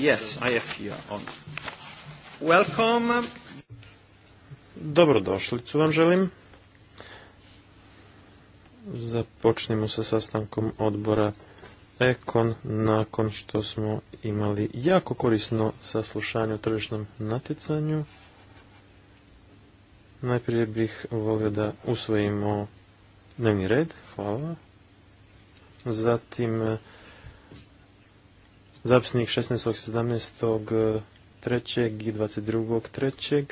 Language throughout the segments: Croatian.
Yes, I have here on. Welcome. Dobrodošlicu vam želim. Započnimo sa sastankom odbora Ekon nakon što smo imali jako korisno saslušanje o tržišnom natjecanju. Najprije bih volio da usvojimo dnevni red. Hvala. Zatim zapisnik 16. 17. 3. i 22. 3.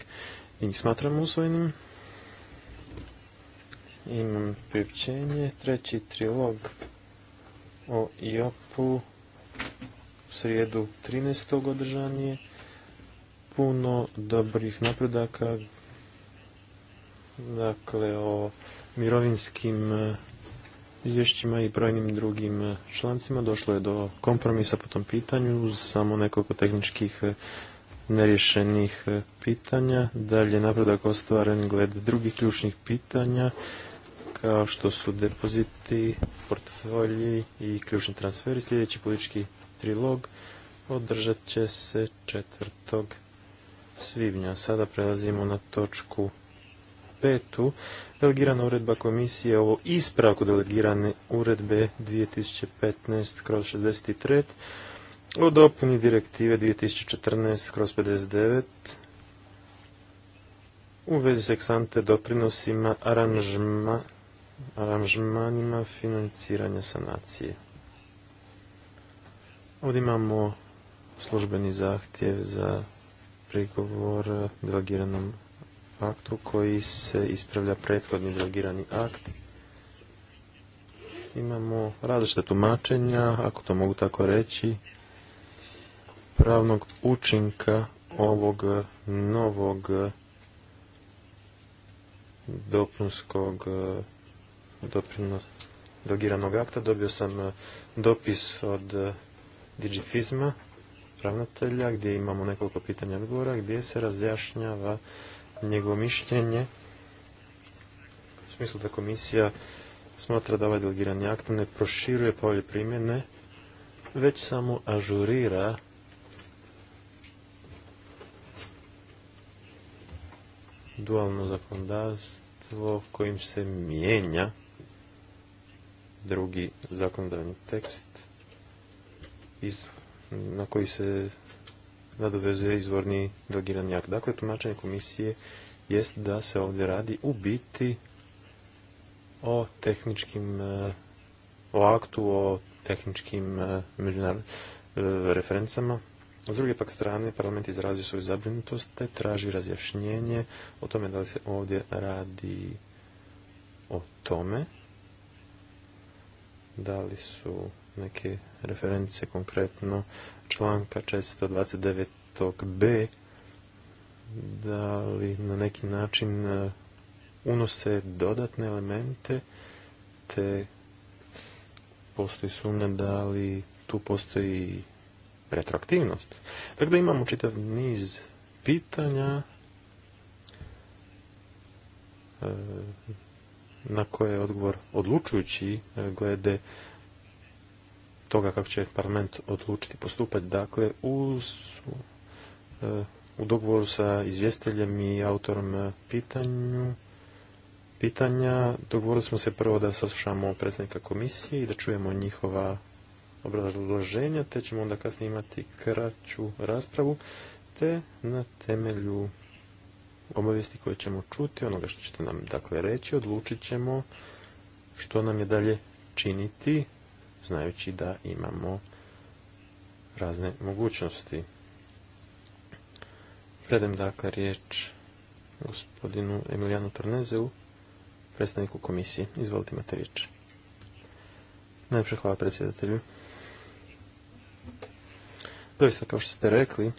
i njih smatramo usvojenim. Imam priopćenje, treći trilog o IOP-u srijedu 13. održanje. puno dobrih napredaka dakle o mirovinskim e, izvješćima i brojnim drugim e, člancima došlo je do kompromisa po tom pitanju uz samo nekoliko tehničkih e, nerješenih e, pitanja. Dalje napredak ostvaren gled drugih ključnih pitanja kao što su depoziti, portfolji i ključni transferi. Sljedeći politički trilog održat će se 4. svibnja. Sada prelazimo na točku petu. Delegirana uredba komisije, o ispravku delegirane uredbe 2015 kroz 63 o dopuni direktive 2014 kroz 59 u vezi s eksante doprinosima aranžmanima financiranja sanacije. Ovdje imamo službeni zahtjev za prigovor delegiranom aktu koji se ispravlja prethodni delegirani akt. Imamo različite tumačenja, ako to mogu tako reći, pravnog učinka ovog novog dopunskog eh, delegiranog akta. Dobio sam eh, dopis od eh, Digifizma, ravnatelja, gdje imamo nekoliko pitanja odgovora, gdje se razjašnjava njegovo mišljenje u smislu da komisija smatra da ovaj delegirani akt ne proširuje polje primjene, već samo ažurira dualno zakonodavstvo kojim se mijenja drugi zakonodavni tekst na koji se nadovezuje izvorni delegirani akt. Dakle, tumačenje komisije jest da se ovdje radi u biti o tehničkim, eh, o aktu, o tehničkim eh, međunarodnim eh, referencama. S druge pak strane, parlament izrazio svoju zabrinutost te traži razjašnjenje o tome da li se ovdje radi o tome, da li su neke reference konkretno članka 429b da li na neki način e, unose dodatne elemente te postoji sumnja da li tu postoji retroaktivnost. Dakle, imamo čitav niz pitanja e, na koje je odgovor odlučujući e, glede toga kako će parlament odlučiti postupati. Dakle, u, e, u dogovoru sa izvjesteljem i autorom e, pitanju, pitanja, dogovorili smo se prvo da saslušamo predsjednika komisije i da čujemo njihova obrazloženja, te ćemo onda kasnije imati kraću raspravu, te na temelju obavijesti koje ćemo čuti, onoga što ćete nam dakle reći, odlučit ćemo što nam je dalje činiti, znajući da imamo razne mogućnosti. Predem dakle riječ gospodinu Emilijanu Tornezeu, predstavniku komisije. Izvolite imate riječ. Najprej hvala predsjedatelju. Doista, kao što ste rekli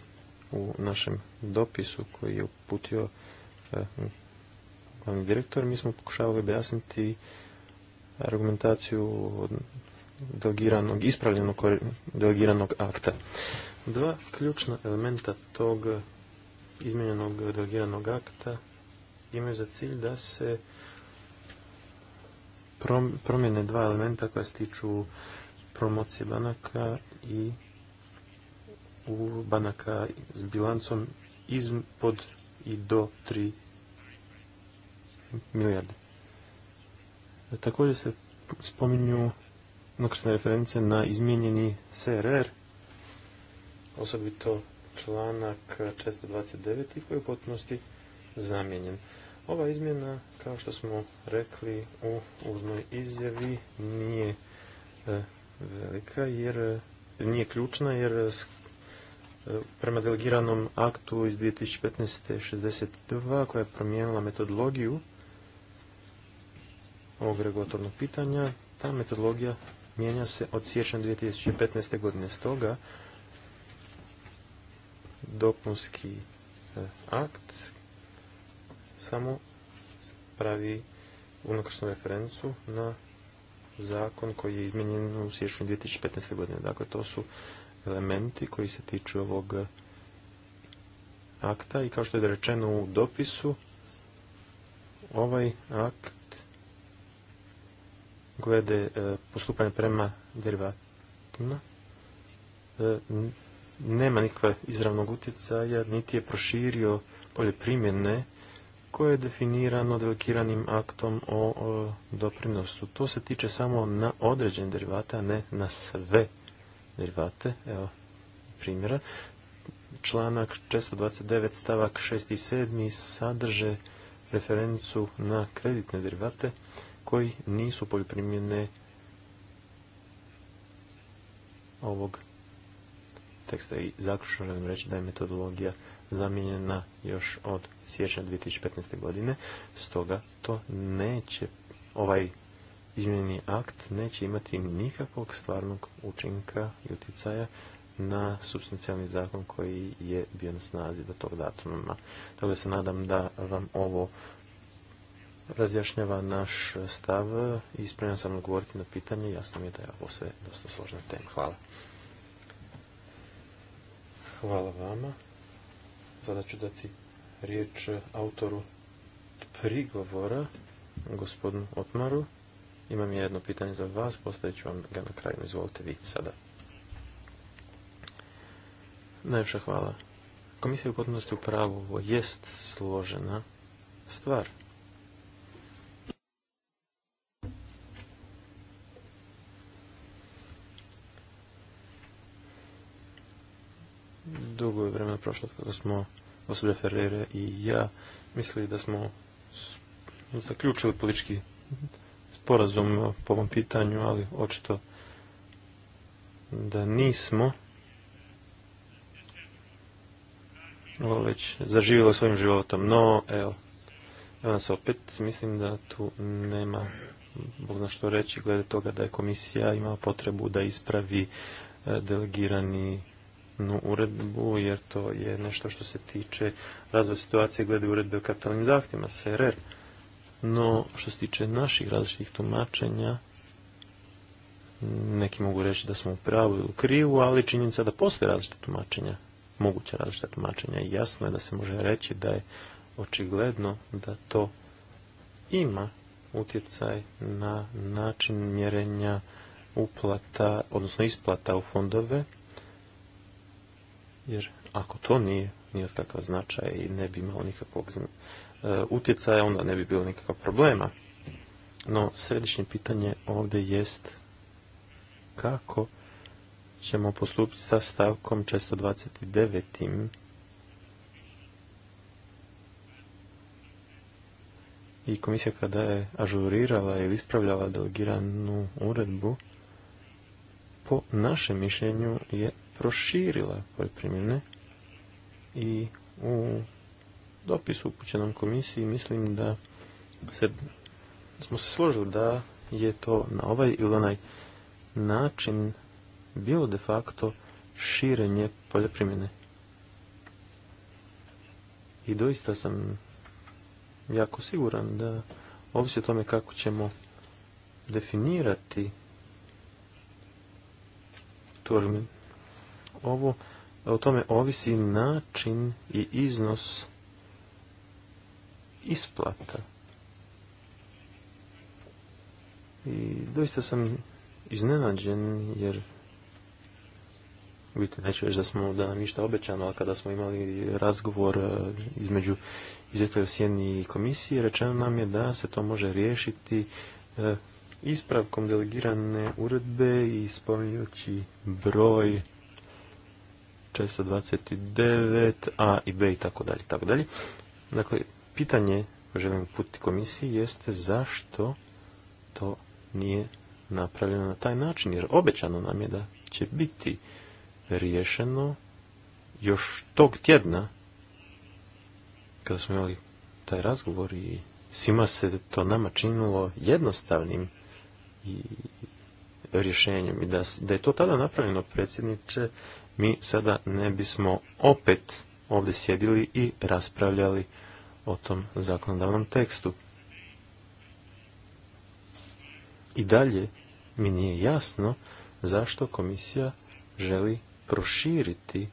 u našem dopisu koji je uputio e, glavni direktor, mi smo pokušavali objasniti argumentaciju delegiranog, ispravljenog delegiranog akta. Dva ključna elementa tog izmijenjenog delegiranog akta imaju za cilj da se promjene dva elementa koja se tiču promocije banaka i u banaka s bilancom izpod i do 3 milijarde. Također se spominju reference na izmijenjeni CRR, osobito članak 429. koji je u potpunosti zamijenjen. Ova izmjena, kao što smo rekli u uznoj izjavi, nije e, velika jer e, nije ključna jer e, prema delegiranom aktu iz 2015.62 koja je promijenila metodologiju ovog regulatornog pitanja, ta metodologija mijenja se od siječnja 2015. godine. Stoga dopunski e, akt samo pravi unakršnu referencu na zakon koji je izmijenjen u siječnju 2015. godine. Dakle, to su elementi koji se tiču ovog e, akta i kao što je rečeno u dopisu, ovaj akt glede e, postupanja prema derivatima e, nema nikakva izravnog utjecaja, niti je proširio polje primjene koje je definirano delegiranim aktom o, doprinosu. To se tiče samo na određene derivate, a ne na sve derivate. Evo primjera. Članak 429 stavak 6 i 7 sadrže referencu na kreditne derivate koji nisu poljoprimjene ovog teksta i zaključno želim reći da je metodologija zamijenjena još od siječnja 2015. godine, stoga to neće, ovaj izmjenjeni akt neće imati nikakvog stvarnog učinka i utjecaja na substancijalni zakon koji je bio na snazi do tog datuma. Tako da se nadam da vam ovo razjašnjava naš stav i spreman sam odgovoriti na pitanje. Jasno mi je da je ovo sve dosta složna tema. Hvala. Hvala vama. Sada ću dati riječ autoru prigovora, gospodinu Otmaru. Imam jedno pitanje za vas, postavit ću vam ga na kraju. Izvolite vi sada. Najljepša hvala. Komisija u potpunosti u pravu. Ovo jest složena stvar. dugo je vremena prošlo kada smo osobe Ferreira i ja mislili da smo zaključili politički sporazum po ovom pitanju, ali očito da nismo ovo već zaživjelo svojim životom. No, evo, evo nas opet, mislim da tu nema Bog zna što reći glede toga da je komisija imala potrebu da ispravi e, delegirani uredbu, jer to je nešto što se tiče razvoja situacije glede uredbe o kapitalnim zahtjevima, CRR. No, što se tiče naših različitih tumačenja, neki mogu reći da smo u pravu ili u krivu, ali činjenica da postoje različite tumačenja, moguće različite tumačenja i jasno je da se može reći da je očigledno da to ima utjecaj na način mjerenja uplata, odnosno isplata u fondove jer ako to nije, nije takav značaj i ne bi imao nikakvog e, utjecaja, onda ne bi bilo nikakva problema. No, središnje pitanje ovdje jest kako ćemo postupiti sa stavkom 429. I komisija kada je ažurirala ili ispravljala delegiranu uredbu, po našem mišljenju je proširila poljoprivredne i u dopisu upućenom komisiji mislim da se, smo se složili da je to na ovaj ili onaj način bilo de facto širenje poljoprivredne. I doista sam jako siguran da ovisi o tome kako ćemo definirati tu ovo, o tome ovisi način i iznos isplata. I doista sam iznenađen jer vidite, neću reći da smo da nam ništa obećano, ali kada smo imali razgovor e, između izvjetelja sjeni i komisije, rečeno nam je da se to može riješiti e, ispravkom delegirane uredbe i spominjući broj 429 a i b i tako dalje, tako dalje. Dakle, pitanje koje želim putiti komisiji jeste zašto to nije napravljeno na taj način, jer obećano nam je da će biti riješeno još tog tjedna kada smo imali taj razgovor i svima se to nama činilo jednostavnim i rješenjem i da, da je to tada napravljeno predsjedniče mi sada ne bismo opet ovdje sjedili i raspravljali o tom zakonodavnom tekstu. I dalje mi nije jasno zašto komisija želi proširiti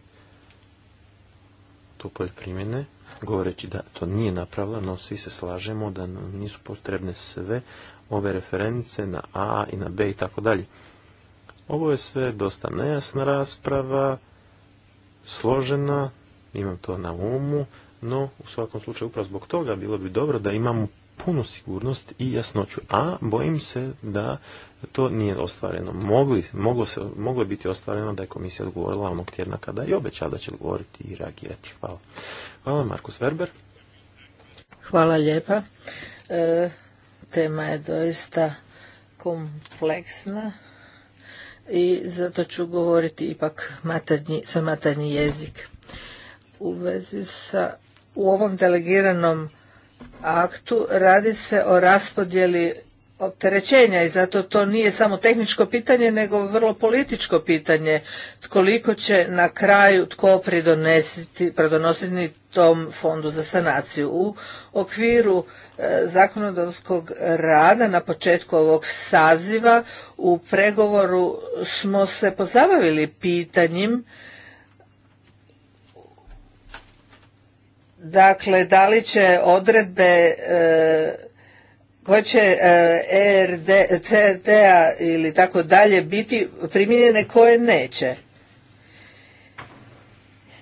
tu polje primjene, govoreći da to nije napravila, no svi se slažemo da nisu potrebne sve ove reference na A i na B i tako dalje. Ovo je sve dosta nejasna rasprava, složena, imam to na umu, no u svakom slučaju upravo zbog toga bilo bi dobro da imamo punu sigurnost i jasnoću, a bojim se da to nije ostvareno. Mogli, moglo, se, moglo je biti ostvareno da je komisija odgovorila onog tjedna kada je obećala da će odgovoriti i reagirati. Hvala. Hvala, Markus Werber. Hvala lijepa. E, tema je doista kompleksna i zato ću govoriti ipak maternji, svoj maternji jezik. U vezi sa u ovom delegiranom aktu radi se o raspodjeli opterećenja i zato to nije samo tehničko pitanje nego vrlo političko pitanje koliko će na kraju tko pridonositi tom fondu za sanaciju. U okviru e, zakonodavskog rada na početku ovog saziva u pregovoru smo se pozabavili pitanjem dakle da li će odredbe e, koje će ERD, e a ili tako dalje biti primijenjene koje neće.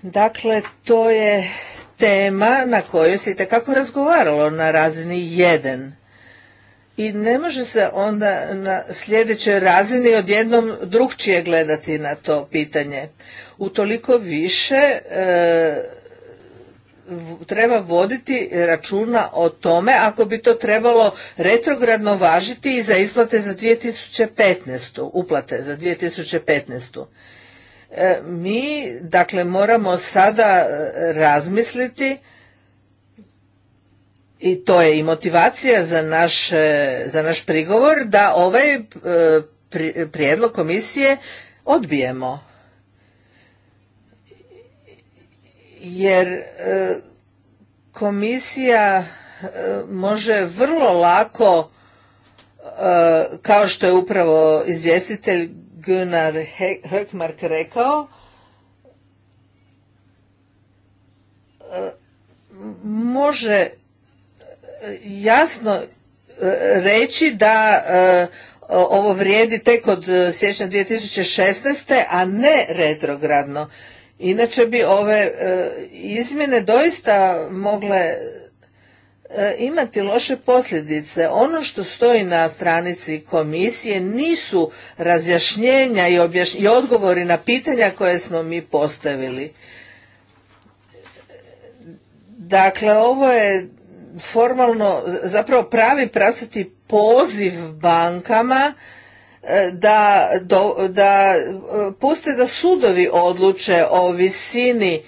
Dakle, to je tema na kojoj se itekako razgovaralo na razini jedan. I ne može se onda na sljedećoj razini odjednom drugčije gledati na to pitanje. Utoliko više e, treba voditi računa o tome ako bi to trebalo retrogradno važiti i za isplate za 2015. uplate za 2015. E, mi dakle moramo sada e, razmisliti i to je i motivacija za naš, e, za naš prigovor da ovaj prijedlog komisije odbijemo. Jer komisija može vrlo lako, kao što je upravo izvjestitelj Gunnar Höckmark rekao, e, može e, jasno e, reći da ovo vrijedi tek od siječnja 2016. a ne retrogradno. Inače bi ove izmjene doista mogle E, imati loše posljedice. Ono što stoji na stranici komisije nisu razjašnjenja i, i odgovori na pitanja koje smo mi postavili. Dakle, ovo je formalno, zapravo pravi prasiti poziv bankama e, da, da e, puste da sudovi odluče o visini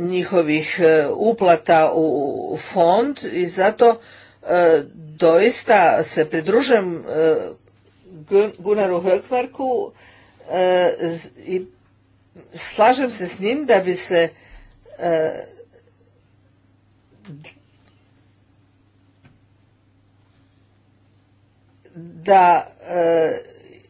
njihovih e, uplata u fond i zato e, doista se pridružujem e, Gunaru Hrkvarku i slažem se s njim da bi se da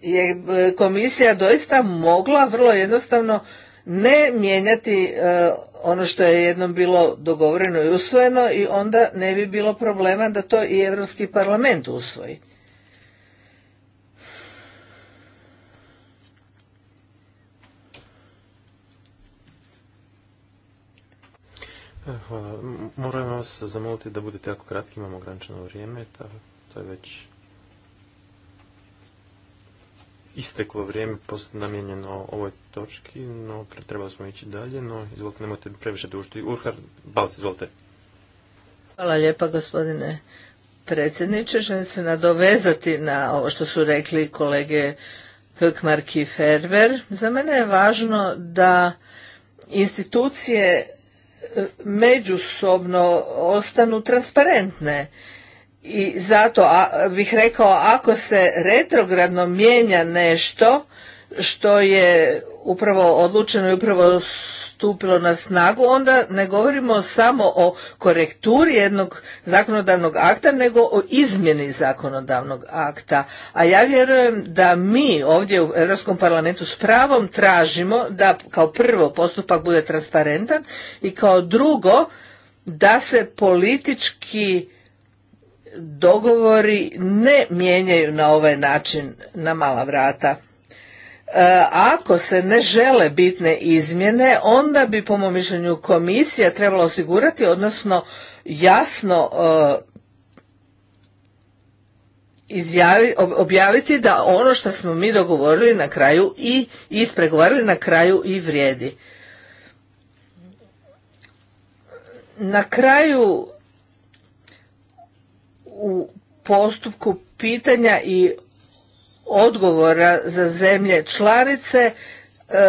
je komisija doista mogla vrlo jednostavno ne mijenjati e, ono što je jednom bilo dogovoreno i usvojeno i onda ne bi bilo problema da to i Europski parlament usvoji. E, hvala. Moram vas zamoliti da budete jako kratki, imamo ograničeno vrijeme, to je već isteklo vrijeme namijenjeno ovoj točki, no trebali smo ići dalje, no izvolite, nemojte previše dužiti. Urhar, Balc, izvolite. Hvala lijepa gospodine predsjedniče. Želim se nadovezati na ovo što su rekli kolege Hökmark i Ferber. Za mene je važno da institucije e, međusobno ostanu transparentne i zato bih rekao ako se retrogradno mijenja nešto što je upravo odlučeno i upravo stupilo na snagu, onda ne govorimo samo o korekturi jednog zakonodavnog akta, nego o izmjeni zakonodavnog akta. A ja vjerujem da mi ovdje u Europskom parlamentu s pravom tražimo da kao prvo postupak bude transparentan i kao drugo da se politički dogovori ne mijenjaju na ovaj način na mala vrata. E, ako se ne žele bitne izmjene, onda bi po mom mišljenju komisija trebala osigurati, odnosno jasno e, objaviti da ono što smo mi dogovorili na kraju i ispregovarali na kraju i vrijedi. Na kraju u postupku pitanja i odgovora za zemlje članice e,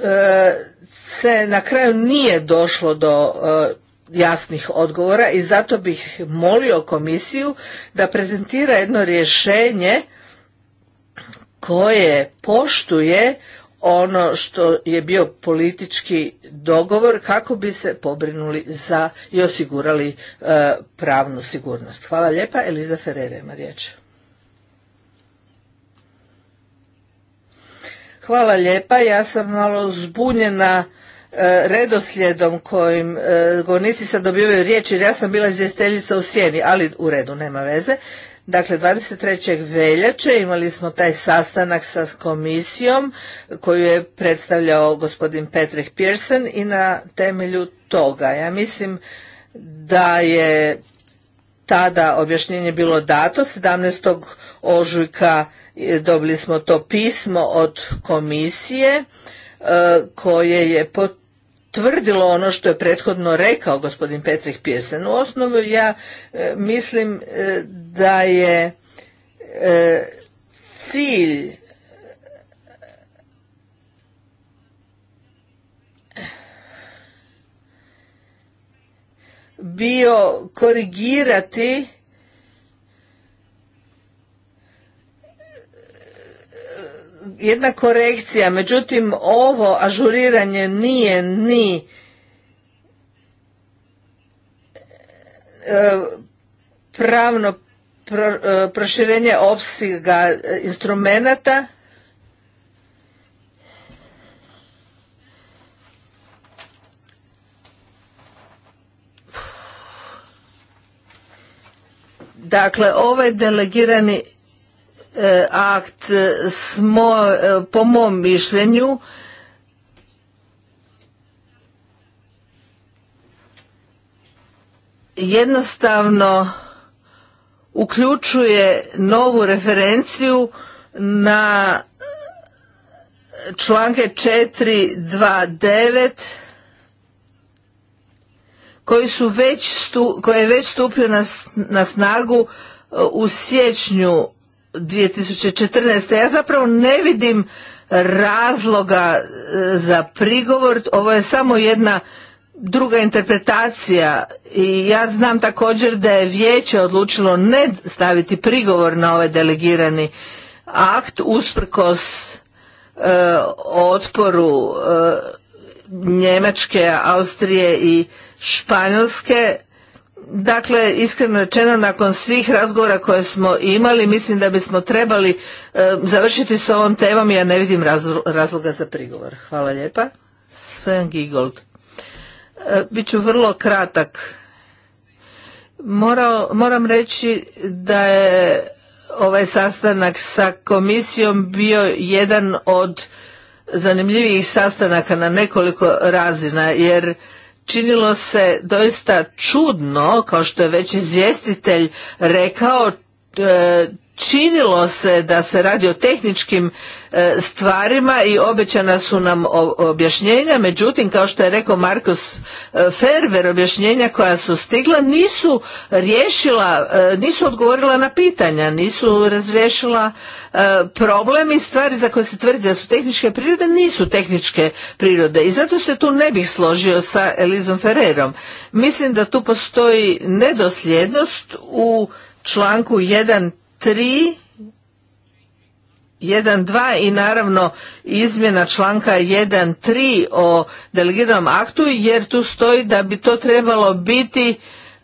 e, se na kraju nije došlo do e, jasnih odgovora i zato bih molio komisiju da prezentira jedno rješenje koje poštuje ono što je bio politički dogovor kako bi se pobrinuli za i osigurali e, pravnu sigurnost. Hvala lijepa. Eliza Ferreira ima riječ. Hvala lijepa. Ja sam malo zbunjena e, redoslijedom kojim e, govornici sad dobivaju riječ jer ja sam bila izvjesteljica u sjeni, ali u redu, nema veze. Dakle, 23. veljače imali smo taj sastanak sa komisijom koju je predstavljao gospodin Petrih Pearson i na temelju toga. Ja mislim da je tada objašnjenje bilo dato, 17. ožujka dobili smo to pismo od komisije e, koje je pod Tvrdilo ono što je prethodno rekao gospodin Petrih Pjesen. U osnovu ja e, mislim e, da je e, cilj bio korigirati jedna korekcija, međutim ovo ažuriranje nije ni e, pravno e, proširenje opsiga instrumenata Dakle, ovaj delegirani E, akt e, po mom mišljenju jednostavno uključuje novu referenciju na članke 429 koji su već je već stupio na, na snagu e, u siječnju 2014. Ja zapravo ne vidim razloga e, za prigovor. Ovo je samo jedna druga interpretacija i ja znam također da je vijeće odlučilo ne staviti prigovor na ovaj delegirani akt usprkos e, otporu e, Njemačke, Austrije i Španjolske Dakle, iskreno rečeno, nakon svih razgovora koje smo imali, mislim da bismo trebali e, završiti s ovom temom, ja ne vidim razloga za prigovor. Hvala lijepa. Sven Gigold. E, Biću vrlo kratak. moram reći da je ovaj sastanak sa komisijom bio jedan od zanimljivijih sastanaka na nekoliko razina, jer činilo se doista čudno, kao što je već izvjestitelj rekao, e, činilo se da se radi o tehničkim e, stvarima i obećana su nam objašnjenja, međutim kao što je rekao Markus e, Ferver, objašnjenja koja su stigla nisu riješila, e, nisu odgovorila na pitanja, nisu razriješila problem i stvari za koje se tvrdi da su tehničke prirode nisu tehničke prirode i zato se tu ne bih složio sa Elizom Ferrerom. Mislim da tu postoji nedosljednost u članku 1 3, 1, i naravno izmjena članka 1, o delegiranom aktu jer tu stoji da bi to trebalo biti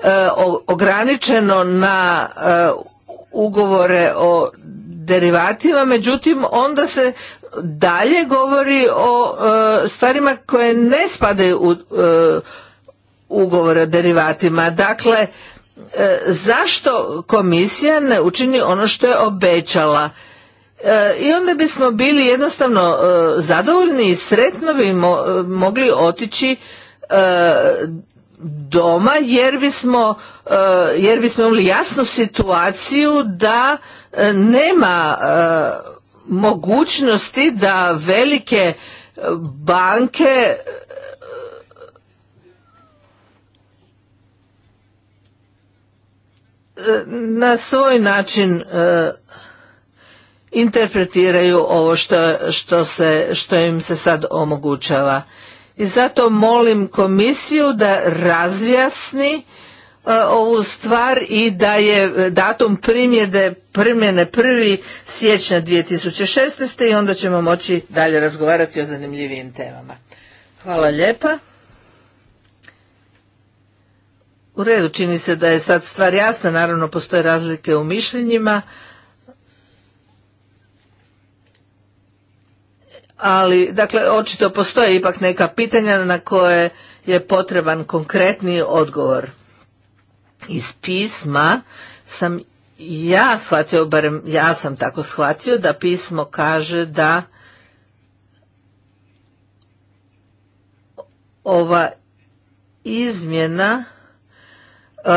e, ograničeno na e, ugovore o derivatima, međutim onda se dalje govori o e, stvarima koje ne spadaju u ugovore o derivatima. Dakle, E, zašto komisija ne učini ono što je obećala e, i onda bismo bili jednostavno e, zadovoljni i sretno bi mogli otići doma jer bismo jer bismo imali jasnu situaciju da nema mogućnosti da velike banke na svoj način e, interpretiraju ovo što, što, se, što im se sad omogućava. I zato molim komisiju da razjasni e, ovu stvar i da je datum primjede primjene 1. siječnja 2016. i onda ćemo moći dalje razgovarati o zanimljivijim temama. Hvala lijepa. U redu čini se da je sad stvar jasna, naravno postoje razlike u mišljenjima, ali dakle očito postoje ipak neka pitanja na koje je potreban konkretni odgovor. Iz pisma sam ja shvatio, barem ja sam tako shvatio, da pismo kaže da ova izmjena E,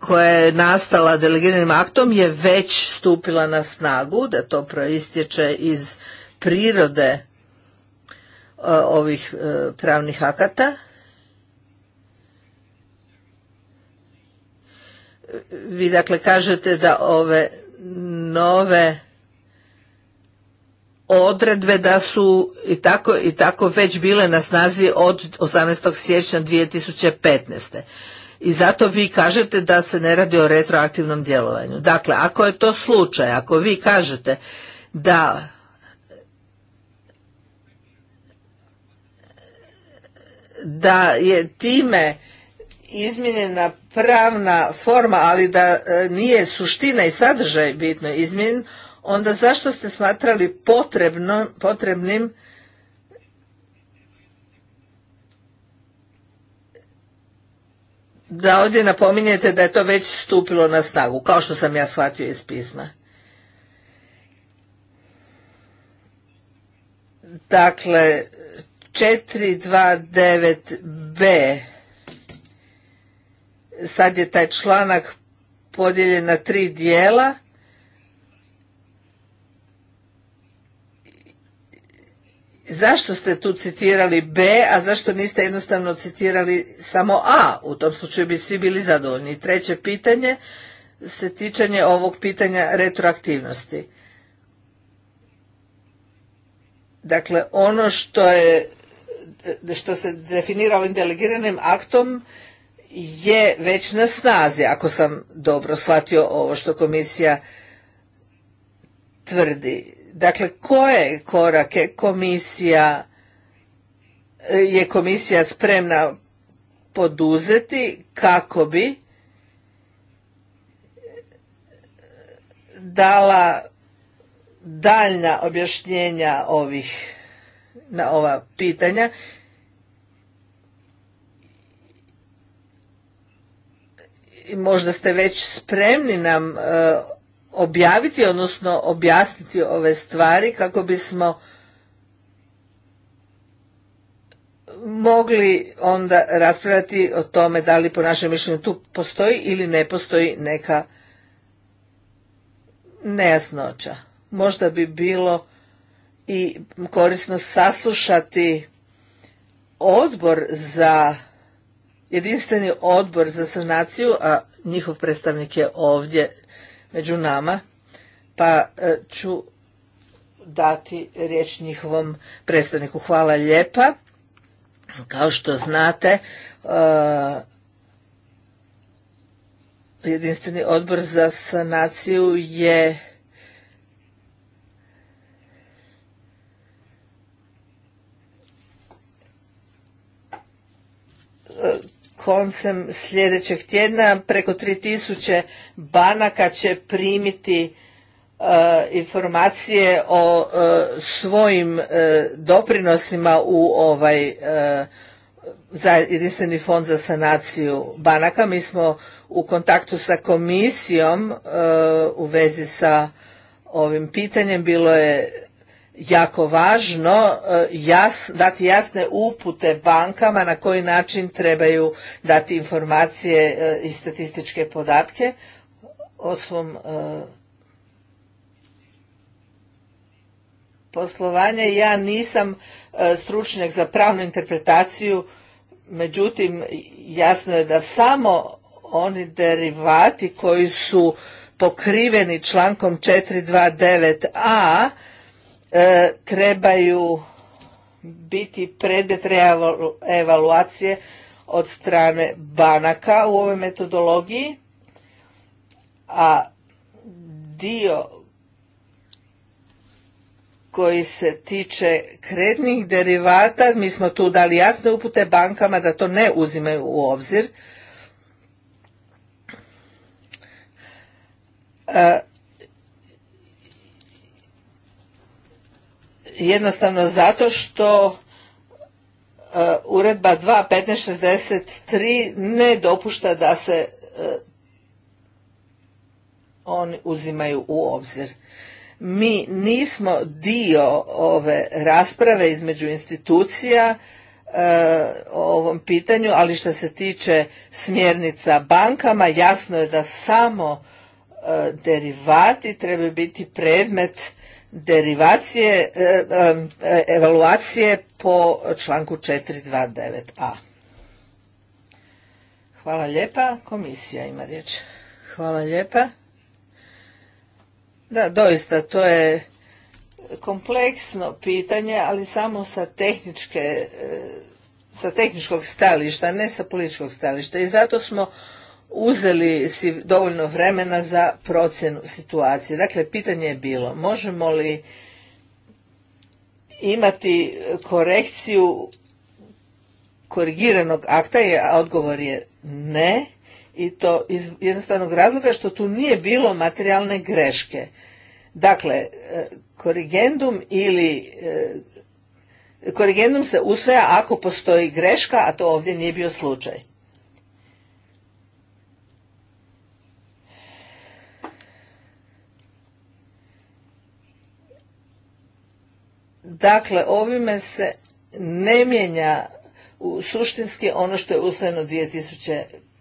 koja je nastala delegiranim aktom je već stupila na snagu, da to proistječe iz prirode e, ovih e, pravnih akata. Vi dakle kažete da ove nove odredbe da su i tako i tako već bile na snazi od 18. siječnja 2015 i zato vi kažete da se ne radi o retroaktivnom djelovanju. Dakle, ako je to slučaj, ako vi kažete da da je time izmijenjena pravna forma, ali da e, nije suština i sadržaj bitno izmijenjen, onda zašto ste smatrali potrebnim da ovdje napominjete da je to već stupilo na snagu, kao što sam ja shvatio iz pisma. Dakle, 429b, sad je taj članak podijeljen na tri dijela, zašto ste tu citirali B, a zašto niste jednostavno citirali samo A? U tom slučaju bi svi bili zadovoljni. Treće pitanje se tičanje ovog pitanja retroaktivnosti. Dakle, ono što je što se definira ovim delegiranim aktom je već na snazi, ako sam dobro shvatio ovo što komisija tvrdi. Dakle, koje korake komisija e, je komisija spremna poduzeti kako bi dala daljna objašnjenja ovih na ova pitanja možda ste već spremni nam e, objaviti, odnosno objasniti ove stvari kako bismo mogli onda raspravljati o tome da li po našem mišljenju tu postoji ili ne postoji neka nejasnoća. Možda bi bilo i korisno saslušati odbor za jedinstveni odbor za sanaciju, a njihov predstavnik je ovdje među nama, pa e, ću dati riječ njihovom predstavniku. Hvala lijepa. Kao što znate, e, jedinstveni odbor za sanaciju je koncem sljedećeg tjedna preko 3000 banaka će primiti e, informacije o e, svojim e, doprinosima u ovaj za jedinstveni fond za sanaciju banaka. Mi smo u kontaktu sa komisijom u vezi sa ovim pitanjem. Bilo je jako važno eh, dati jasne upute bankama na koji način trebaju dati informacije eh, i statističke podatke o svom eh, poslovanje Ja nisam stručnjak za pravnu interpretaciju, međutim jasno je da samo oni derivati koji su pokriveni člankom 429a E, trebaju biti predmet evaluacije od strane banaka u ovoj metodologiji, a dio koji se tiče krednih derivata, mi smo tu dali jasne upute bankama da to ne uzimaju u obzir. E, jednostavno zato što e, uredba 2.15.63 ne dopušta da se e, oni uzimaju u obzir. Mi nismo dio ove rasprave između institucija e, o ovom pitanju, ali što se tiče smjernica bankama, jasno je da samo derivati trebaju biti predmet derivacije, e, e, e, evaluacije po članku 429a. Hvala lijepa. Komisija ima riječ. Hvala lijepa. Da, doista, to je kompleksno pitanje, ali samo sa tehničke sa tehničkog stališta, ne sa političkog stališta. I zato smo uzeli si dovoljno vremena za procjenu situacije. Dakle, pitanje je bilo možemo li imati korekciju korigiranog akta, a odgovor je ne, i to iz jednostavnog razloga što tu nije bilo materijalne greške. Dakle, e, korigendum ili e, korigendum se usvaja ako postoji greška, a to ovdje nije bio slučaj. Dakle, ovime se ne mijenja suštinski ono što je usvojeno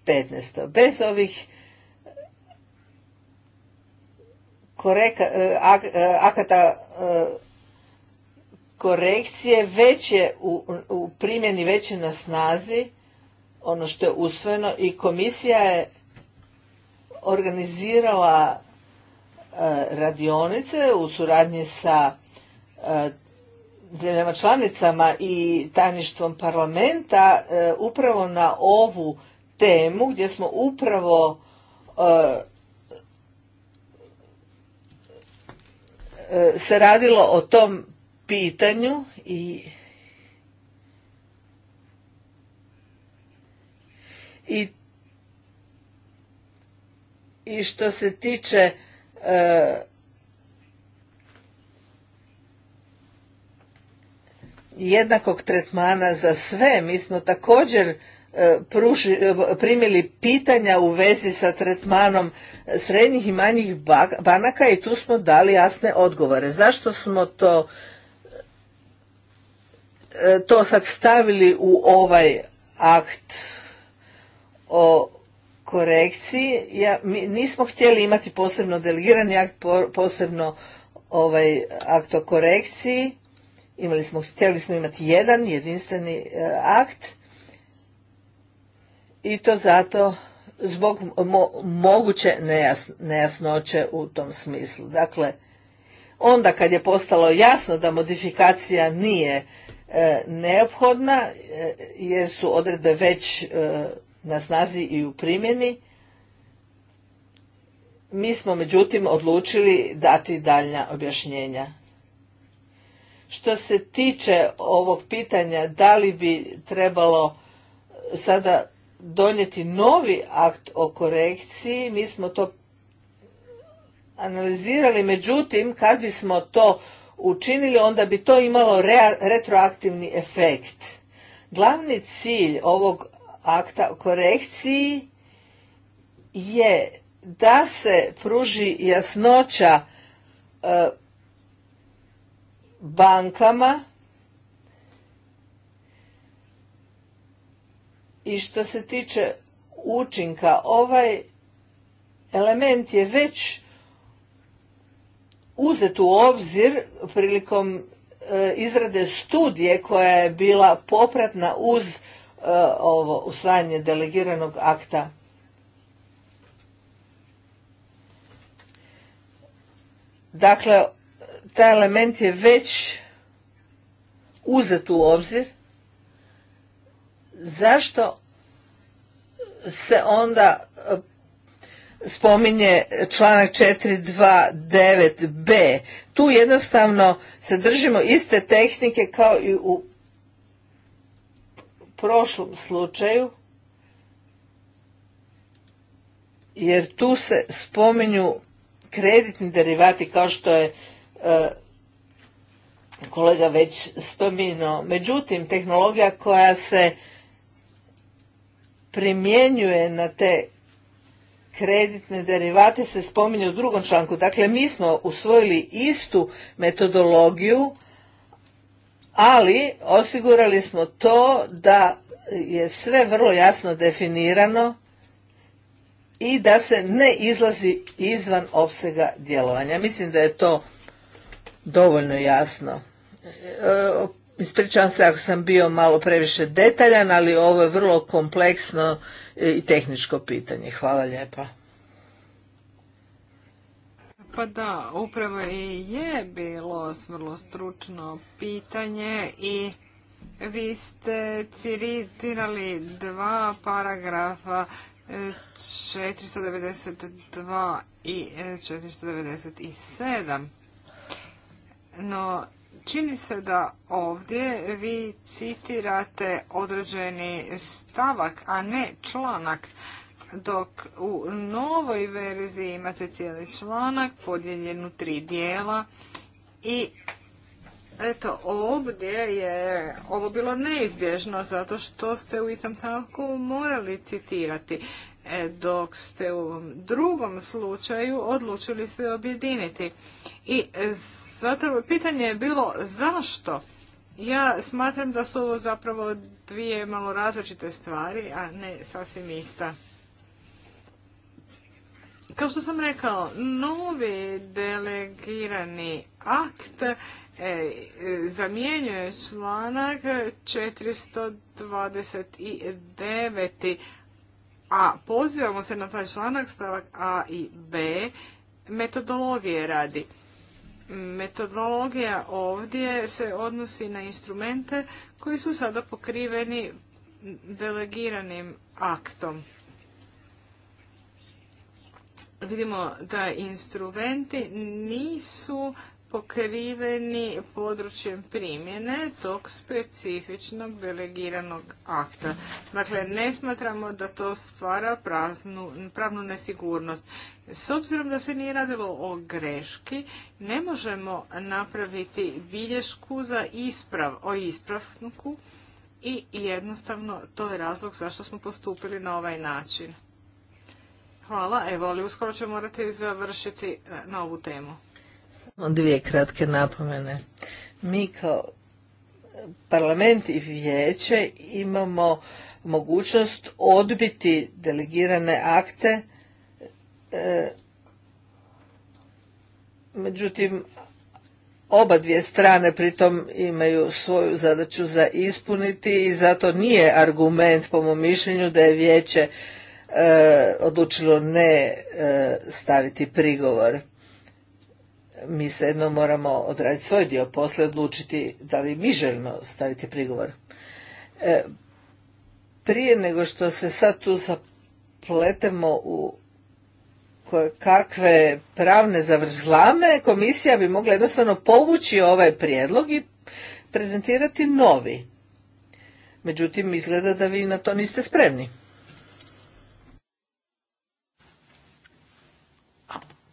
2015. Bez ovih eh, eh, eh, akata korekcije već je u primjeni već je na snazi ono što je usvojeno i komisija je organizirala radionice u suradnji sa zemljama članicama i tajništvom parlamenta e, upravo na ovu temu gdje smo upravo e, e, se radilo o tom pitanju i i, što se tiče jednakog tretmana za sve. Mi smo također e, e, primili pitanja u vezi sa tretmanom srednjih i manjih banaka i tu smo dali jasne odgovore. Zašto smo to e, to sad stavili u ovaj akt o korekciji, mi nismo htjeli imati posebno delegirani akt, posebno ovaj akt o korekciji, Imali smo, htjeli smo imati jedan jedinstveni e, akt i to zato zbog moguće nejasnoće u tom smislu. Dakle, onda kad je postalo jasno da modifikacija nije e, neophodna e, jer su odredbe već e, na snazi i u primjeni, mi smo međutim odlučili dati daljnja objašnjenja. Što se tiče ovog pitanja da li bi trebalo sada donijeti novi akt o korekciji, mi smo to analizirali, međutim kad bismo to učinili onda bi to imalo retroaktivni efekt. Glavni cilj ovog akta o korekciji je da se pruži jasnoća e, bankama i što se tiče učinka ovaj element je već uzet u obzir prilikom e, izrade studije koja je bila popratna uz e, ovo usvajanje delegiranog akta Dakle, taj element je već uzet u obzir, zašto se onda e, spominje članak 429b. Tu jednostavno se držimo iste tehnike kao i u prošlom slučaju, jer tu se spominju kreditni derivati kao što je E, kolega već spomino. Međutim, tehnologija koja se primjenjuje na te kreditne derivate se spominje u drugom članku. Dakle, mi smo usvojili istu metodologiju, ali osigurali smo to da je sve vrlo jasno definirano i da se ne izlazi izvan opsega djelovanja. Mislim da je to dovoljno jasno. E, ispričavam se ako sam bio malo previše detaljan, ali ovo je vrlo kompleksno i tehničko pitanje. Hvala lijepa. Pa da, upravo i je bilo vrlo stručno pitanje i vi ste citirali dva paragrafa 492 e, i 497. E, no, čini se da ovdje vi citirate određeni stavak, a ne članak, dok u novoj verziji imate cijeli članak podijeljen u tri dijela i Eto, ovdje je ovo bilo neizbježno zato što ste u istom stavku morali citirati, e, dok ste u drugom slučaju odlučili sve objediniti. I zato pitanje je bilo zašto? Ja smatram da su ovo zapravo dvije malo različite stvari, a ne sasvim ista. Kao što sam rekao, novi delegirani akt e, e zamjenjuje članak 429. A pozivamo se na taj članak stavak A i B metodologije radi. Metodologija ovdje se odnosi na instrumente koji su sada pokriveni delegiranim aktom. Vidimo da instrumenti nisu pokriveni područjem primjene tog specifičnog delegiranog akta. Dakle, ne smatramo da to stvara praznu, pravnu nesigurnost. S obzirom da se nije radilo o greški, ne možemo napraviti bilješku za isprav, o ispravku i jednostavno to je razlog zašto smo postupili na ovaj način. Hvala, evo, ali uskoro ćemo morati završiti eh, na ovu temu. Dvije kratke napomene. Mi kao parlament i vijeće imamo mogućnost odbiti delegirane akte e, međutim oba dvije strane pritom imaju svoju zadaću za ispuniti i zato nije argument po mom mišljenju da je vijeće e, odlučilo ne e, staviti prigovor mi jedno moramo odraditi svoj dio posle, odlučiti da li mi želimo staviti prigovor. E, prije nego što se sad tu zapletemo u koje, kakve pravne zavrzlame, komisija bi mogla jednostavno povući ovaj prijedlog i prezentirati novi. Međutim, izgleda da vi na to niste spremni.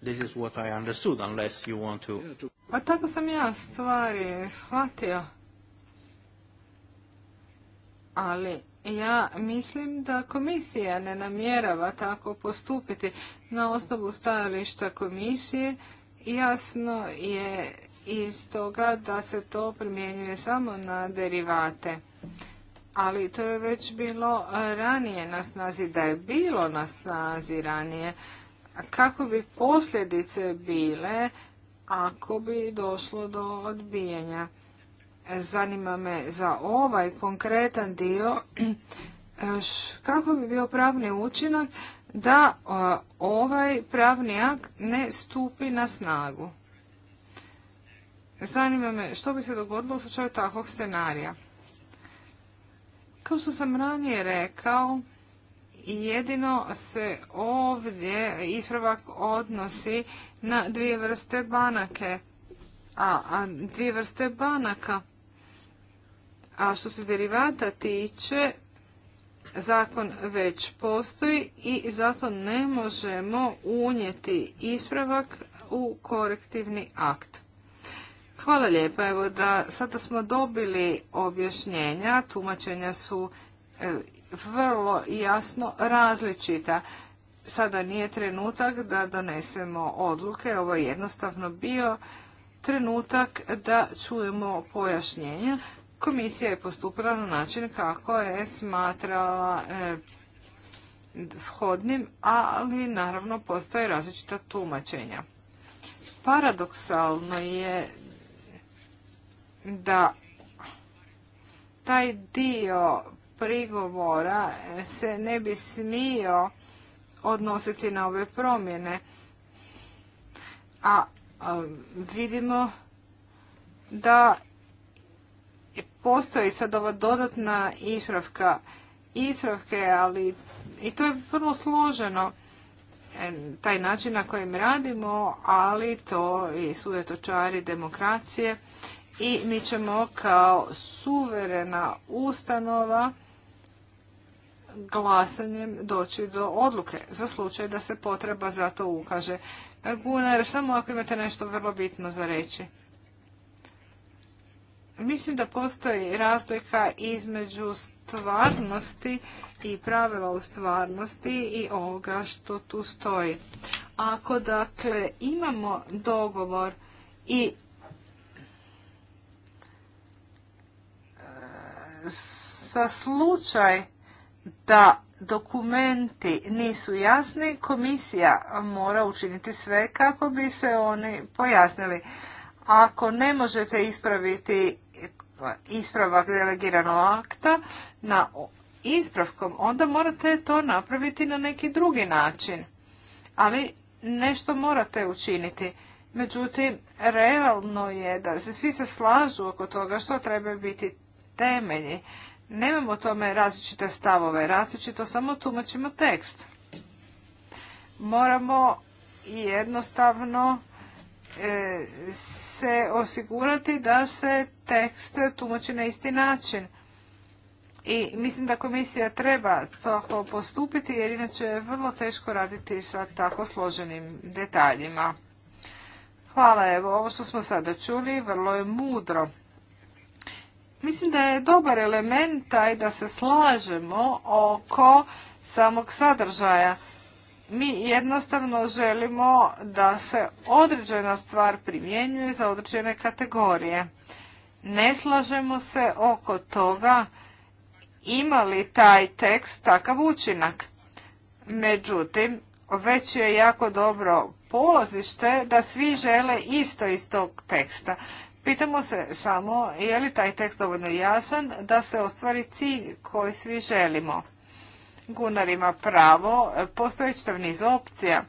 This is what I understood, unless you want to... Pa tako sam ja stvari shvatio. Ali ja mislim da komisija ne namjerava tako postupiti. Na osnovu stajališta komisije jasno je iz toga da se to primjenjuje samo na derivate. Ali to je već bilo ranije na snazi, da je bilo na snazi ranije kako bi posljedice bile ako bi došlo do odbijanja. Zanima me za ovaj konkretan dio kako bi bio pravni učinak da ovaj pravni akt ne stupi na snagu. Zanima me što bi se dogodilo u slučaju takvog scenarija. Kao što sam ranije rekao, jedino se ovdje ispravak odnosi na dvije vrste banake. A, a dvije vrste banaka. A što se derivata tiče, zakon već postoji i zato ne možemo unijeti ispravak u korektivni akt. Hvala lijepa. Evo da sada smo dobili objašnjenja, tumačenja su e, vrlo jasno različita. Sada nije trenutak da donesemo odluke, ovo je jednostavno bio trenutak da čujemo pojašnjenja. Komisija je postupila na način kako je smatrala e, shodnim, ali naravno postoje različita tumačenja. Paradoksalno je da taj dio prigovora se ne bi smio odnositi na ove promjene. A vidimo da postoji sad ova dodatna ispravka ispravke, ali i to je vrlo složeno e, taj način na kojem radimo, ali to i su demokracije i mi ćemo kao suverena ustanova glasanjem doći do odluke za slučaj da se potreba za to ukaže. Gunar, samo ako imate nešto vrlo bitno za reći. Mislim da postoji razlika između stvarnosti i pravila u stvarnosti i ovoga što tu stoji. Ako dakle imamo dogovor i e, sa slučaj da dokumenti nisu jasni, komisija mora učiniti sve kako bi se oni pojasnili. Ako ne možete ispraviti ispravak delegiranog akta na ispravkom, onda morate to napraviti na neki drugi način. Ali nešto morate učiniti. Međutim, realno je da se svi se slažu oko toga što treba biti temelji. Nemamo o tome različite stavove, različito samo tumačimo tekst. Moramo jednostavno e, se osigurati da se tekst tumači na isti način. I mislim da komisija treba tako postupiti jer inače je vrlo teško raditi sa tako složenim detaljima. Hvala, evo, ovo što smo sada čuli vrlo je mudro. Mislim da je dobar element taj da se slažemo oko samog sadržaja. Mi jednostavno želimo da se određena stvar primjenjuje za određene kategorije. Ne slažemo se oko toga ima li taj tekst takav učinak. Međutim, već je jako dobro polazište da svi žele isto iz tog teksta. Pitamo se samo je li taj tekst dovoljno jasan da se ostvari cilj koji svi želimo. Gunar ima pravo, postoji čitav niz opcija.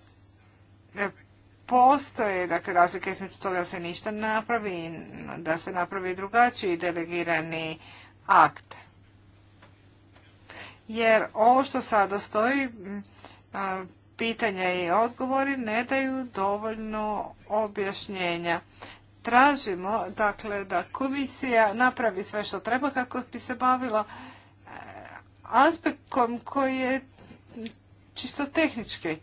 Postoje dakle, razlike između toga da se ništa napravi, da se napravi drugačiji delegirani akt. Jer ovo što sada stoji, pitanja i odgovori ne daju dovoljno objašnjenja. Tražimo dakle da komisija napravi sve što treba kako bi se bavila e, aspektom koji je čisto tehnički.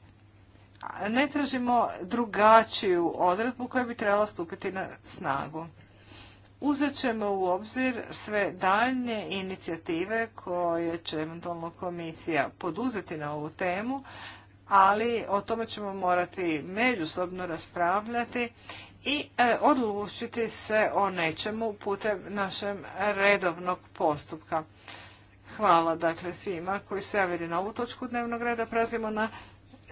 Ne tražimo drugačiju odredbu koja bi trebala stupiti na snagu. Uzet ćemo u obzir sve daljnje inicijative koje će eventualno komisija poduzeti na ovu temu, ali o tome ćemo morati međusobno raspravljati i e, odlučiti se o nečemu putem našem redovnog postupka. Hvala dakle svima koji se javili na ovu točku dnevnog reda. Prelazimo na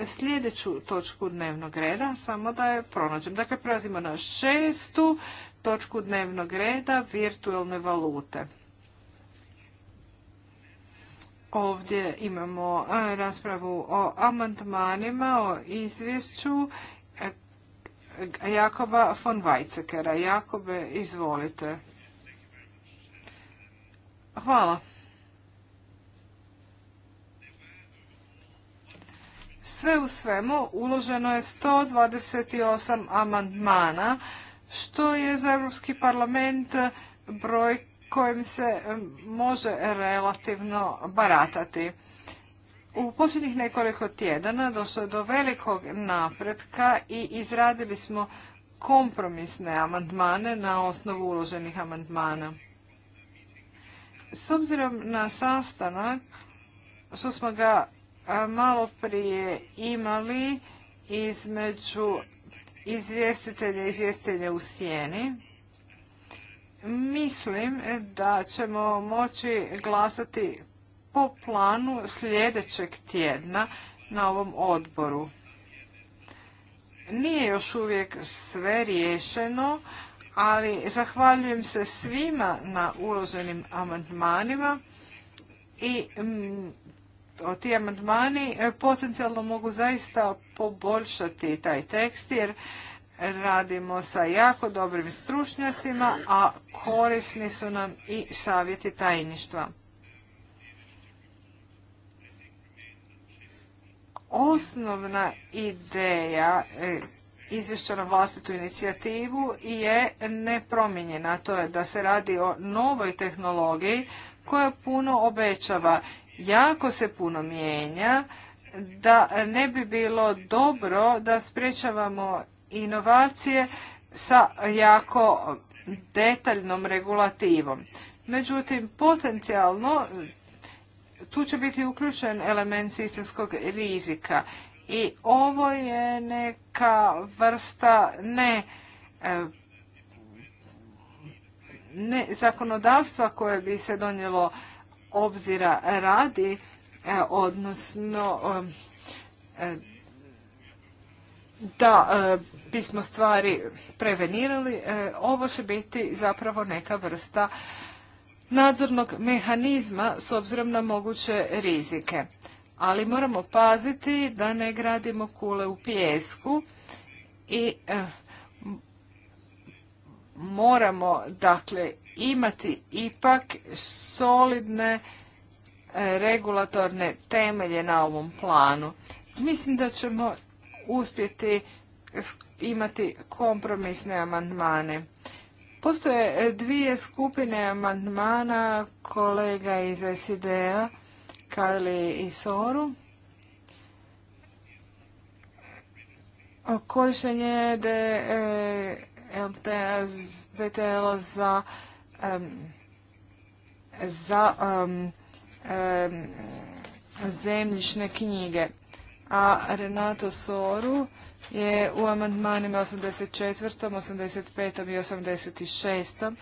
sljedeću točku dnevnog reda, samo da je pronađem. Dakle, prelazimo na šestu točku dnevnog reda, virtualne valute. Ovdje imamo e, raspravu o amandmanima, o izvješću Jakoba von Weizekera. Jakobe, izvolite. Hvala. Sve u svemu uloženo je 128 amandmana, što je za Europski parlament broj kojim se može relativno baratati. U posljednjih nekoliko tjedana došlo je do velikog napretka i izradili smo kompromisne amandmane na osnovu uloženih amandmana. S obzirom na sastanak, što smo ga malo prije imali između izvjestitelja i izvjestitelja u sjeni, mislim da ćemo moći glasati po planu sljedećeg tjedna na ovom odboru. Nije još uvijek sve riješeno, ali zahvaljujem se svima na uloženim amandmanima i mm, ti amandmani e, potencijalno mogu zaista poboljšati taj tekst jer radimo sa jako dobrim stručnjacima, a korisni su nam i savjeti tajništva. Osnovna ideja e, izvješća na vlastitu inicijativu je nepromijenjena. To je da se radi o novoj tehnologiji koja puno obećava. Jako se puno mijenja da ne bi bilo dobro da sprečavamo inovacije sa jako detaljnom regulativom. Međutim, potencijalno tu će biti uključen element sistemskog rizika i ovo je neka vrsta ne e, zakonodavstva koje bi se donijelo obzira radi, e, odnosno e, da bismo stvari prevenirali, ovo će biti zapravo neka vrsta nadzornog mehanizma s obzirom na moguće rizike. Ali moramo paziti da ne gradimo kule u pijesku i eh, moramo dakle imati ipak solidne eh, regulatorne temelje na ovom planu. Mislim da ćemo uspjeti imati kompromisne amandmane. Postoje e, dvije skupine amandmana kolega iz SID-a, Kali i Soru. Korištenje DTL e, za za zemljišne knjige. A Renato Soru je u amandmanima 84., 85. i 86.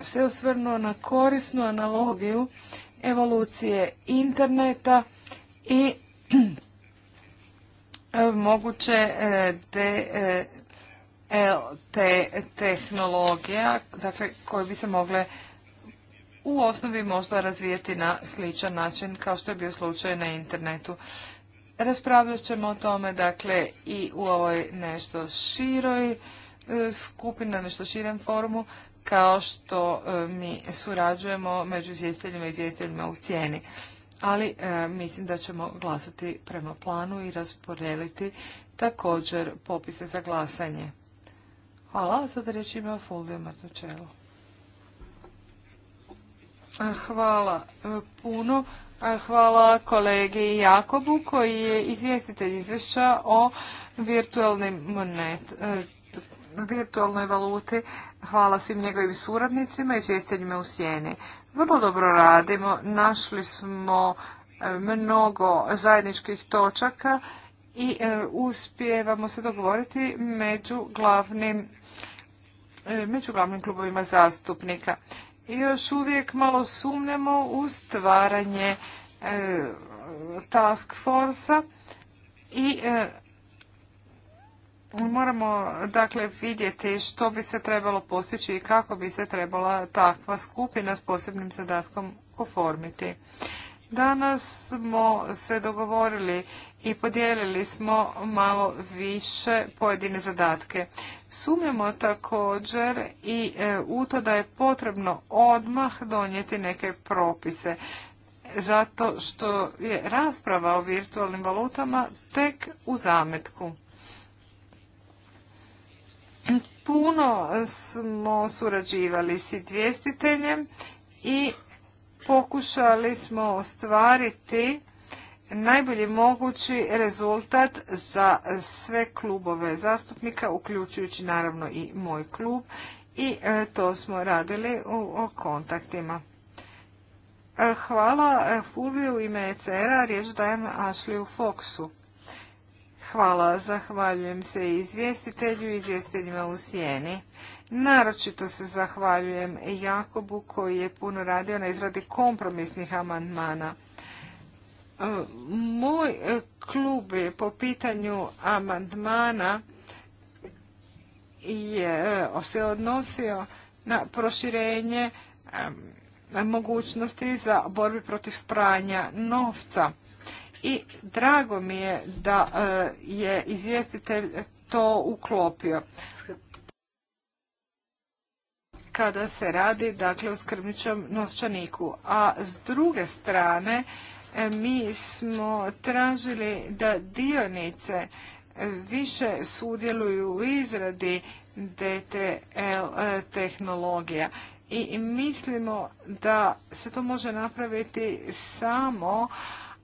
se osvrnuo na korisnu analogiju evolucije interneta i moguće e, de, e, tehnologija dakle, koje bi se mogle u osnovi možda razvijeti na sličan način kao što je bio slučaj na internetu. Raspravljat ćemo o tome, dakle, i u ovoj nešto široj e, skupini, na nešto širem forumu, kao što e, mi surađujemo među izvjetiteljima i izvjetiteljima u cijeni. Ali e, mislim da ćemo glasati prema planu i rasporediti također popise za glasanje. Hvala, sada riječ ima Fulvio Martočelo. Hvala puno. Hvala kolegi Jakobu koji je izvjestitelj izvješća o e, virtualnoj valuti. Hvala svim njegovim suradnicima i izvjestiteljima u sjeni. Vrlo dobro radimo, našli smo e, mnogo zajedničkih točaka i e, uspijevamo se dogovoriti među glavnim među glavnim klubovima zastupnika još uvijek malo sumnemo u stvaranje e, task force i e, moramo dakle vidjeti što bi se trebalo postići i kako bi se trebala takva skupina s posebnim zadatkom oformiti. Danas smo se dogovorili i podijelili smo malo više pojedine zadatke. Sumnjamo također i e, u to da je potrebno odmah donijeti neke propise zato što je rasprava o virtualnim valutama tek u zametku. Puno smo surađivali s izvjestiteljem i pokušali smo ostvariti najbolji mogući rezultat za sve klubove zastupnika, uključujući naravno i moj klub i e, to smo radili u kontaktima. E, hvala e, Fulviju u ime ECR-a, riječ dajem u Foxu. Hvala, zahvaljujem se izvjestitelju i izvjestiteljima u Sijeni. Naročito se zahvaljujem Jakobu koji je puno radio na izradi kompromisnih amandmana. Moj e, klub je po pitanju amandmana e, se odnosio na proširenje mogućnosti za borbi protiv pranja novca. I drago mi je da e, je izvjestitelj to uklopio. Kada se radi dakle o skrbničom novčaniku. A s druge strane E, mi smo tražili da dionice više sudjeluju u izradi DTL e tehnologija i mislimo da se to može napraviti samo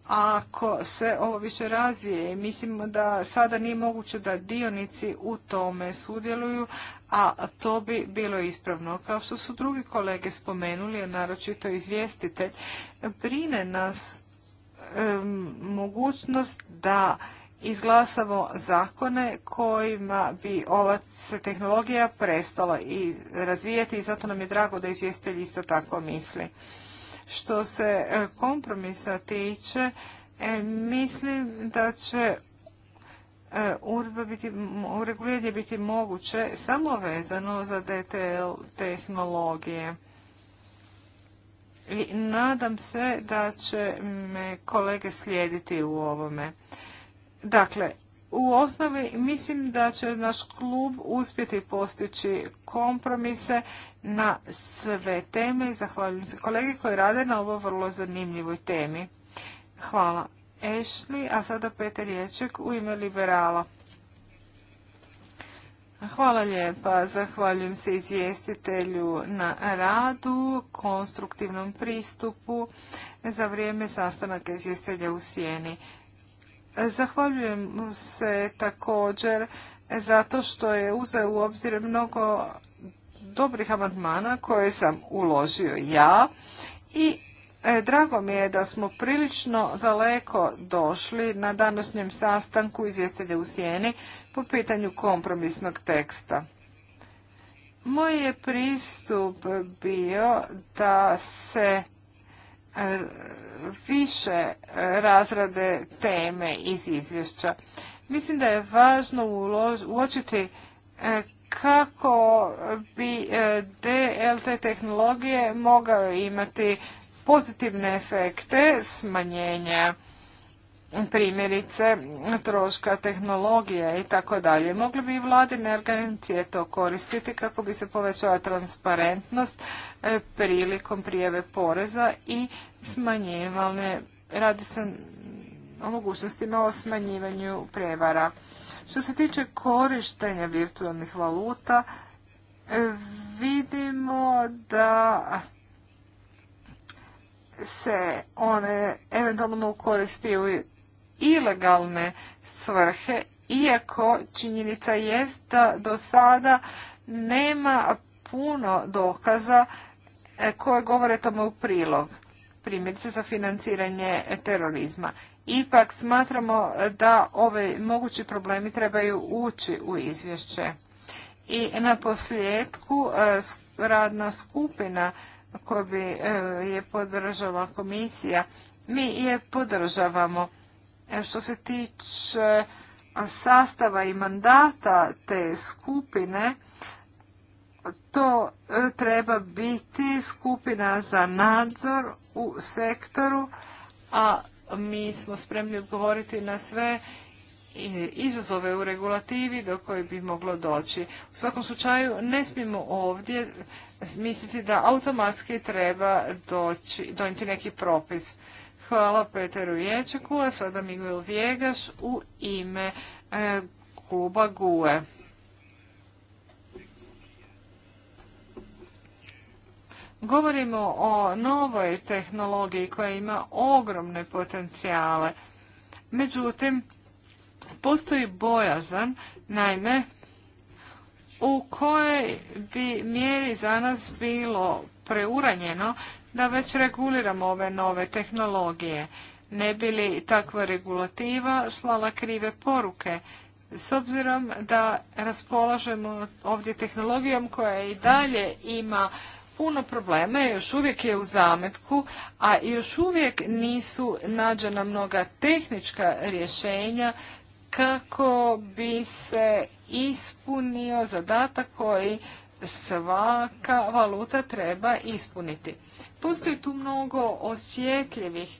ako se ovo više razvije. Mislimo da sada nije moguće da dionici u tome sudjeluju, a to bi bilo ispravno. Kao što su drugi kolege spomenuli, naročito izvjestitelj, brine nas mogućnost da izglasamo zakone kojima bi ova se tehnologija prestala i razvijati i zato nam je drago da izvjestitelj isto tako misli. Što se e, kompromisa tiče, e, mislim da će e, ureguliranje biti moguće samo vezano za DTL tehnologije i nadam se da će me kolege slijediti u ovome. Dakle, u osnovi mislim da će naš klub uspjeti postići kompromise na sve teme i zahvaljujem se kolege koji rade na ovo vrlo zanimljivoj temi. Hvala. Ešli, a sada Peter Ječek u ime liberala. Hvala lijepa. Zahvaljujem se izvjestitelju na radu, konstruktivnom pristupu za vrijeme sastanaka izvjestitelja u Sjeni. Zahvaljujem se također zato što je uzeo u obzir mnogo dobrih amandmana koje sam uložio ja i e, Drago mi je da smo prilično daleko došli na današnjem sastanku izvjestelja u Sjeni po pitanju kompromisnog teksta. Moj je pristup bio da se više razrade teme iz izvješća. Mislim da je važno uočiti e, kako bi e, DLT tehnologije mogao imati pozitivne efekte smanjenja primjerice troška tehnologija i tako dalje. Mogli bi i vladine agencije to koristiti kako bi se povećala transparentnost e, prilikom prijeve poreza i smanjivale, radi se o mogućnostima o smanjivanju prevara. Što se tiče korištenja virtualnih valuta, e, vidimo da se one eventualno mogu ilegalne svrhe, iako činjenica jest da do sada nema puno dokaza e, koje govore tome u prilog, primjerice za financiranje terorizma. Ipak smatramo da ove mogući problemi trebaju ući u izvješće. I na posljedku e, radna skupina koju bi e, je podržala komisija, mi je podržavamo E, što se tiče sastava i mandata te skupine, to e, treba biti skupina za nadzor u sektoru, a mi smo spremni odgovoriti na sve e, izazove u regulativi do koje bi moglo doći. U svakom slučaju ne smijemo ovdje misliti da automatski treba doći, donijeti neki propis. Hvala Peteru Ječeku, a sada Miguel Vjegaš u ime e, kluba GUE. Govorimo o novoj tehnologiji koja ima ogromne potencijale. Međutim, postoji bojazan, naime, u kojoj bi mjeri za nas bilo preuranjeno da već reguliramo ove nove tehnologije. Ne bi li takva regulativa slala krive poruke s obzirom da raspolažemo ovdje tehnologijom koja i dalje ima puno problema, još uvijek je u zametku, a još uvijek nisu nađena mnoga tehnička rješenja kako bi se ispunio zadatak koji svaka valuta treba ispuniti. Postoji tu mnogo osjetljivih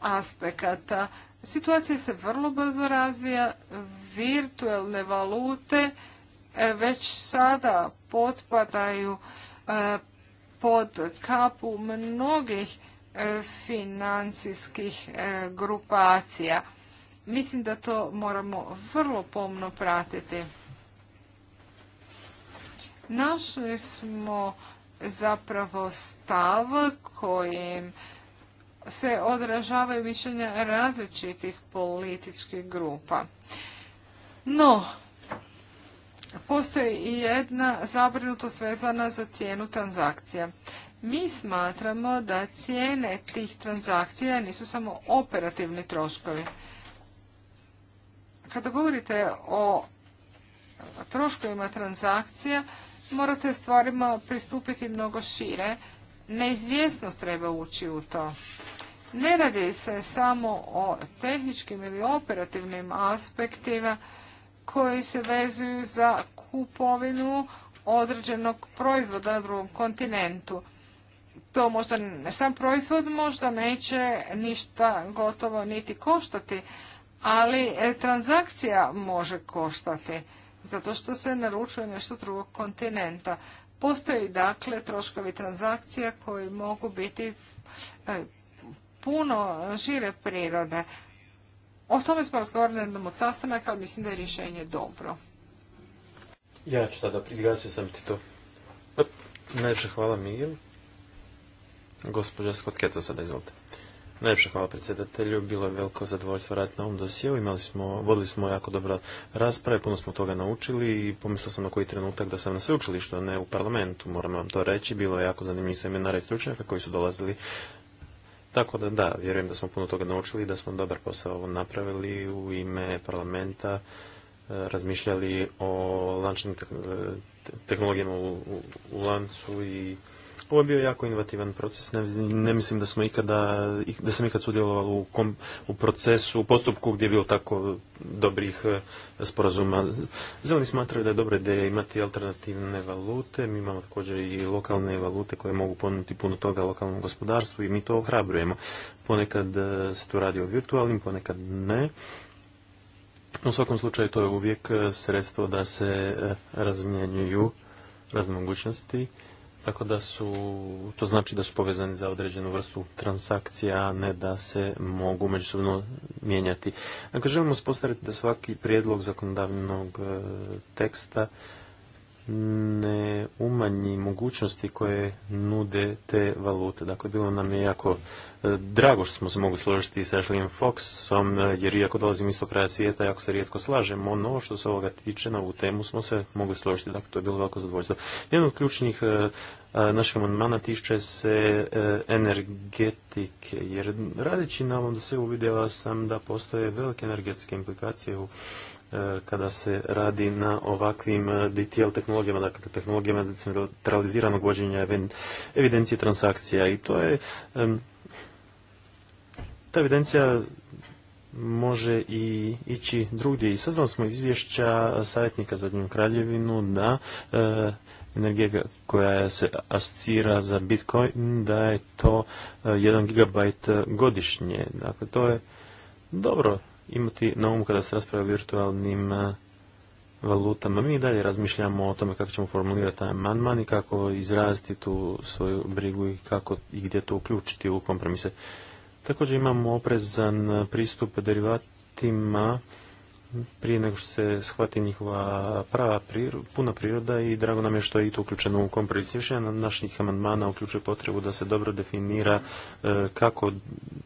aspekata. Situacija se vrlo brzo razvija, virtualne valute e, već sada potpadaju e, pod kapu mnogih e, financijskih grupacija. Mislim da to moramo vrlo pomno pratiti. Našli smo zapravo stav kojim se odražavaju mišljenja različitih političkih grupa. No, postoji i jedna zabrinutost vezana za cijenu transakcija. Mi smatramo da cijene tih transakcija nisu samo operativni troškovi. Kada govorite o troškovima transakcija, morate stvarima pristupiti mnogo šire. Neizvjesnost treba ući u to. Ne radi se samo o tehničkim ili operativnim aspektima koji se vezuju za kupovinu određenog proizvoda na drugom kontinentu. To možda sam proizvod možda neće ništa gotovo niti koštati, ali e, transakcija može koštati zato što se naručuje nešto drugog kontinenta. Postoji dakle troškovi transakcija koji mogu biti e, puno šire prirode. O tome smo razgovarali na jednom od sastanaka, ali mislim da je rješenje dobro. Ja ću sada, izgasio sam ti to. Pa, najviše hvala Miguel. Gospođa Skotketo sada, izvolite. Najljepša hvala predsjedatelju, bilo je veliko zadovoljstvo raditi na ovom dosijelu, imali smo, vodili smo jako dobra rasprave, puno smo toga naučili i pomislio sam na koji trenutak da sam na sveučilištu, a ne u parlamentu, moram vam to reći, bilo je jako zanimljivih seminara i stručnjaka koji su dolazili tako da da, vjerujem da smo puno toga naučili i da smo dobar posao napravili u ime parlamenta, e, razmišljali o lančnim tehnologijama u lancu i ovo je bio jako inovativan proces. Ne, mislim da smo ikada, da sam ikad sudjelovao u, procesu, u postupku gdje je bilo tako dobrih e, sporazuma. Zeleni smatraju da je dobra ideja imati alternativne valute. Mi imamo također i lokalne valute koje mogu ponuditi puno toga lokalnom gospodarstvu i mi to ohrabrujemo. Ponekad e, se tu radi o virtualnim, ponekad ne. U svakom slučaju to je uvijek e, sredstvo da se razmjenjuju razne mogućnosti tako da su, to znači da su povezani za određenu vrstu transakcija, a ne da se mogu međusobno mijenjati. Dakle, želimo spostaviti da svaki prijedlog zakonodavnog e, teksta ne umanji mogućnosti koje nude te valute. Dakle, bilo nam je jako e, drago što smo se mogli složiti sa Ashleyem Foxom, e, jer iako dolazim iz kraja svijeta, jako se rijetko slažemo, no što se ovoga tiče, na ovu temu smo se mogli složiti, dakle, to je bilo veliko zadovoljstvo. Jedan od ključnih e, naših amandmana tiče se energetike, jer radeći na ovom da se uvidjela sam da postoje velike energetske implikacije u E, kada se radi na ovakvim DTL e, tehnologijama, dakle tehnologijama decentraliziranog vođenja evidencije transakcija i to je ta evidencija može i ići drugdje. I saznali smo izvješća savjetnika za Zadnju Kraljevinu da e, energija koja se asocira za Bitcoin, da je to 1 GB godišnje. Dakle, to je dobro imati na umu kada se raspravlja o virtualnim e, valutama. Mi dalje razmišljamo o tome kako ćemo formulirati taj amandman i kako izraziti tu svoju brigu i kako i gdje to uključiti u kompromise. Također imamo oprezan pristup derivatima prije nego što se shvati njihova prava priroda, puna priroda i drago nam je što je i to uključeno u kompromis. na naših amandmana uključuje potrebu da se dobro definira e, kako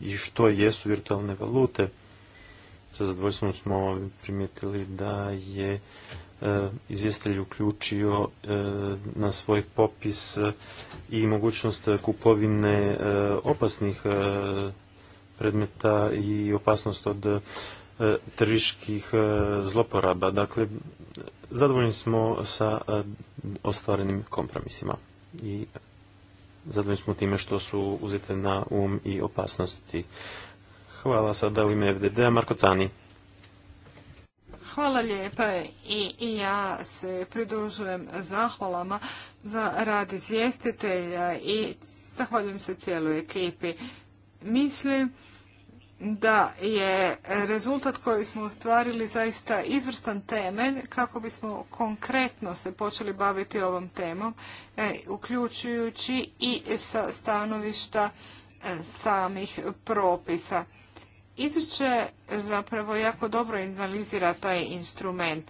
i što jesu virtualne valute sa zadvojstvom smo primijetili da je e, izvjestelj uključio e, na svoj popis e, i mogućnost kupovine opasnih predmeta i opasnost od tržiških zloporaba. Dakle, zadovoljni smo sa ostvarenim kompromisima i zadovoljni smo time što su uzete na um i opasnosti Hvala sada u ime fdd Marko Cani. Hvala lijepa i ja se pridružujem zahvalama za rad izvjestitelja i zahvaljujem se cijeloj ekipi. Mislim da je rezultat koji smo ostvarili zaista izvrstan temelj kako bismo konkretno se počeli baviti ovom temom, e, uključujući i sa stanovišta e, samih propisa. Izvješće zapravo jako dobro analizira taj instrument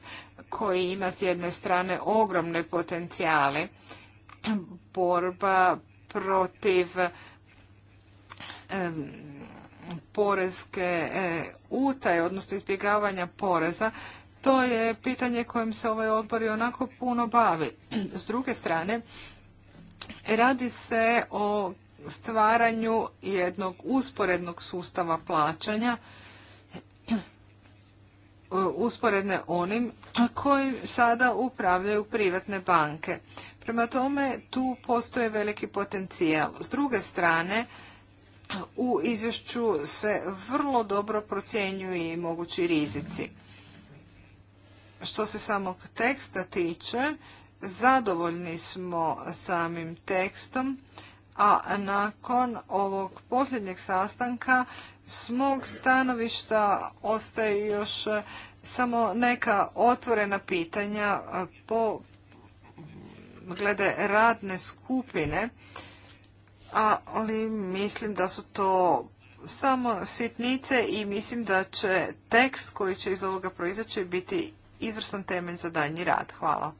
koji ima s jedne strane ogromne potencijale. Borba protiv porezke e, utaje, odnosno izbjegavanja poreza, to je pitanje kojim se ovaj odbor i onako puno bavi. S druge strane, radi se o stvaranju jednog usporednog sustava plaćanja usporedne onim koji sada upravljaju privatne banke. Prema tome, tu postoje veliki potencijal. S druge strane, u izvješću se vrlo dobro procjenjuju i mogući rizici. Što se samog teksta tiče, zadovoljni smo samim tekstom, a nakon ovog posljednjeg sastanka s mog stanovišta ostaje još e, samo neka otvorena pitanja e, po glede radne skupine, ali mislim da su to samo sitnice i mislim da će tekst koji će iz ovoga proizaći biti izvrstan temelj za daljnji rad. Hvala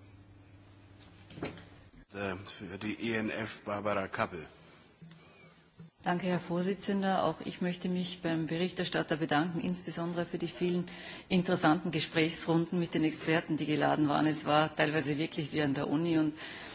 für die ENF Barbara Kappel. Danke, Herr Vorsitzender. Auch ich möchte mich beim Berichterstatter bedanken, insbesondere für die vielen interessanten Gesprächsrunden mit den Experten, die geladen waren. Es war teilweise wirklich wie an der Uni und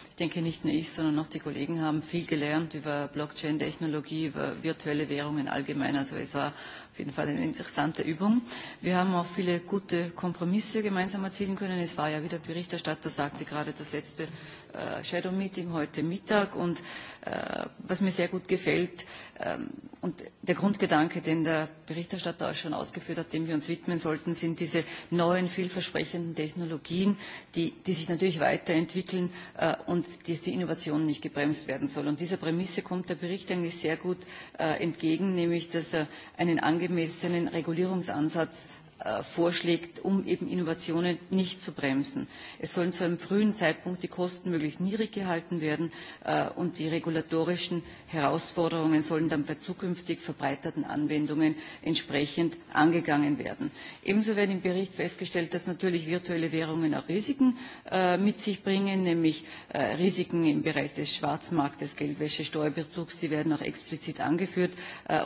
ich denke, nicht nur ich, sondern auch die Kollegen haben viel gelernt über Blockchain-Technologie, über virtuelle Währungen allgemein. Also es war auf jeden Fall eine interessante Übung. Wir haben auch viele gute Kompromisse gemeinsam erzielen können. Es war ja, wie der Berichterstatter sagte, gerade das letzte Äh, Shadow Meeting heute Mittag und äh, was mir sehr gut gefällt ähm, und der Grundgedanke, den der Berichterstatter auch schon ausgeführt hat, dem wir uns widmen sollten, sind diese neuen, vielversprechenden Technologien, die, die sich natürlich weiterentwickeln äh, und die die Innovation nicht gebremst werden soll. Und dieser Prämisse kommt der Bericht eigentlich sehr gut entgegen, nämlich dass er einen angemessenen Regulierungsansatz Äh, vorschlägt, um eben Innovationen nicht zu bremsen. Es sollen zu einem frühen Zeitpunkt die Kosten möglichst niedrig gehalten werden äh, und die regulatorischen Herausforderungen sollen dann bei zukünftig verbreiterten Anwendungen entsprechend angegangen werden. Ebenso wird im Bericht festgestellt, dass natürlich virtuelle Währungen auch Risiken äh, mit sich bringen, nämlich Risiken im Bereich des Schwarzmarktes, Geldwäsche, Steuerbetrugs, die werden auch explizit angeführt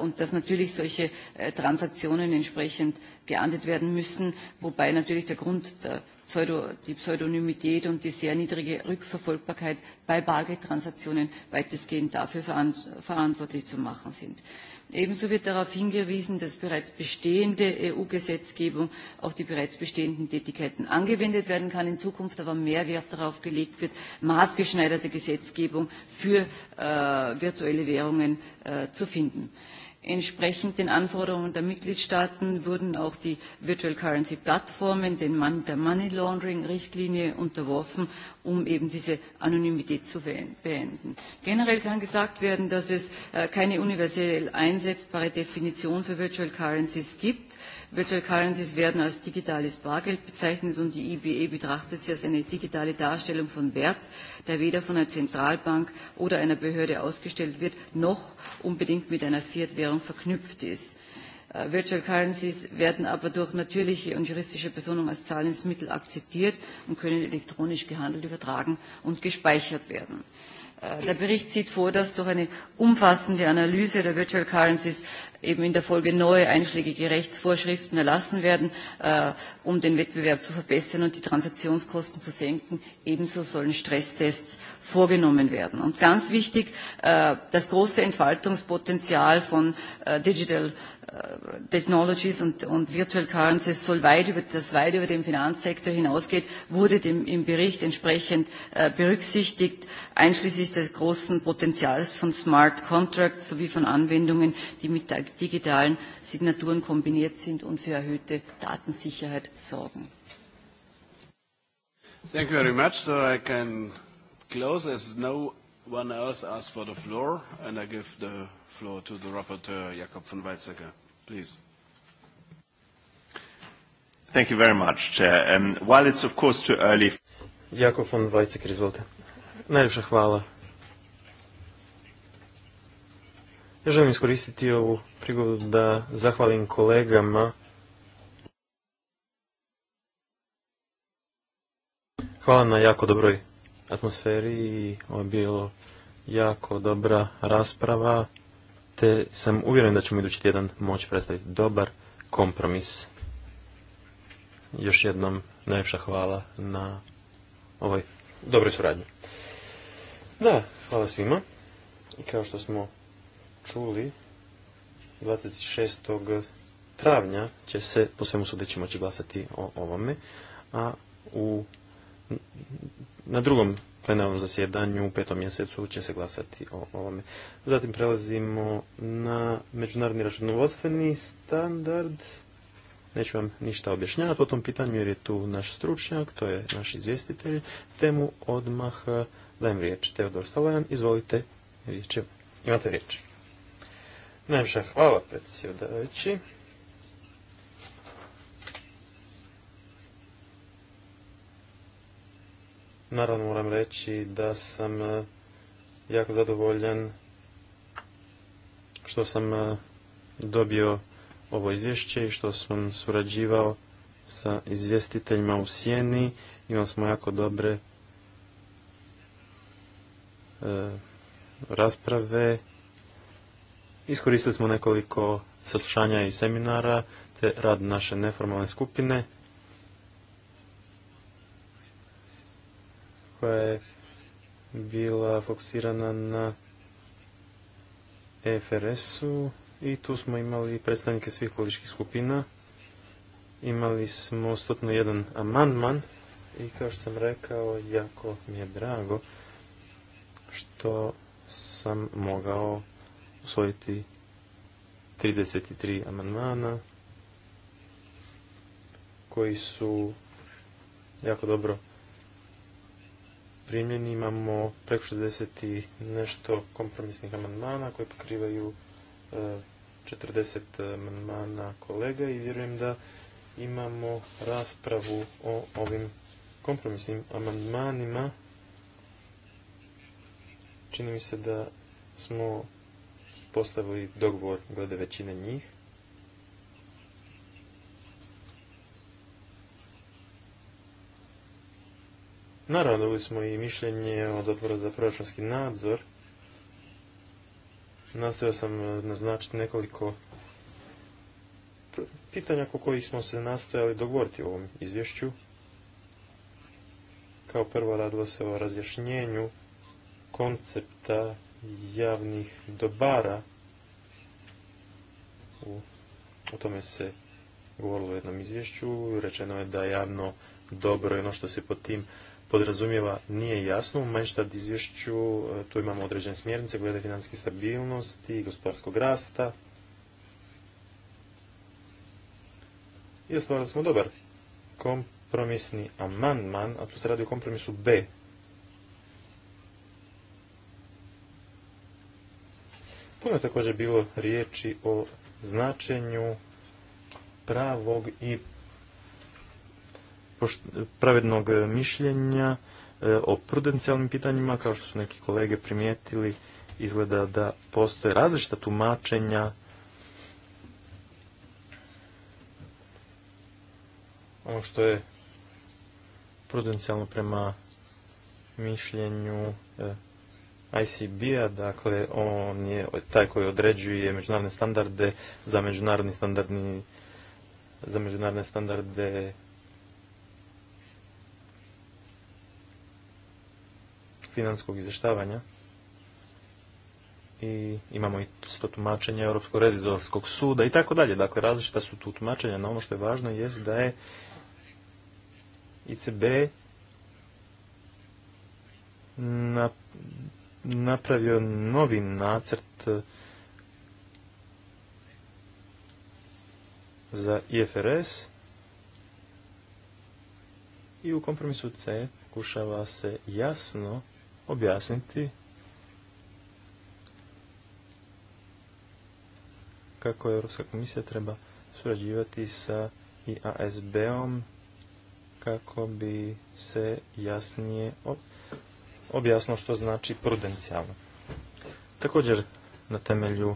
und dass natürlich solche Transaktionen entsprechend geahndet werden müssen, wobei natürlich der Grund der die Pseudonymität und die sehr niedrige Rückverfolgbarkeit bei Bargeldtransaktionen weitestgehend dafür verantwortlich zu machen sind. Ebenso wird darauf hingewiesen, dass bereits bestehende EU-Gesetzgebung auf die bereits bestehenden Tätigkeiten angewendet werden kann, in Zukunft aber mehr Wert darauf gelegt wird, maßgeschneiderte Gesetzgebung für äh, virtuelle Währungen äh, zu finden. Entsprechend den Anforderungen der Mitgliedstaaten wurden auch die Virtual Currency Plattformen den Mann, der Money Laundering Richtlinie unterworfen, um eben diese Anonymität zu beenden. Generell kann gesagt werden, dass es äh, keine universell einsetzbare Definition für Virtual Currencies gibt Virtual Currencies werden als digitales Bargeld bezeichnet und die IBE betrachtet sie als eine digitale Darstellung von Wert, der weder von einer Zentralbank oder einer Behörde ausgestellt wird, noch unbedingt mit einer Fiat-Währung verknüpft ist. Äh, Virtual Currencies werden aber durch natürliche und juristische Personen als Zahlungsmittel akzeptiert und können elektronisch gehandelt, übertragen und gespeichert werden. Äh, der Bericht sieht vor, dass durch eine umfassende Analyse der Virtual Currencies eben in der Folge neue einschlägige Rechtsvorschriften erlassen werden, äh, um den Wettbewerb zu verbessern und die Transaktionskosten zu senken. Ebenso sollen Stresstests vorgenommen werden. Und ganz wichtig, äh, das große Entfaltungspotenzial von Digital Technologies und, und Virtual Currencies soll weit über, das weit über den Finanzsektor hinausgeht, wurde dem, im Bericht entsprechend äh, berücksichtigt, einschließlich des großen Potenzials von Smart Contracts sowie von Anwendungen, die mit digitalen Signaturen kombiniert sind und für erhöhte Datensicherheit sorgen. Thank you very much. So I can close as no one else asked for the floor and I give the floor to the rapporteur Jakob von Weizsäcker. Please. Thank you very much, Chair. Um, while it's of course too early... Jakov von izvolite. Najljepša hvala. Ja želim iskoristiti ovu prigodu da zahvalim kolegama Hvala na jako dobroj atmosferi i ovo je bilo jako dobra rasprava sam uvjeren da ćemo idući tjedan moći predstaviti dobar kompromis. Još jednom najljepša hvala na ovoj dobroj suradnji. Da, hvala svima. I kao što smo čuli, 26. travnja će se po svemu sudeći moći glasati o ovome, a u, na drugom plenarnom zasjedanju u petom mjesecu će se glasati o ovome. Zatim prelazimo na međunarodni računovodstveni standard. Neću vam ništa objašnjavati o tom pitanju jer je tu naš stručnjak, to je naš izvjestitelj. Temu odmah eh, dajem riječ. Teodor Stalojan, izvolite, imate riječ. Najviše hvala predsjedavajući. Naravno moram reći da sam e, jako zadovoljan što sam e, dobio ovo izvješće i što sam surađivao sa izvjestiteljima u Sjeni. Imali smo jako dobre e, rasprave. Iskoristili smo nekoliko saslušanja i seminara te rad naše neformalne skupine koja je bila fokusirana na EFRS-u i tu smo imali predstavnike svih političkih skupina. Imali smo jedan amandman i kao što sam rekao, jako mi je drago što sam mogao usvojiti 33 amandmana koji su jako dobro primljeni. Imamo preko 60 i nešto kompromisnih amandmana koji pokrivaju 40 e, e, amandmana kolega i vjerujem da imamo raspravu o ovim kompromisnim amandmanima. Čini mi se da smo postavili dogovor glede većine njih. Naravno, dobili smo i mišljenje od odbora za proračunski nadzor. Nastojao sam e, naznačiti nekoliko pitanja oko kojih smo se nastojali dogovoriti u ovom izvješću. Kao prvo radilo se o razjašnjenju koncepta javnih dobara. o tome se govorilo u jednom izvješću. Rečeno je da javno dobro je ono što se pod tim podrazumijeva nije jasno. U izvješću e, tu imamo određene smjernice glede financijske stabilnosti, gospodarskog rasta. I ostavljali smo dobar kompromisni amandman, a tu se radi o kompromisu B. Puno je također bilo riječi o značenju pravog i pravednog e, mišljenja e, o prudencijalnim pitanjima, kao što su neki kolege primijetili, izgleda da postoje različita tumačenja ono što je prudencijalno prema mišljenju e, ICB-a, dakle on je taj koji određuje međunarodne standarde za međunarodni standardni za međunarodne standarde finanskog izvještavanja i imamo i isto tumačenja Europskog revizorskog suda i tako dalje. Dakle, različita su tu tumačenja, no ono što je važno je da je ICB napravio novi nacrt za IFRS i u kompromisu C pokušava se jasno objasniti kako Europska komisija treba surađivati sa IASB-om kako bi se jasnije objasnilo što znači prudencijalno. Također, na temelju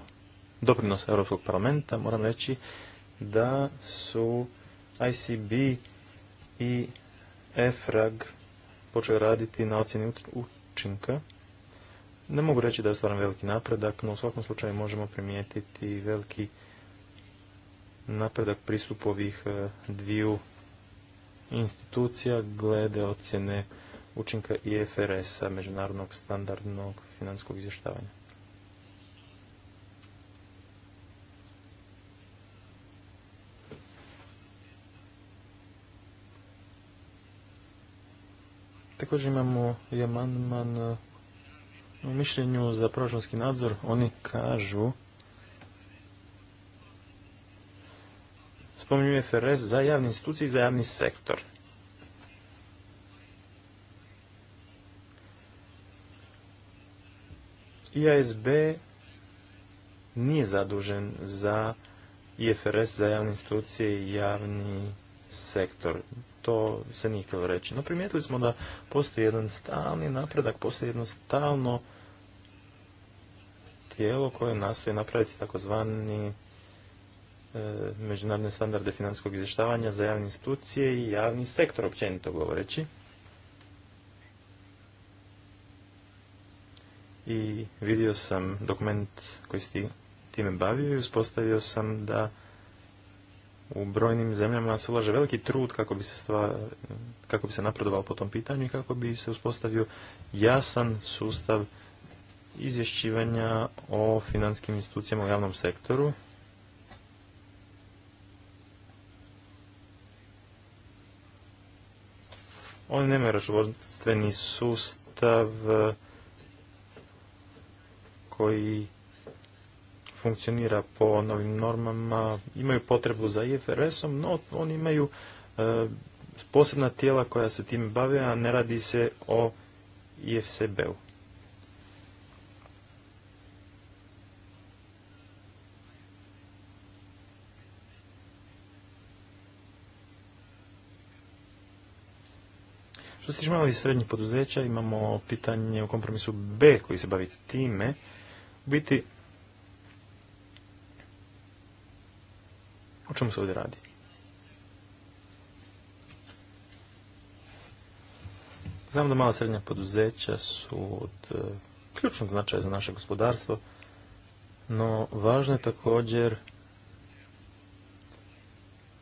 doprinosa Europskog parlamenta moram reći da su ICB i EFRAG počeo raditi na ocjeni učinka. Ne mogu reći da je stvaran veliki napredak, no u svakom slučaju možemo primijetiti veliki napredak pristupovih ovih e, dviju institucija glede ocjene učinka IFRS-a, Međunarodnog standardnog financijskog izvještavanja. Također imamo i amandman e, u mišljenju za proračunski nadzor. Oni kažu spominju FRS za javne institucije i za javni sektor. IASB nije zadužen za IFRS za javne institucije i javni sektor to se nije htjelo reći. No primijetili smo da postoji jedan stalni napredak, postoji jedno stalno tijelo koje nastoji napraviti takozvani e, međunarodne standarde financijskog izvještavanja za javne institucije i javni sektor, općenito govoreći. I vidio sam dokument koji se time bavio i uspostavio sam da u brojnim zemljama se ulaže veliki trud kako bi se stvar, kako bi se napredovalo po tom pitanju i kako bi se uspostavio jasan sustav izvješćivanja o financijskim institucijama u javnom sektoru. Oni nemaju računovodstveni sustav koji funkcionira po novim normama, imaju potrebu za IFRS-om, no oni imaju e, posebna tijela koja se time bave, a ne radi se o ifsb u Što se tiče malih i srednjih poduzeća, imamo pitanje u kompromisu B koji se bavi time. U biti, O čemu se ovdje radi? Znam da mala srednja poduzeća su od e, ključnog značaja za naše gospodarstvo, no važno je također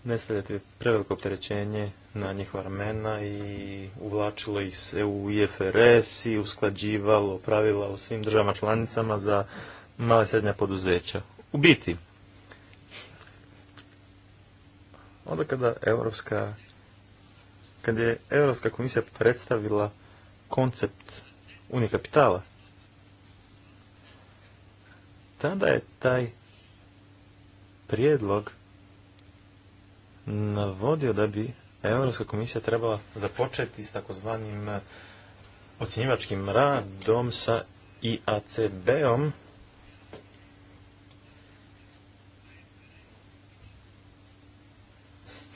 ne stavljati preveliko opterećenje na njihova ramena i uvlačilo ih se u IFRS i usklađivalo pravila u svim državama članicama za mala srednja poduzeća. U biti, onda kada Europska kad je Europska komisija predstavila koncept unije kapitala, tada je taj prijedlog navodio da bi Europska komisija trebala započeti s takozvanim ocjenjivačkim radom sa IACB-om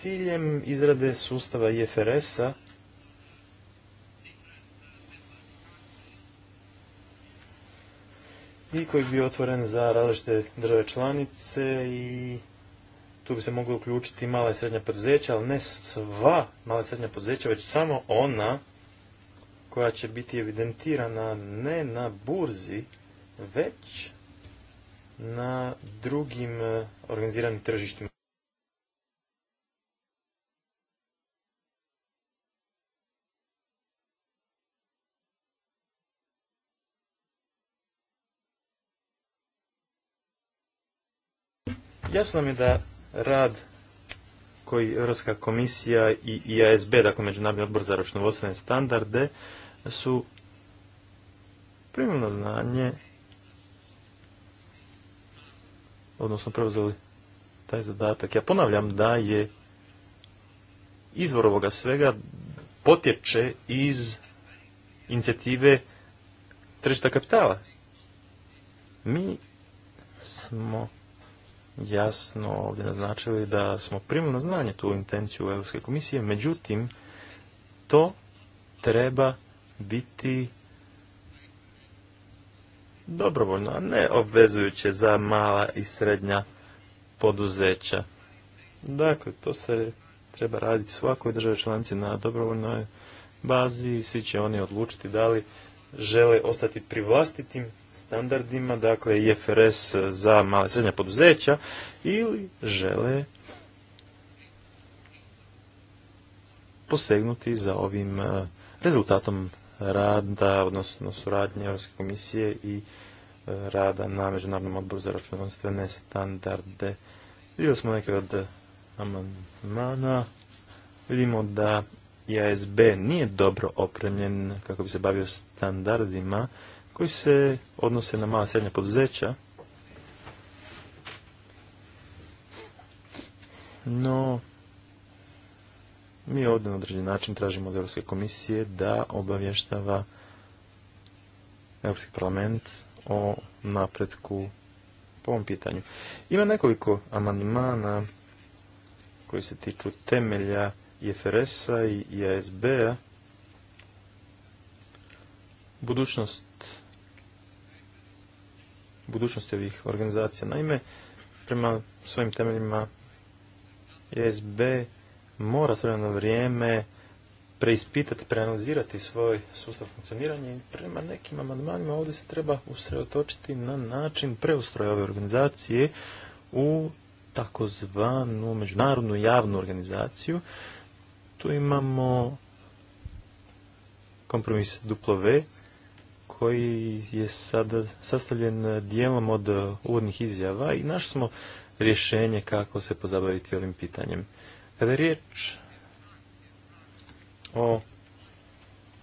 ciljem izrade sustava IFRS-a i koji bi bio otvoren za različite države članice i tu bi se moglo uključiti mala i srednja poduzeća, ali ne sva mala i srednja poduzeća, već samo ona koja će biti evidentirana ne na burzi, već na drugim eh, organiziranim tržištima. Jasno mi da rad koji Europska komisija i IASB, dakle Međunarodni odbor za računovodstvene standarde, su primljeno znanje, odnosno preuzeli taj zadatak. Ja ponavljam da je izvor ovoga svega potječe iz inicijative tržišta kapitala. Mi smo jasno ovdje naznačili da smo primili na znanje tu intenciju Europske komisije, međutim, to treba biti dobrovoljno, a ne obvezujuće za mala i srednja poduzeća. Dakle, to se treba raditi svakoj državi članici na dobrovoljnoj bazi i svi će oni odlučiti da li žele ostati pri vlastitim standardima, dakle IFRS za male i srednja poduzeća ili žele posegnuti za ovim e, rezultatom rada, odnosno suradnje Europske komisije i e, rada na Međunarodnom odboru za računovodstvene standarde. Vidjeli smo neke od amandmana. Vidimo da IASB nije dobro opremljen kako bi se bavio standardima koji se odnose na mala srednja poduzeća. No, mi ovdje na određen način tražimo od Europske komisije da obavještava Europski parlament o napretku po ovom pitanju. Ima nekoliko amandmana koji se tiču temelja IFRS-a i asb a Budućnost budućnosti ovih organizacija. Naime, prema svojim temeljima ESB mora svoje vrijeme preispitati, preanalizirati svoj sustav funkcioniranja i prema nekim amandmanima ovdje se treba usredotočiti na način preustroja ove organizacije u takozvanu međunarodnu javnu organizaciju. Tu imamo kompromis duplo koji je sad sastavljen dijelom od e, uvodnih izjava i našli smo rješenje kako se pozabaviti ovim pitanjem. Kada je riječ o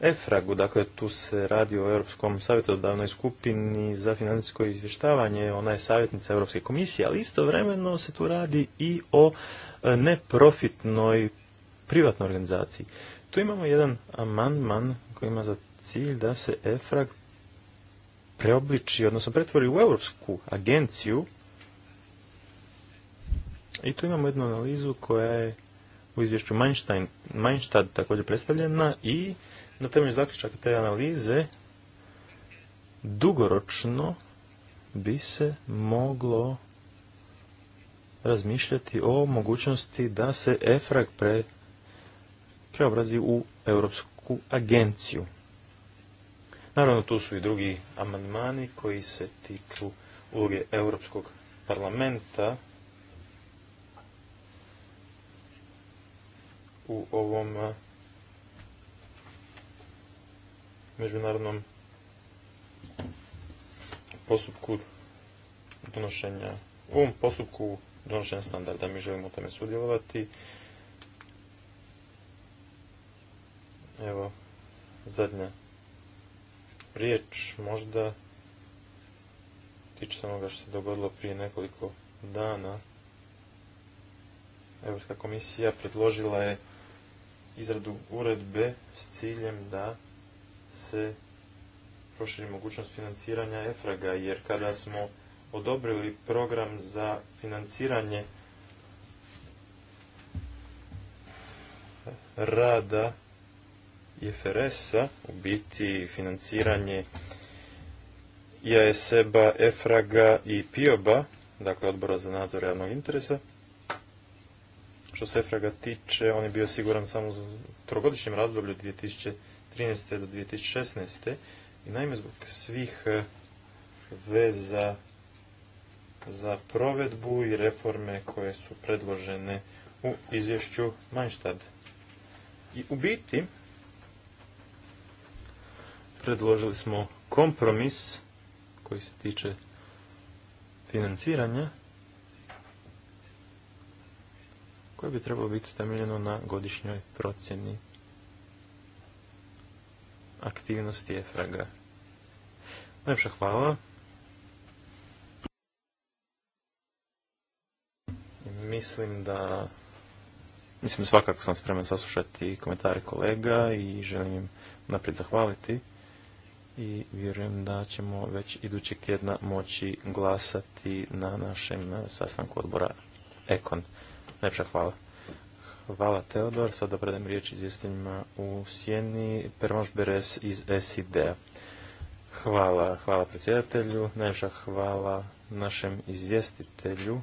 EFRAG-u, dakle tu se radi o Europskom savjetodavnoj skupini za financijsko izvještavanje, ona je savjetnica Europske komisije, ali istovremeno se tu radi i o e, neprofitnoj privatnoj organizaciji. Tu imamo jedan amandman koji ima za cilj da se EFRAG preobliči, odnosno pretvori u Europsku agenciju. I tu imamo jednu analizu koja je u izvješću Mainstad također predstavljena i na temelju zaključaka te analize dugoročno bi se moglo razmišljati o mogućnosti da se EFRAG preobrazi u Europsku agenciju. Naravno, tu su i drugi amandmani koji se tiču uloge Europskog parlamenta u ovom međunarodnom postupku donošenja, u ovom postupku donošenja standarda. Mi želimo u tome sudjelovati. Evo, zadnja riječ možda tiče se onoga što se dogodilo prije nekoliko dana. Europska komisija predložila je izradu uredbe s ciljem da se proširi mogućnost financiranja EFRAGA, jer kada smo odobrili program za financiranje rada IFRS-a, u biti financiranje IASEB-a, EFRAG-a i PIOB-a, e e dakle odbora za nadzor javnog interesa. Što se efrag tiče, on je bio siguran samo za trogodišnjem razdoblju 2013. do 2016. I naime, zbog svih e, veza za provedbu i reforme koje su predložene u izvješću Manštad. I u biti, predložili smo kompromis koji se tiče financiranja koje bi trebalo biti utemeljeno na godišnjoj procjeni aktivnosti EFRAGA. Najpša hvala. Mislim da mislim svakako sam spreman saslušati komentare kolega i želim im naprijed zahvaliti i vjerujem da ćemo već idućeg tjedna moći glasati na našem e, sastanku odbora Ekon. Najpša hvala. Hvala Teodor. Sada predam riječ izvjestiteljima u Sjeni. Permoš Beres iz sid Hvala, hvala predsjedatelju. Najviša hvala našem izvjestitelju.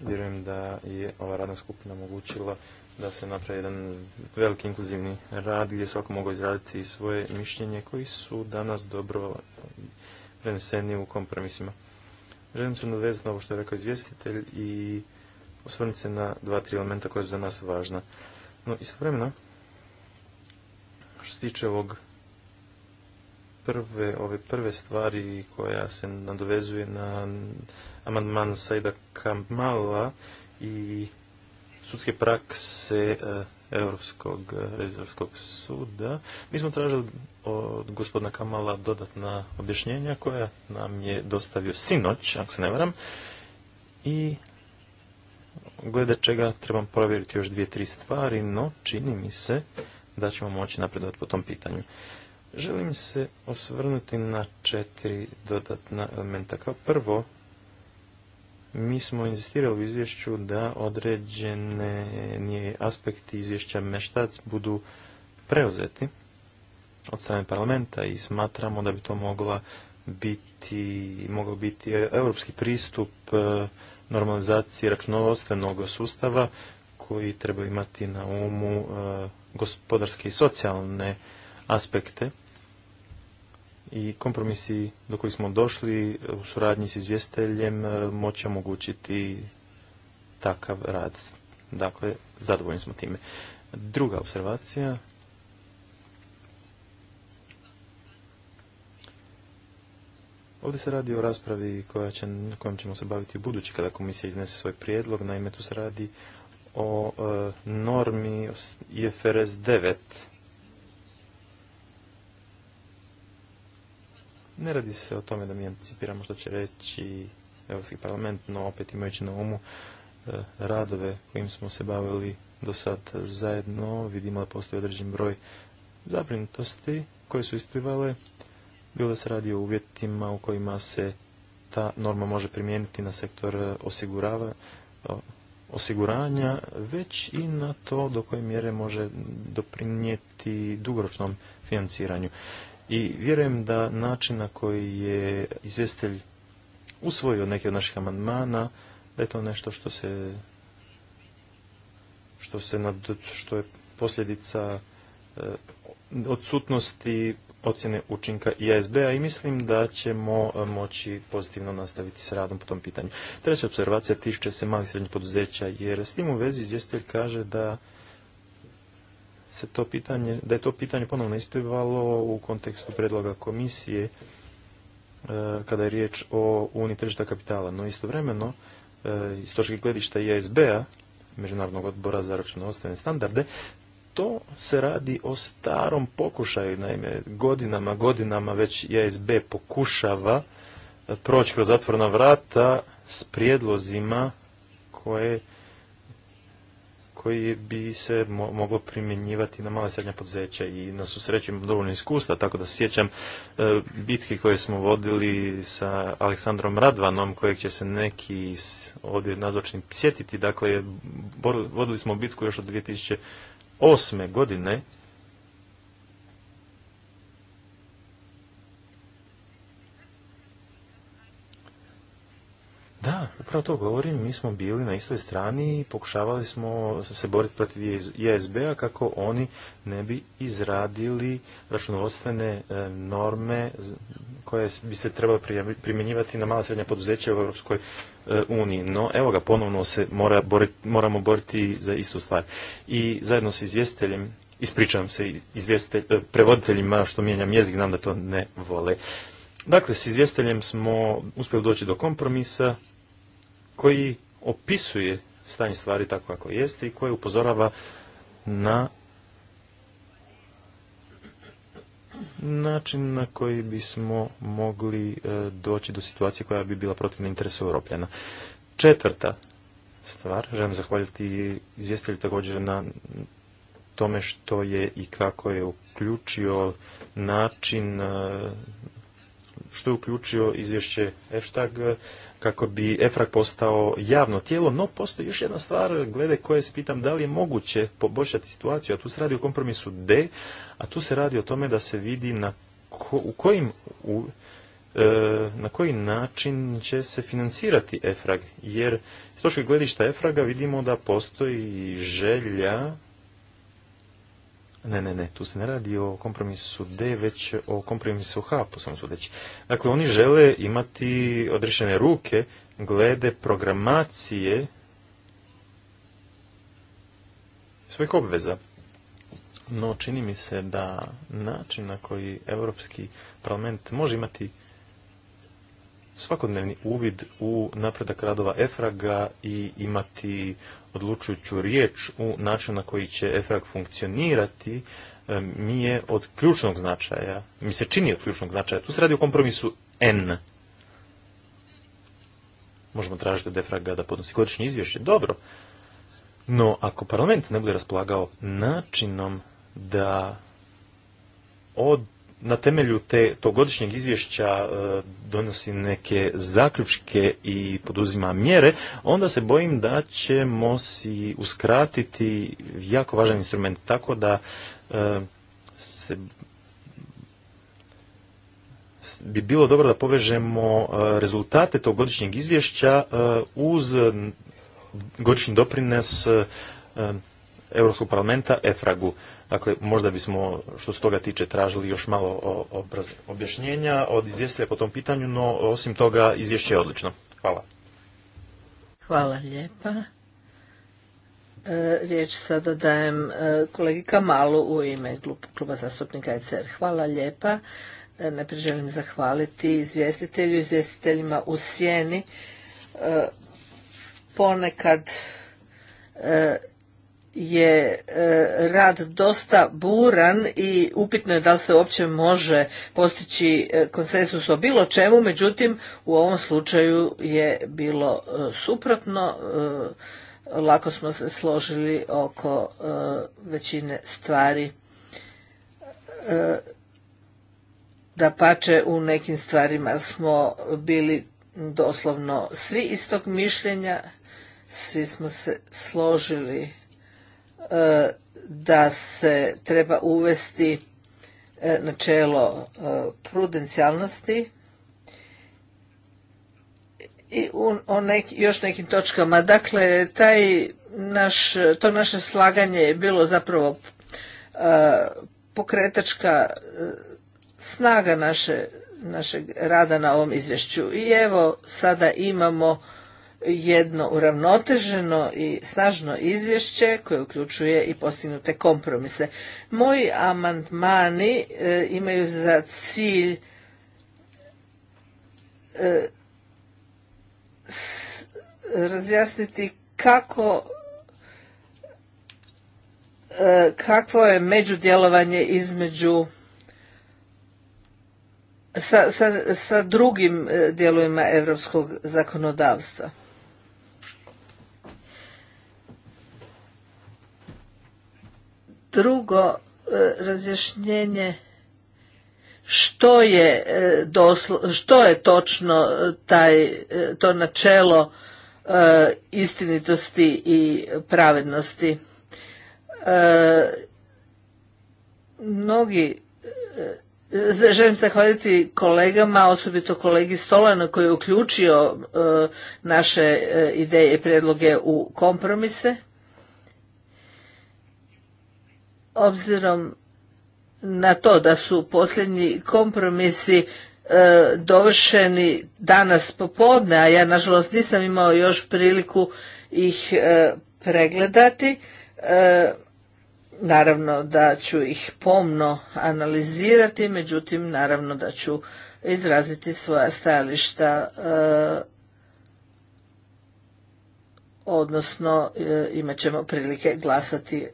Vjerujem da je ova radna skupina omogućila da se napravi jedan veliki inkluzivni rad gdje svako mogu izraditi svoje mišljenje koji su danas dobro preneseni u kompromisima. Želim se nadvezati na ovo što je rekao izvjestitelj i osvrnuti se na dva, tri elementa koja su za nas važna. No, istovremeno, što se tiče ovog prve, ove prve stvari koja se nadovezuje na amandman Saida Kamala i sudske prakse Europskog eh, eh, revizorskog suda. Mi smo tražili od gospodina Kamala dodatna objašnjenja koja nam je dostavio sinoć, ako se ne varam, i glede čega trebam provjeriti još dvije, tri stvari, no čini mi se da ćemo moći napredovati po tom pitanju. Želim se osvrnuti na četiri dodatna elementa. Kao prvo, mi smo inzistirali u izvješću da određeni aspekti izvješća Meštac budu preuzeti od strane parlamenta i smatramo da bi to mogla biti, mogao biti europski pristup e, normalizaciji računovodstvenog sustava koji treba imati na umu e, gospodarske i socijalne aspekte i kompromisi do kojih smo došli e, u suradnji s izvjestiteljem e, moći omogućiti takav rad. Dakle, zadovoljni smo time. Druga observacija. Ovdje se radi o raspravi koja će, kojom ćemo se baviti u budući kada komisija iznese svoj prijedlog. Naime, tu se radi o e, normi IFRS 9 Ne radi se o tome da mi anticipiramo što će reći Europski parlament, no opet imajući na umu e, radove kojim smo se bavili do sad zajedno, vidimo da postoji određen broj zabrinutosti koje su isplivale, bilo da se radi o uvjetima u kojima se ta norma može primijeniti na sektor e, osigurava, osiguranja, već i na to do koje mjere može doprinijeti dugoročnom financiranju i vjerujem da način na koji je izvjestitelj usvojio neke od naših amandmana, da je to nešto što se što se nad, što je posljedica e, odsutnosti ocjene učinka ISB-a i mislim da ćemo e, moći pozitivno nastaviti s radom po tom pitanju. Treća observacija tiče se malih srednjih poduzeća, jer s tim u vezi izvjestelj kaže da se to pitanje, da je to pitanje ponovno isplivalo u kontekstu predloga komisije e, kada je riječ o uniji tržišta kapitala. No istovremeno, e, iz točke gledišta ISB-a, Međunarodnog odbora za računovodstvene standarde, to se radi o starom pokušaju, naime, godinama, godinama već ISB pokušava proći kroz zatvorna vrata s prijedlozima koje koji bi se mo moglo primjenjivati na male srednja poduzeća i na su imam dovoljno iskustva, tako da sjećam e, bitke koje smo vodili sa Aleksandrom Radvanom, kojeg će se neki ovdje nazočni sjetiti. Dakle, vodili smo bitku još od 2008. godine Da, upravo to govorim, mi smo bili na istoj strani i pokušavali smo se boriti protiv ISB-a kako oni ne bi izradili računovodstvene e, norme koje bi se trebalo primjenjivati na mala srednja poduzeća u Europskoj e, uniji. No, evo ga, ponovno se mora boriti, moramo boriti za istu stvar. I zajedno s izvjestiteljem, ispričavam se izvjestitelj, e, prevoditeljima što mijenjam jezik, znam da to ne vole. Dakle, s izvjestiteljem smo uspjeli doći do kompromisa koji opisuje stanje stvari tako kako jeste i koji upozorava na način na koji bismo mogli e, doći do situacije koja bi bila protivna interesa Europljana. Četvrta stvar, želim zahvaljati izvjestitelju također na tome što je i kako je uključio način e, što je uključio izvješće kako bi EFRAG postao javno tijelo, no postoji još jedna stvar glede koje se pitam da li je moguće poboljšati situaciju, a tu se radi o kompromisu D, a tu se radi o tome da se vidi na u kojim u, e, na koji način će se financirati EFRAG, jer s točke gledišta EFRAGA vidimo da postoji želja ne, ne, ne, tu se ne radi o kompromisu D, već o kompromisu H, po svom sudeći. Dakle, oni žele imati odrešene ruke glede programacije svojih obveza. No, čini mi se da način na koji Europski parlament može imati svakodnevni uvid u napredak radova Efraga i imati odlučujuću riječ u načinu na koji će EFRAG funkcionirati, e, mi je od ključnog značaja, mi se čini od ključnog značaja. Tu se radi o kompromisu N. Možemo tražiti od efrag da podnosi godišnje izvješće. Dobro. No, ako parlament ne bude raspolagao načinom da od na temelju te, tog izvješća e, donosi neke zaključke i poduzima mjere, onda se bojim da ćemo si uskratiti jako važan instrument, tako da e, se bi bilo dobro da povežemo e, rezultate tog godišnjeg izvješća uz godišnji doprines Europskog parlamenta EFRAG-u. Dakle, možda bismo što se toga tiče tražili još malo objašnjenja od izvjestitelja po tom pitanju, no osim toga izvješće je odlično. Hvala. Hvala lijepa. E, riječ sada dajem e, kolegi Kamalu u ime kluba zastupnika ECR. Hvala lijepa. E, najprije želim zahvaliti izvjestitelju, izvjestiteljima u sjeni. Ponekad je e, rad dosta buran i upitno je da li se uopće može postići e, konsensus o bilo čemu, međutim u ovom slučaju je bilo e, suprotno, lako smo se složili oko većine stvari. Da pače u nekim stvarima smo bili doslovno svi istog mišljenja, svi smo se složili da se treba uvesti e, načelo e, prudencijalnosti i još nekim točkama. Dakle, taj naš, to naše slaganje je bilo zapravo e, pokretačka snaga naše, našeg rada na ovom izvješću. I evo sada imamo jedno uravnoteženo i snažno izvješće koje uključuje i postignute kompromise. Moji amandmani e, imaju za cilj e, razjasniti kako e, kakvo je međudjelovanje između sa, sa drugim dijelovima europskog zakonodavstva. drugo e, razjašnjenje što je, e, doslo, što je točno e, taj, to načelo istinitosti i pravednosti. Mnogi Želim zahvaliti kolegama, osobito kolegi Stolano koji je uključio naše ideje i predloge u kompromise obzirom na to da su posljednji kompromisi e, dovršeni danas popodne, a ja nažalost nisam imao još priliku ih e, pregledati, e, naravno da ću ih pomno analizirati, međutim naravno da ću izraziti svoja stajališta odnosno imat ćemo prilike glasati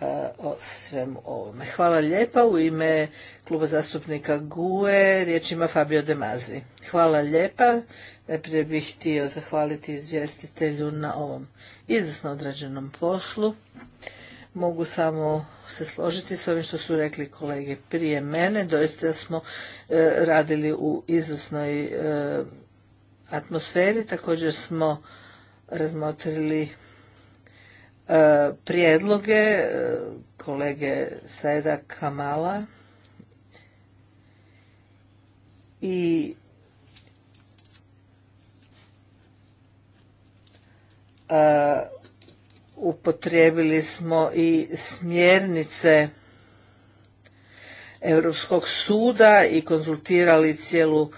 E, o svemu ovome. Hvala lijepa. U ime kluba zastupnika GUE riječ ima Fabio Demazi. Hvala lijepa. Najprije bih htio zahvaliti izvjestitelju na ovom izvrsno odrađenom poslu. Mogu samo se složiti s ovim što su rekli kolege prije mene. Doista smo e, radili u izvrsnoj e, atmosferi. Također smo razmotrili E, prijedloge e, kolege Seda Kamala i e, upotrijebili smo i smjernice Europskog suda i konzultirali cijelu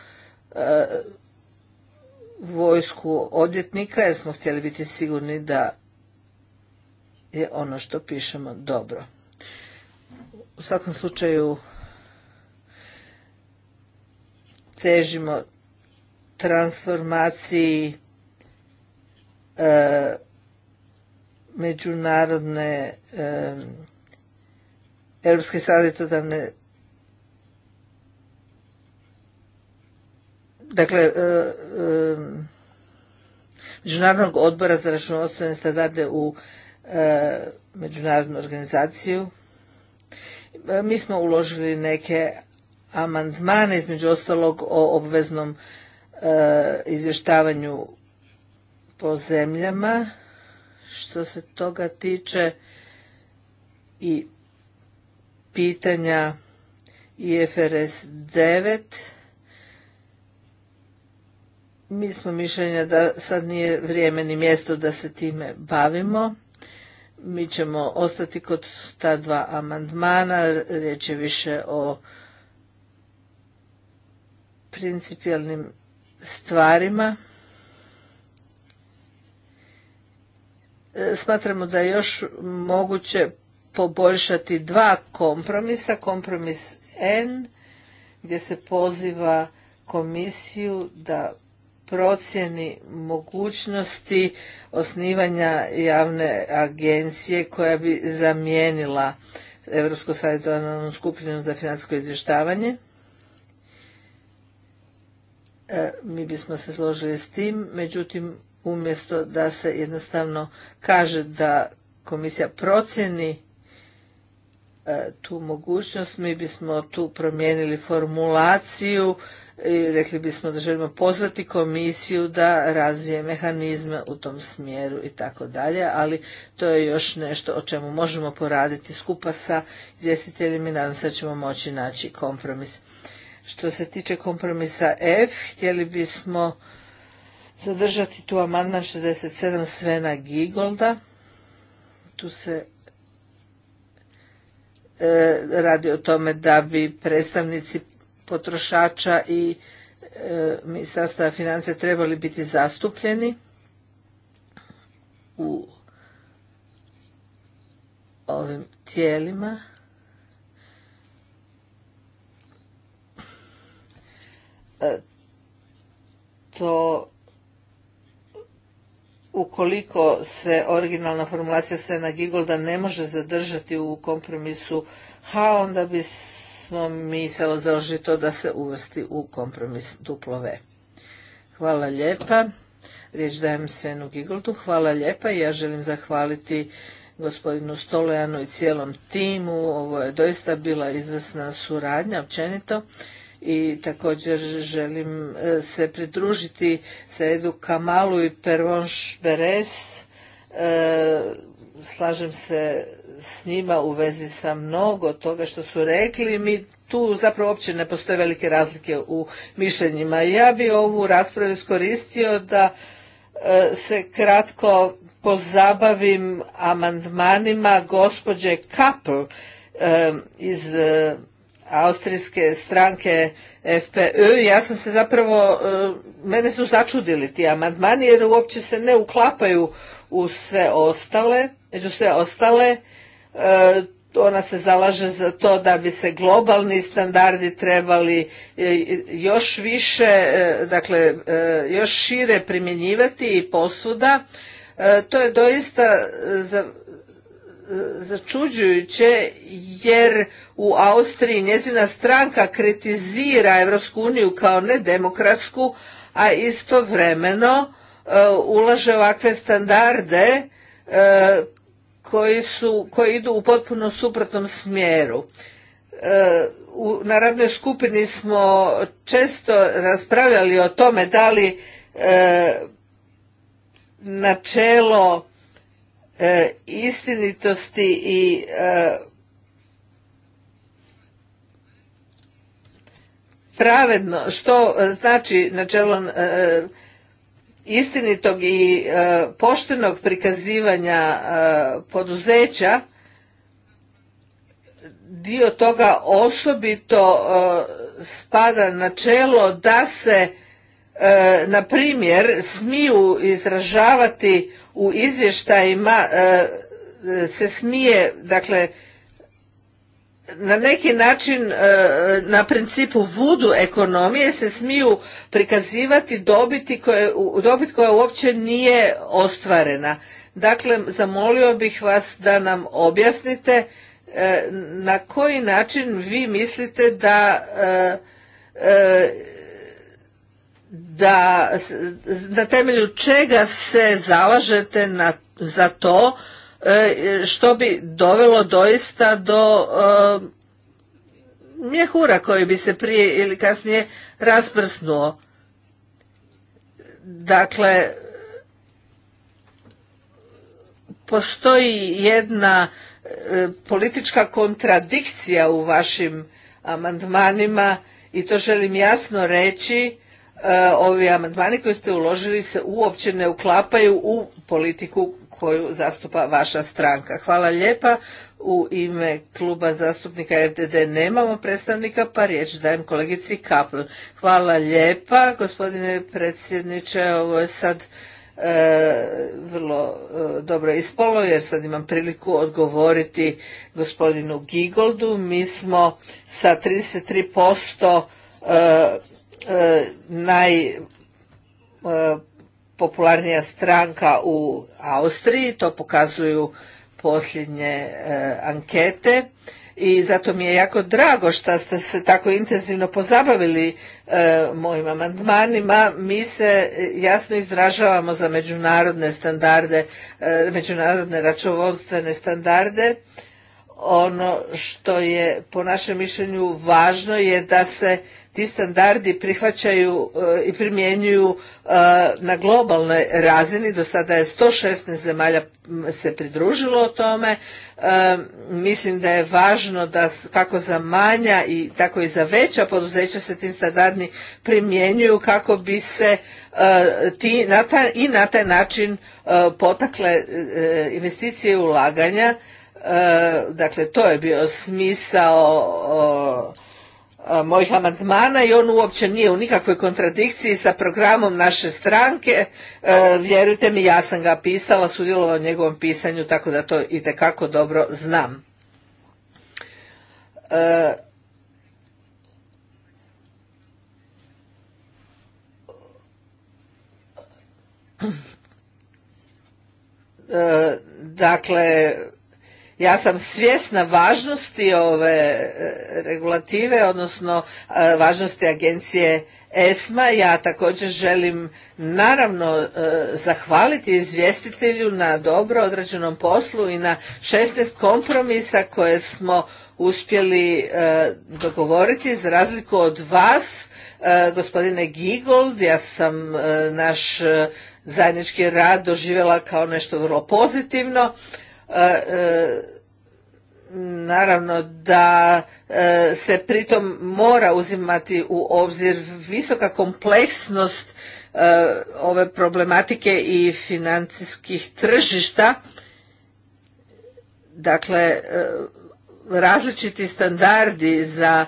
vojsku odjetnika jer smo htjeli biti sigurni da je ono što pišemo dobro. U svakom slučaju težimo transformaciji e, međunarodne e, europske savjetodavne dakle e, e, međunarodnog odbora za računovodstvene standarde u E, međunarodnu organizaciju. E, mi smo uložili neke amandmane, između ostalog o obveznom e, izvještavanju po zemljama. Što se toga tiče i pitanja IFRS 9, mi smo mišljenja da sad nije vrijeme ni mjesto da se time bavimo mi ćemo ostati kod ta dva amandmana, riječ je više o principijalnim stvarima. E, smatramo da je još moguće poboljšati dva kompromisa, kompromis N gdje se poziva komisiju da procjeni mogućnosti osnivanja javne agencije koja bi zamijenila Europsku savjetovanom skupinu za financijsko izvještavanje. E, mi bismo se složili s tim, međutim umjesto da se jednostavno kaže da komisija procjeni e, tu mogućnost, mi bismo tu promijenili formulaciju rekli bismo da želimo pozvati komisiju da razvije mehanizme u tom smjeru i tako dalje, ali to je još nešto o čemu možemo poraditi skupa sa izvjestiteljima i nadam se da ćemo moći naći kompromis. Što se tiče kompromisa F, htjeli bismo zadržati tu amandman 67 Svena Gigolda. Tu se e, radi o tome da bi predstavnici potrošača i e, Ministarstva financija trebali biti zastupljeni u ovim tijelima. E, to ukoliko se originalna formulacija Svena Gigolda ne može zadržati u kompromisu H, onda bi smo mi se to da se uvrsti u kompromis duplove. Hvala lijepa. Riječ dajem Svenu Gigoltu. Hvala lijepa i ja želim zahvaliti gospodinu Stolojanu i cijelom timu. Ovo je doista bila izvrsna suradnja općenito i također želim e, se pridružiti sa Edu Kamalu i Pervonš Beres. E, slažem se s njima u vezi sa mnogo toga što su rekli. Mi tu zapravo uopće ne postoje velike razlike u mišljenjima. Ja bi ovu raspravu iskoristio da e, se kratko pozabavim amandmanima gospođe Kapl e, iz e, austrijske stranke FPÖ. Ja sam se zapravo, mene su začudili ti amandmani jer uopće se ne uklapaju u sve ostale, među sve ostale E, ona se zalaže za to da bi se globalni standardi trebali e, još više, e, dakle još šire primjenjivati i posuda. To je doista začuđujuće jer u Austriji njezina stranka kritizira Europsku uniju kao nedemokratsku, a istovremeno ulaže ovakve standarde koji, su, koji idu u potpuno suprotnom smjeru. E, u, na radnoj skupini smo često raspravljali o tome da li e, načelo e, istinitosti i e, pravedno, što znači načelo istinitog i e, poštenog prikazivanja e, poduzeća dio toga osobito e, spada spada čelo da se na primjer smiju izražavati u izvještajima se smije dakle na neki način e, na principu vudu ekonomije se smiju prikazivati dobiti dobit koja uopće nije ostvarena. Dakle, zamolio bih vas da nam objasnite e, na koji način vi mislite da e, da na temelju čega se zalažete za to E, što bi dovelo doista do e, mjehura koji bi se prije ili kasnije rasprsnuo. Dakle, postoji jedna e, politička kontradikcija u vašim amandmanima i to želim jasno reći ovi amandmani koji ste uložili se uopće ne uklapaju u politiku koju zastupa vaša stranka. Hvala lijepa. U ime kluba zastupnika FDD nemamo predstavnika, pa riječ dajem kolegici Kapl. Hvala lijepa, gospodine predsjedniče. Ovo je sad e, vrlo e, dobro ispolo, jer sad imam priliku odgovoriti gospodinu Gigoldu. Mi smo sa 33% e, e, naj popularnija stranka u Austriji, to pokazuju posljednje e, ankete i zato mi je jako drago što ste se tako intenzivno pozabavili e, mojim amandmanima. Mi se e, jasno izražavamo za međunarodne standarde, međunarodne računovodstvene standarde. Ono što je po našem mišljenju važno je da se ti standardi prihvaćaju e, i primjenjuju e, na globalnoj razini. Do sada je 116 zemalja se pridružilo o tome. E, mislim da je važno da kako za manja i tako i za veća poduzeća se ti standardi primjenjuju kako bi se ti na i na taj način potakle investicije i ulaganja. Dakle, to je bio smisao E, mojih amandmana i on uopće nije u nikakvoj kontradikciji sa programom naše stranke. E, vjerujte mi, ja sam ga pisala, sudjelovao u njegovom pisanju, tako da to itekako dobro znam. E, dakle ja sam svjesna važnosti ove e, regulative, odnosno e, važnosti agencije ESMA. Ja također želim naravno e, zahvaliti izvjestitelju na dobro određenom poslu i na 16 kompromisa koje smo uspjeli dogovoriti za razliku od vas gospodine Gigold, ja sam naš zajednički rad doživjela kao nešto vrlo pozitivno. E, e, naravno da e, se pritom mora uzimati u obzir visoka kompleksnost ove problematike i financijskih tržišta. Dakle, različiti standardi za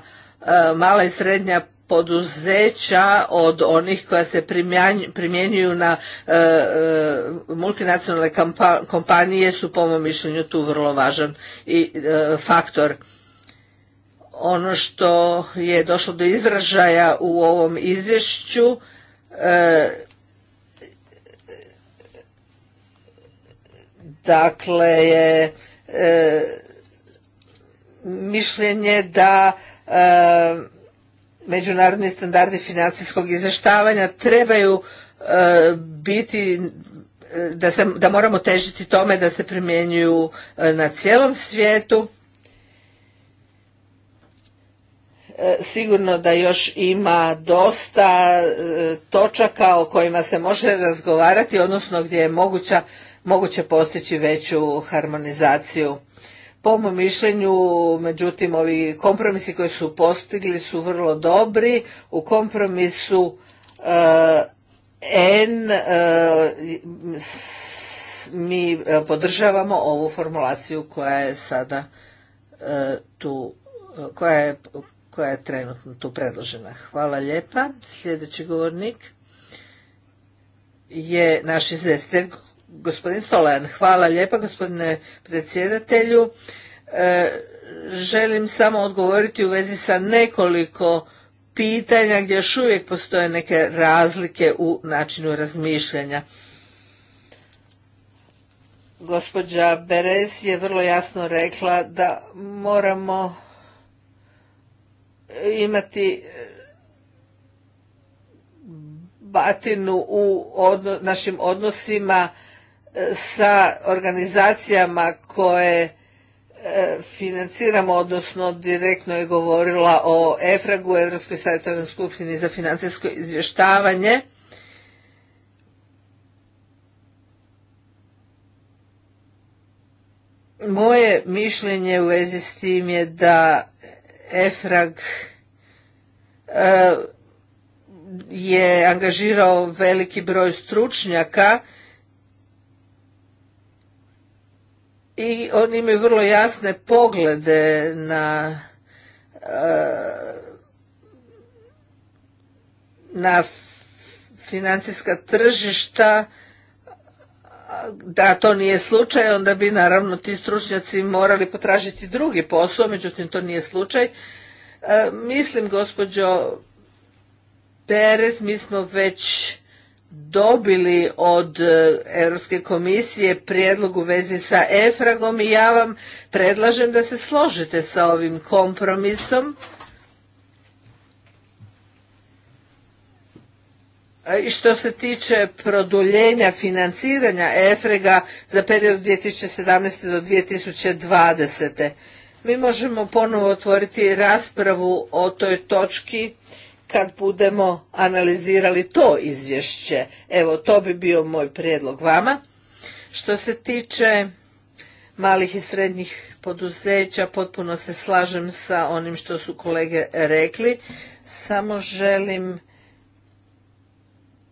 mala i srednja poduzeća od onih koja se primjenjuju na e, e, multinacionalne kompanije su po mom mišljenju tu vrlo važan i e, faktor. Ono što je došlo do izražaja u ovom izvješću dakle je mišljenje da međunarodni standardi financijskog izvještavanja trebaju e, biti e, da, se, da moramo težiti tome da se primjenjuju e, na cijelom svijetu. Sigurno da još ima dosta točaka o kojima se može razgovarati, odnosno gdje je moguća, moguće postići veću harmonizaciju po mom mišljenju, međutim, ovi kompromisi koji su postigli su vrlo dobri. U kompromisu eh, N eh, mi eh, podržavamo ovu formulaciju koja je sada tu, koja je, koja je trenutno tu predložena. Hvala lijepa. Sljedeći govornik je naš izvestelj Gospodin hvala lijepa gospodine predsjedatelju. E, želim samo odgovoriti u vezi sa nekoliko pitanja gdje još uvijek postoje neke razlike u načinu razmišljanja. Gospođa Berez je vrlo jasno rekla da moramo imati e, batinu u našim odnosima sa organizacijama koje e, financiramo, odnosno direktno je govorila o EFRAG-u, Europskoj savjetovnoj skupštini za financijsko izvještavanje. Moje mišljenje u vezi s tim je da EFRAG e, je angažirao veliki broj stručnjaka i oni imaju vrlo jasne poglede na eh, na financijska tržišta da to nije slučaj onda bi naravno ti stručnjaci morali potražiti drugi posao međutim to nije slučaj eh, mislim gospođo Perez mi smo već dobili od e, Europske komisije prijedlog u vezi sa EFRAGom i ja vam predlažem da se složite sa ovim kompromisom. I što se tiče produljenja financiranja EFRAGA za period 2017. do 2020. Mi možemo ponovo otvoriti raspravu o toj točki kad budemo analizirali to izvješće. Evo, to bi bio moj prijedlog vama. Što se tiče malih i srednjih poduzeća, potpuno se slažem sa onim što su kolege rekli. Samo želim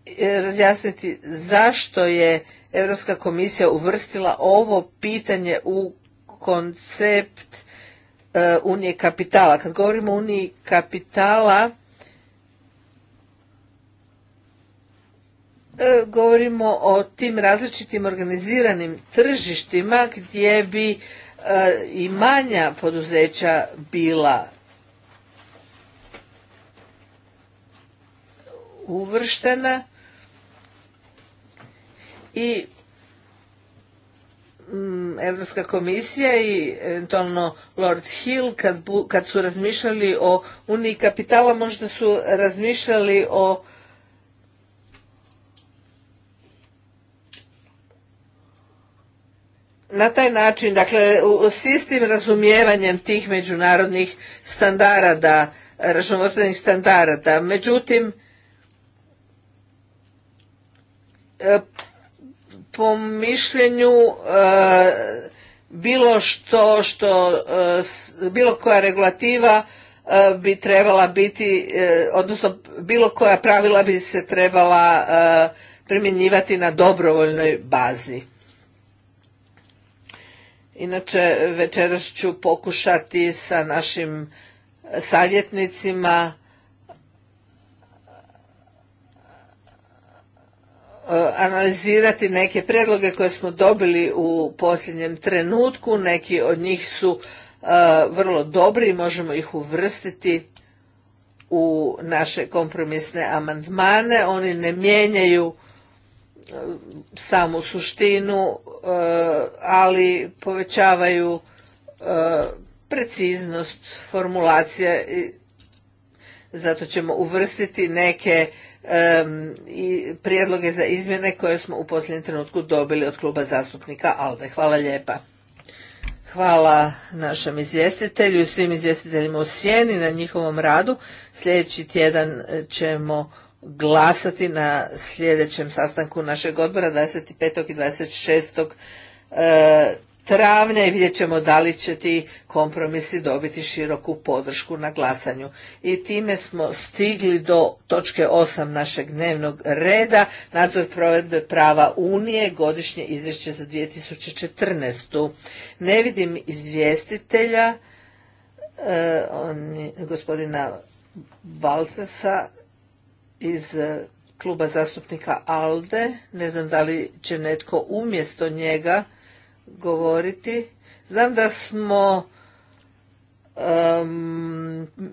e, razjasniti zašto je Europska komisija uvrstila ovo pitanje u koncept e, Unije kapitala. Kad govorimo o Uniji kapitala, E, govorimo o tim različitim organiziranim tržištima gdje bi e, i manja poduzeća bila uvrštena i mm, Europska komisija i eventualno Lord Hill kad, kad su razmišljali o uniji kapitala možda su razmišljali o na taj način, dakle, s istim razumijevanjem tih međunarodnih standarda, računovodstvenih standarda. Međutim, e, po mišljenju e, bilo što što e, bilo koja regulativa bi trebala biti odnosno bilo koja pravila bi se trebala primjenjivati na dobrovoljnoj bazi Inače, večeras ću pokušati sa našim savjetnicima e, analizirati neke predloge koje smo dobili u posljednjem trenutku. Neki od njih su e, vrlo dobri i možemo ih uvrstiti u naše kompromisne amandmane. Oni ne mijenjaju samu suštinu, e, ali povećavaju e, preciznost formulacije, i zato ćemo uvrstiti neke i prijedloge za izmjene koje smo u posljednjem trenutku dobili od kluba zastupnika Alde. Hvala lijepa. Hvala našem izvjestitelju i svim izvjestiteljima u Sjeni na njihovom radu. Sljedeći tjedan ćemo glasati na sljedećem sastanku našeg odbora 25. i 26. E, travnja i vidjet ćemo da li će ti kompromisi dobiti široku podršku na glasanju. I time smo stigli do točke 8 našeg dnevnog reda, nadzor provedbe prava Unije, godišnje izvješće za 2014. Ne vidim izvjestitelja, e, gospodina Balcesa, iz e, kluba zastupnika ALDE. Ne znam da li će netko umjesto njega govoriti. Znam da smo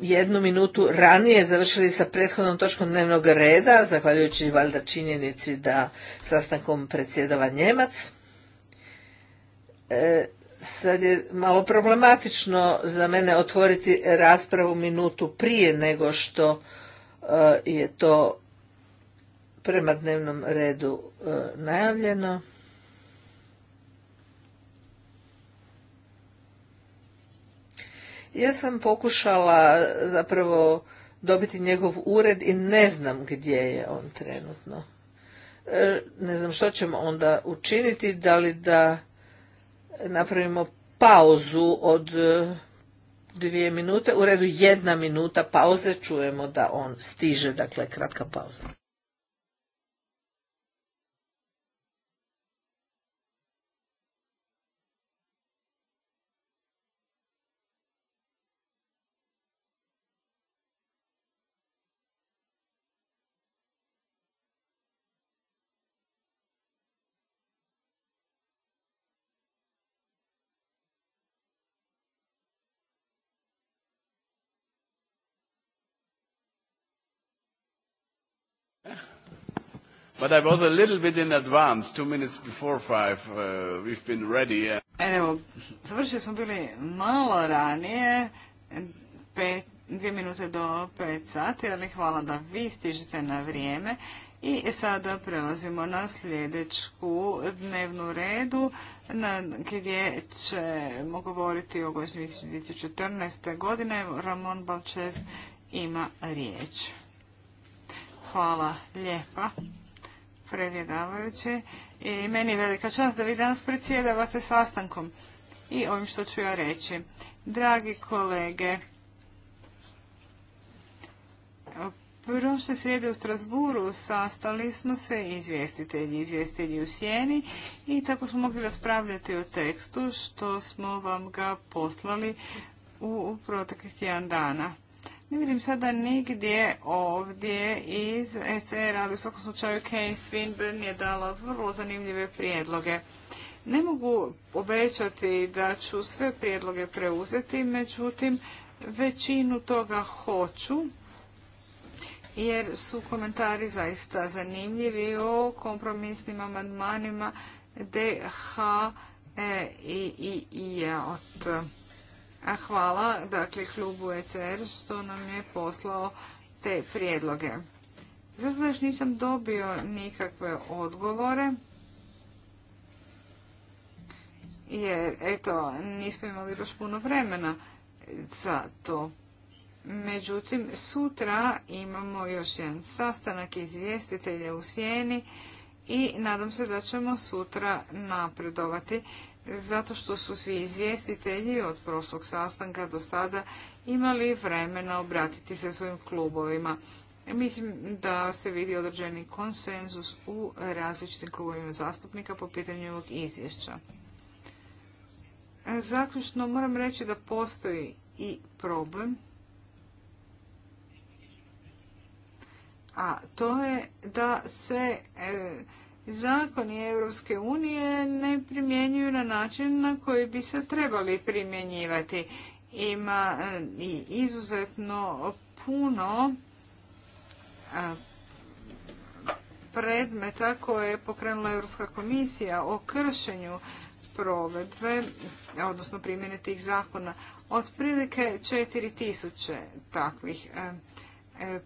jednu minutu ranije završili sa prethodnom točkom dnevnog reda, zahvaljujući valjda činjenici da sastankom predsjedava Njemac. E, sad je malo problematično za mene otvoriti raspravu minutu prije nego što E, je to prema dnevnom redu e, najavljeno. Ja sam pokušala zapravo dobiti njegov ured i ne znam gdje je on trenutno. E, ne znam što ćemo onda učiniti, da li da napravimo pauzu od dvije minute. U redu jedna minuta pauze. Čujemo da on stiže. Dakle, kratka pauza. But I was a little bit in advance, two minutes before five, uh, we've been ready. Evo, završili smo bili malo ranije, pet, dvije minute do pet sati, ali hvala da vi stižete na vrijeme. I sada prelazimo na sljedeću dnevnu redu na, gdje ćemo govoriti o godišnjem 2014. godine. Ramon Balčez ima riječ. Hvala lijepa predsjedavajući. I meni je velika čast da vi danas predsjedavate sastankom i ovim što ću ja reći. Dragi kolege, prošle srijede u Strasburu sastali smo se izvjestitelji, izvjestitelji u sjeni i tako smo mogli raspravljati o tekstu što smo vam ga poslali u proteklih tjedan dana. Ne vidim sada nigdje ovdje iz ECR, ali u svakom slučaju Kane Swinburne je dala vrlo zanimljive prijedloge. Ne mogu obećati da ću sve prijedloge preuzeti, međutim većinu toga hoću jer su komentari zaista zanimljivi o kompromisnim amandmanima DH e, i i i od a hvala dakle klubu ECR što nam je poslao te prijedloge. Zato još nisam dobio nikakve odgovore. Jer, eto, nismo imali baš puno vremena za to. Međutim, sutra imamo još jedan sastanak izvjestitelja u Sjeni i nadam se da ćemo sutra napredovati zato što su svi izvjestitelji od prošlog sastanka do sada imali vremena obratiti se svojim klubovima. Mislim da se vidi određeni konsenzus u različitim klubovima zastupnika po pitanju ovog izvješća. Zaključno moram reći da postoji i problem, a to je da se e, zakoni Europske unije ne primjenjuju na način na koji bi se trebali primjenjivati. Ima e, izuzetno puno e, predmeta koje je pokrenula Europska komisija o kršenju provedbe, odnosno primjene tih zakona. Otprilike 4000 takvih e,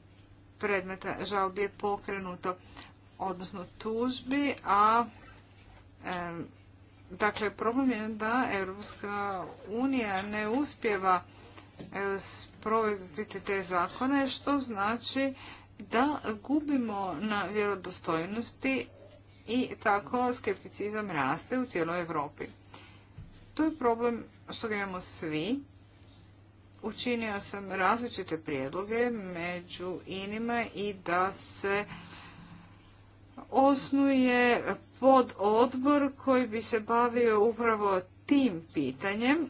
predmeta žalbi je pokrenuto odnosno tužbi, a dakle problem je da Europska unija ne uspjeva e, sprovesti te zakone, što znači da gubimo na vjerodostojnosti i tako skepticizam raste u cijeloj Europi. To je problem što ga imamo svi. Učinio sam različite prijedloge među inima i da se osnuje pod odbor koji bi se bavio upravo tim pitanjem,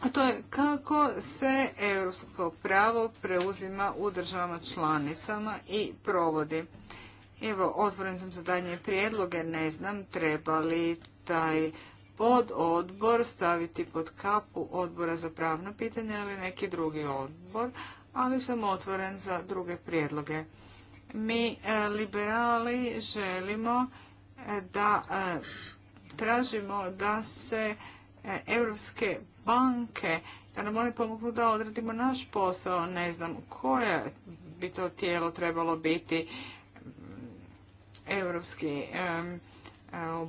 a to je kako se europsko pravo preuzima u državama članicama i provodi. Evo, otvoren sam za danje prijedloge, ne znam treba li taj pod odbor staviti pod kapu odbora za pravno pitanje ili neki drugi odbor, ali sam otvoren za druge prijedloge. Mi e, liberali želimo e, da e, tražimo da se europske banke, da nam oni pomogu da odradimo naš posao, ne znam koje bi to tijelo trebalo biti Evropski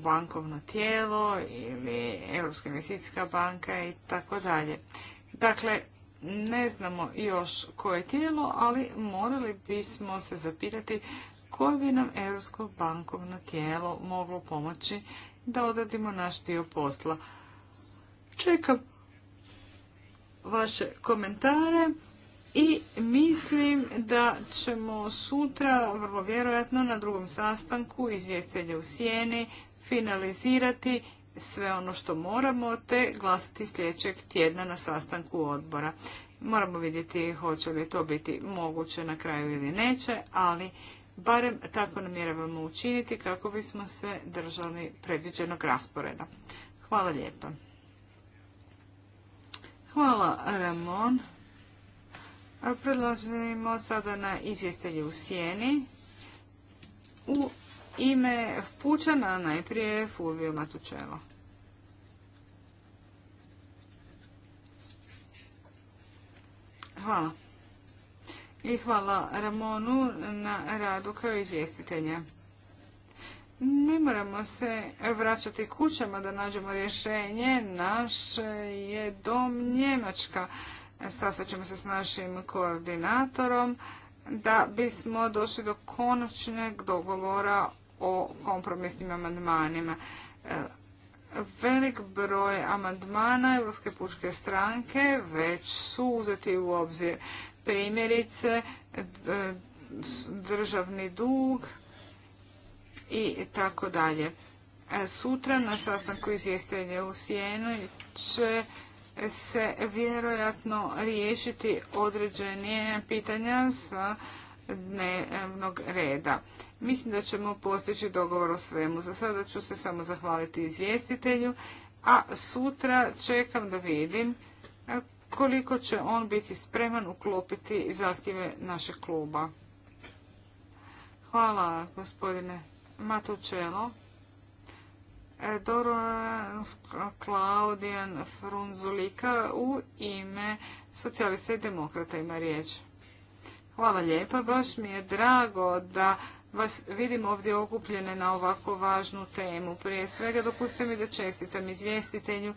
bankovno tijelo ili Europska investicijska banka i tako dalje. Dakle, ne znamo još koje tijelo, ali morali bismo se zapitati koje bi nam Europsko bankovno tijelo moglo pomoći da odradimo naš dio posla. Čekam vaše komentare i mislim da ćemo sutra, vrlo vjerojatno na drugom sastanku izvjestelje u Sijeni, finalizirati sve ono što moramo, te glasati sljedećeg tjedna na sastanku odbora. Moramo vidjeti hoće li to biti moguće na kraju ili neće, ali barem tako namjeravamo učiniti kako bismo se držali predviđenog rasporeda. Hvala lijepa. Hvala Ramon. Prelazimo sada na izvjestelje u sjeni. U ime Pučana najprije Fulvio Matučelo. Hvala. I hvala Ramonu na radu kao izvjestitelja. Ne moramo se vraćati kućama da nađemo rješenje. Naš je dom Njemačka. Sastaćemo se s našim koordinatorom da bismo došli do konačnog dogovora o kompromisnim amandmanima. E, velik broj amandmana Evropske pučke stranke već su uzeti u obzir primjerice e, državni dug i tako dalje. E, sutra na sastanku izvjestitelja u Sijenu će se vjerojatno riješiti određenije pitanja sa dnevnog reda. Mislim da ćemo postići dogovor o svemu. Za sada ću se samo zahvaliti izvjestitelju, a sutra čekam da vidim koliko će on biti spreman uklopiti zahtjeve našeg kluba. Hvala gospodine Matučelo. E, Doro Klaudijan Frunzulika u ime socijalista i demokrata ima riječ. Hvala lijepa, baš mi je drago da vas vidim ovdje okupljene na ovako važnu temu. Prije svega dopustite mi da čestitam izvjestitelju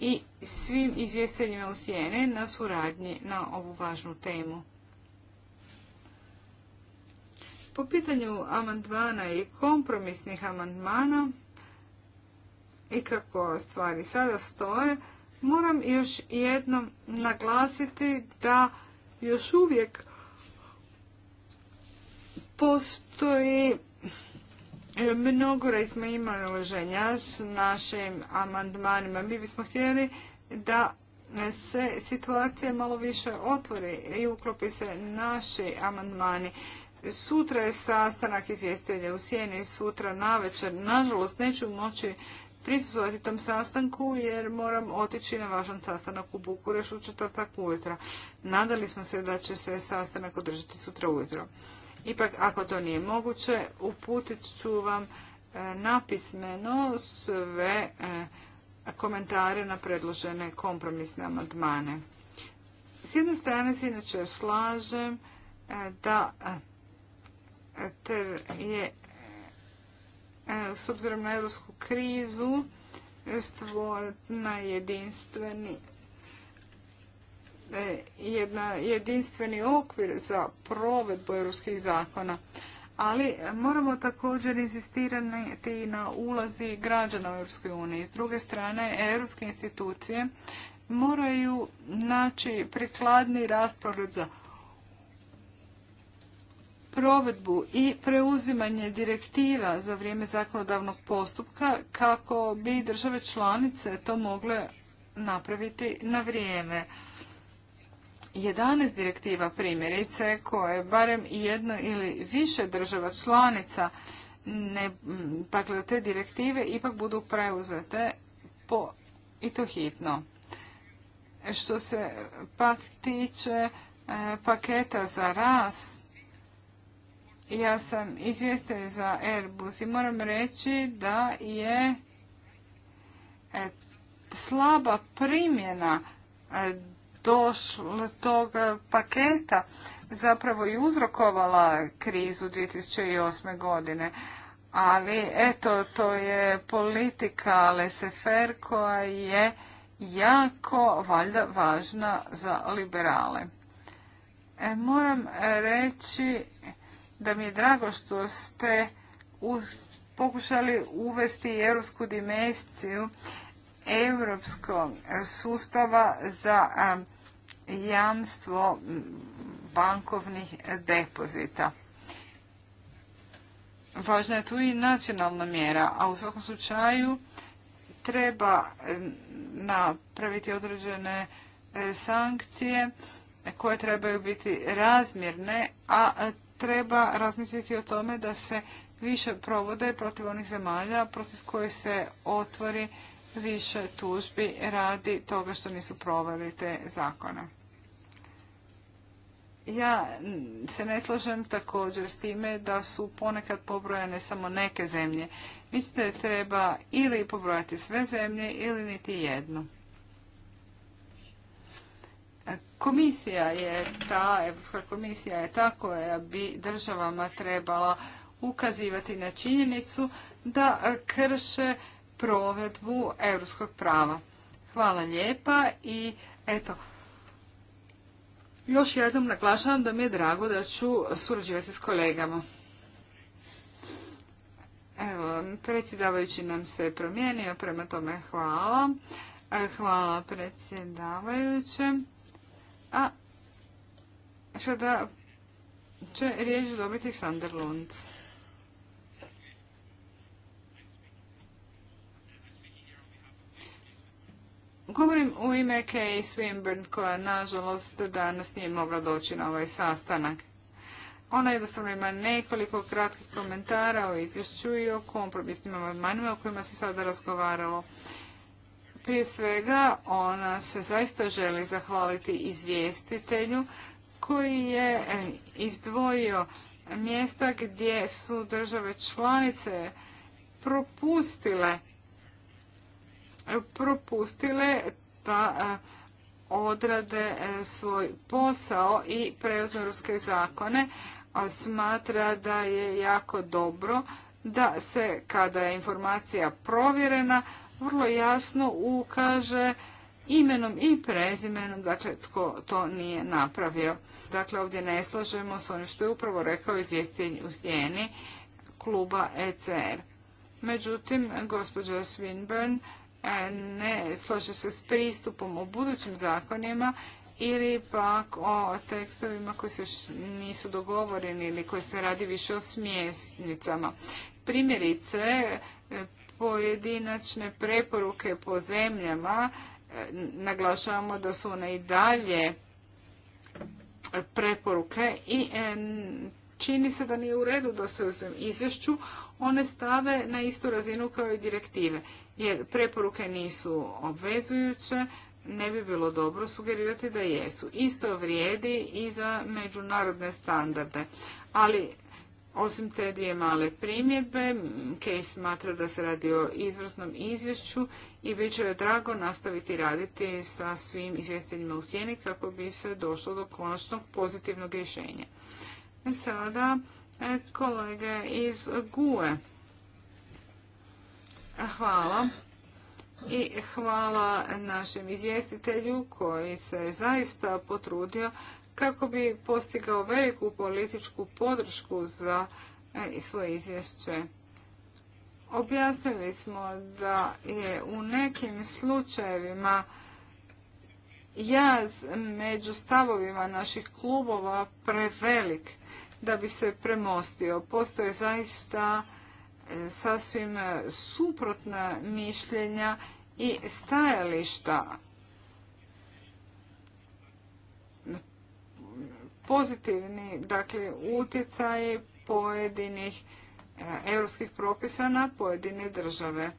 i svim izvjestiteljima u Sjene na suradnji na ovu važnu temu. Po pitanju amandmana i kompromisnih amandmana i kako stvari sada stoje, moram još jednom naglasiti da još uvijek Postoji e, mnogo recimo imaloženja s našim amandmanima. Mi bismo htjeli da se situacija malo više otvori i uklopi se naši amandmani. Sutra je sastanak izvjestitelja u Sjeni, sutra navečer. Nažalost, neću moći prisustvovati tom sastanku jer moram otići na važan sastanak u Bukurešu u četvrtak ujutro. Nadali smo se da će se sastanak održati sutra ujutro. Ipak, ako to nije moguće, uputit ću vam e, napismeno sve e, komentare na predložene kompromisne amandmane. S jedne strane se inače slažem e, da je s obzirom na europsku krizu stvorna jedinstveni E, jedinstveni okvir za provedbu europskih zakona. Ali moramo također inzistirati na ulazi građana u Europskoj S druge strane, europske institucije moraju naći prikladni raspored za provedbu i preuzimanje direktiva za vrijeme zakonodavnog postupka kako bi države članice to mogle napraviti na vrijeme. 11 direktiva primjerice koje barem jedno ili više država članica ne, dakle, te direktive ipak budu preuzete po, i to hitno. Što se pak tiče e, paketa za rast, ja sam izvjestitelj za Airbus i moram reći da je e, slaba primjena e, došlo tog paketa zapravo i uzrokovala krizu 2008. godine. Ali eto, to je politika laissez koja je jako valjda važna za liberale. E, moram reći da mi je drago što ste pokušali uvesti europsku dimenziju europskog sustava za jamstvo bankovnih depozita. Važna je tu i nacionalna mjera, a u svakom slučaju treba napraviti određene e, sankcije koje trebaju biti razmjerne, a treba razmisliti o tome da se više provode protiv onih zemalja protiv koje se otvori više tužbi radi toga što nisu proveli te zakone. Ja se ne slažem također s time da su ponekad pobrojane samo neke zemlje. Mislim da treba ili pobrojati sve zemlje ili niti jednu. Komisija je ta, Evropska komisija je ta koja bi državama trebala ukazivati na činjenicu da krše provedbu europskog prava. Hvala lijepa i eto, još jednom naglašavam da mi je drago da ću surađivati s kolegama. Evo, predsjedavajući nam se promijenio, prema tome hvala. E, hvala predsjedavajućem. A sada će riječ dobiti Sander Govorim u ime Kay Swinburne koja nažalost danas nije mogla doći na ovaj sastanak. Ona jednostavno ima nekoliko kratkih komentara o izvješću i o kompromisnim amandmanima o kojima se sada razgovaralo. Prije svega ona se zaista želi zahvaliti izvjestitelju koji je e, izdvojio mjesta gdje su države članice propustile propustile da e, odrade e, svoj posao i preuzme ruske zakone, a smatra da je jako dobro da se kada je informacija provjerena vrlo jasno ukaže imenom i prezimenom, dakle tko to nije napravio. Dakle ovdje ne slažemo s onim što je upravo rekao i vijesti u sjeni kluba ECR. Međutim, gospođa Swinburne E, ne slože se s pristupom u budućim zakonima ili pak o tekstovima koji se nisu dogovoreni ili koji se radi više o smjesnicama. Primjerice, e, pojedinačne preporuke po zemljama e, naglašavamo da su one i dalje preporuke i čini se da nije u redu da se u izvješću one stave na istu razinu kao i direktive jer preporuke nisu obvezujuće, ne bi bilo dobro sugerirati da jesu. Isto vrijedi i za međunarodne standarde. Ali osim te dvije male primjedbe, Kej smatra da se radi o izvrsnom izvješću i bit će drago nastaviti raditi sa svim izvjestiteljima u sjeni kako bi se došlo do konačnog pozitivnog rješenja. E sada e, kolege iz GUE. Hvala. I hvala našem izvjestitelju koji se zaista potrudio kako bi postigao veliku političku podršku za e, svoje izvješće. Objasnili smo da je u nekim slučajevima jaz među stavovima naših klubova prevelik da bi se premostio. Postoje zaista sasvim e, suprotna mišljenja i stajališta pozitivni dakle utjecaj pojedinih e, europskih propisa na pojedine države.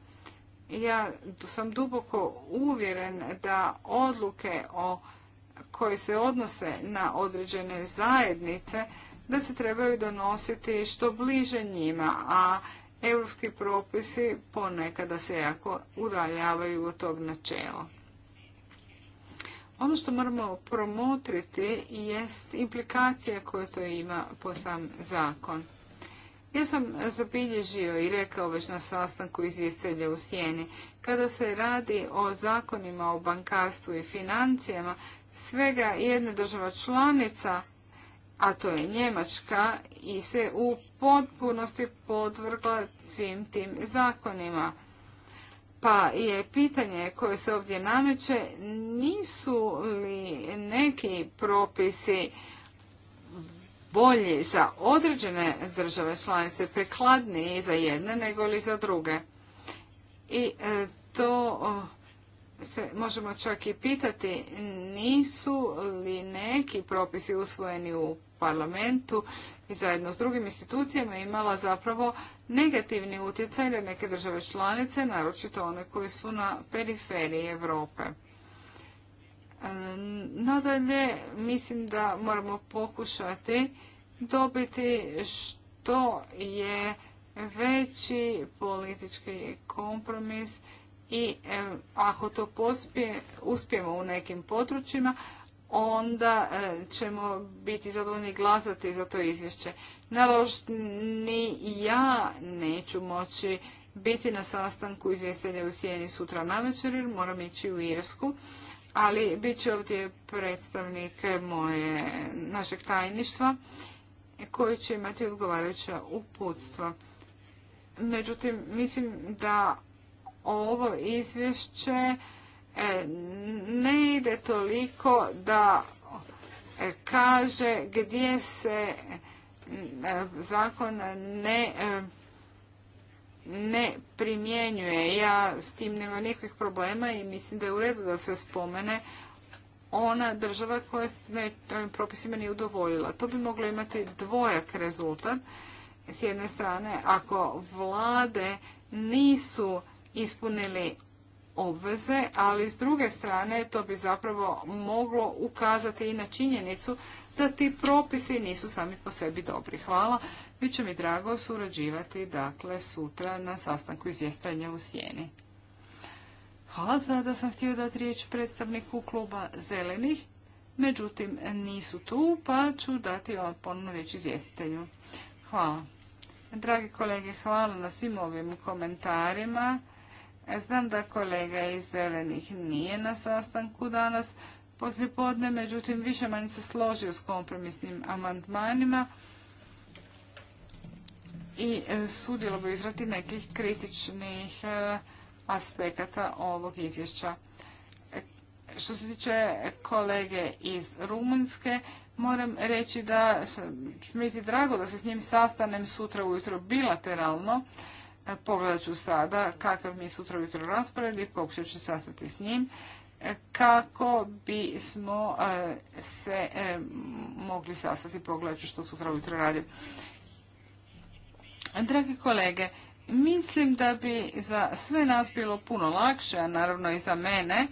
Ja sam duboko uvjeren da odluke o koje se odnose na određene zajednice da se trebaju donositi što bliže njima, a europski propisi ponekada se jako udaljavaju od tog načela. Ono što moramo promotriti jest implikacija koje to ima po sam zakon. Ja sam zabilježio i rekao već na sastanku izvjestelja u Sjeni, kada se radi o zakonima o bankarstvu i financijama, svega jedna država članica a to je Njemačka, i se u potpunosti podvrgla svim tim zakonima. Pa je pitanje koje se ovdje nameće, nisu li neki propisi bolji za određene države članice, prekladniji za jedne nego li za druge. I e, to se možemo čak i pitati nisu li neki propisi usvojeni u parlamentu i zajedno s drugim institucijama imala zapravo negativni utjecaj na neke države članice, naročito one koje su na periferiji Europe. Nadalje, mislim da moramo pokušati dobiti što je veći politički kompromis i e, ako to uspijemo u nekim područjima, onda e, ćemo biti zadovoljni glasati za to izvješće. Nažalost, ni ja neću moći biti na sastanku izvjestitelja u Sijeni sutra navečer jer moram ići u Irsku, ali bit će ovdje predstavnik moje, našeg tajništva koji će imati odgovarajuća uputstva. Međutim, mislim da ovo izvješće e, ne ide toliko da e, kaže gdje se e, zakon ne ne primjenjuje. Ja s tim nemam nikakvih problema i mislim da je u redu da se spomene ona država koja se ovim propisima nije udovoljila. To bi moglo imati dvojak rezultat. S jedne strane, ako vlade nisu ispunili obveze, ali s druge strane to bi zapravo moglo ukazati i na činjenicu da ti propisi nisu sami po sebi dobri. Hvala. Biće mi drago surađivati dakle sutra na sastanku izvjestanja u Sjeni. Hvala da sam htio dati riječ predstavniku kluba zelenih, međutim nisu tu pa ću dati ponovno riječ izvjestitelju. Hvala. Dragi kolege, hvala na svim ovim komentarima E, znam da kolega iz Zelenih nije na sastanku danas poslijepodne, međutim više manje se složio s kompromisnim amandmanima i e, sudjelo bi izrati nekih kritičnih e, aspekata ovog izvješća. Što se tiče kolege iz Rumunjske, moram reći da mi drago da se s njim sastanem sutra ujutro bilateralno, E, pogledat ću sada kakav mi je sutra ujutro raspored i pokušat ću sastati s njim e, kako bismo e, se mogli sastati. Pogledat ću što sutra ujutro radim. Dragi kolege, mislim da bi za sve nas bilo puno lakše, a naravno i za mene,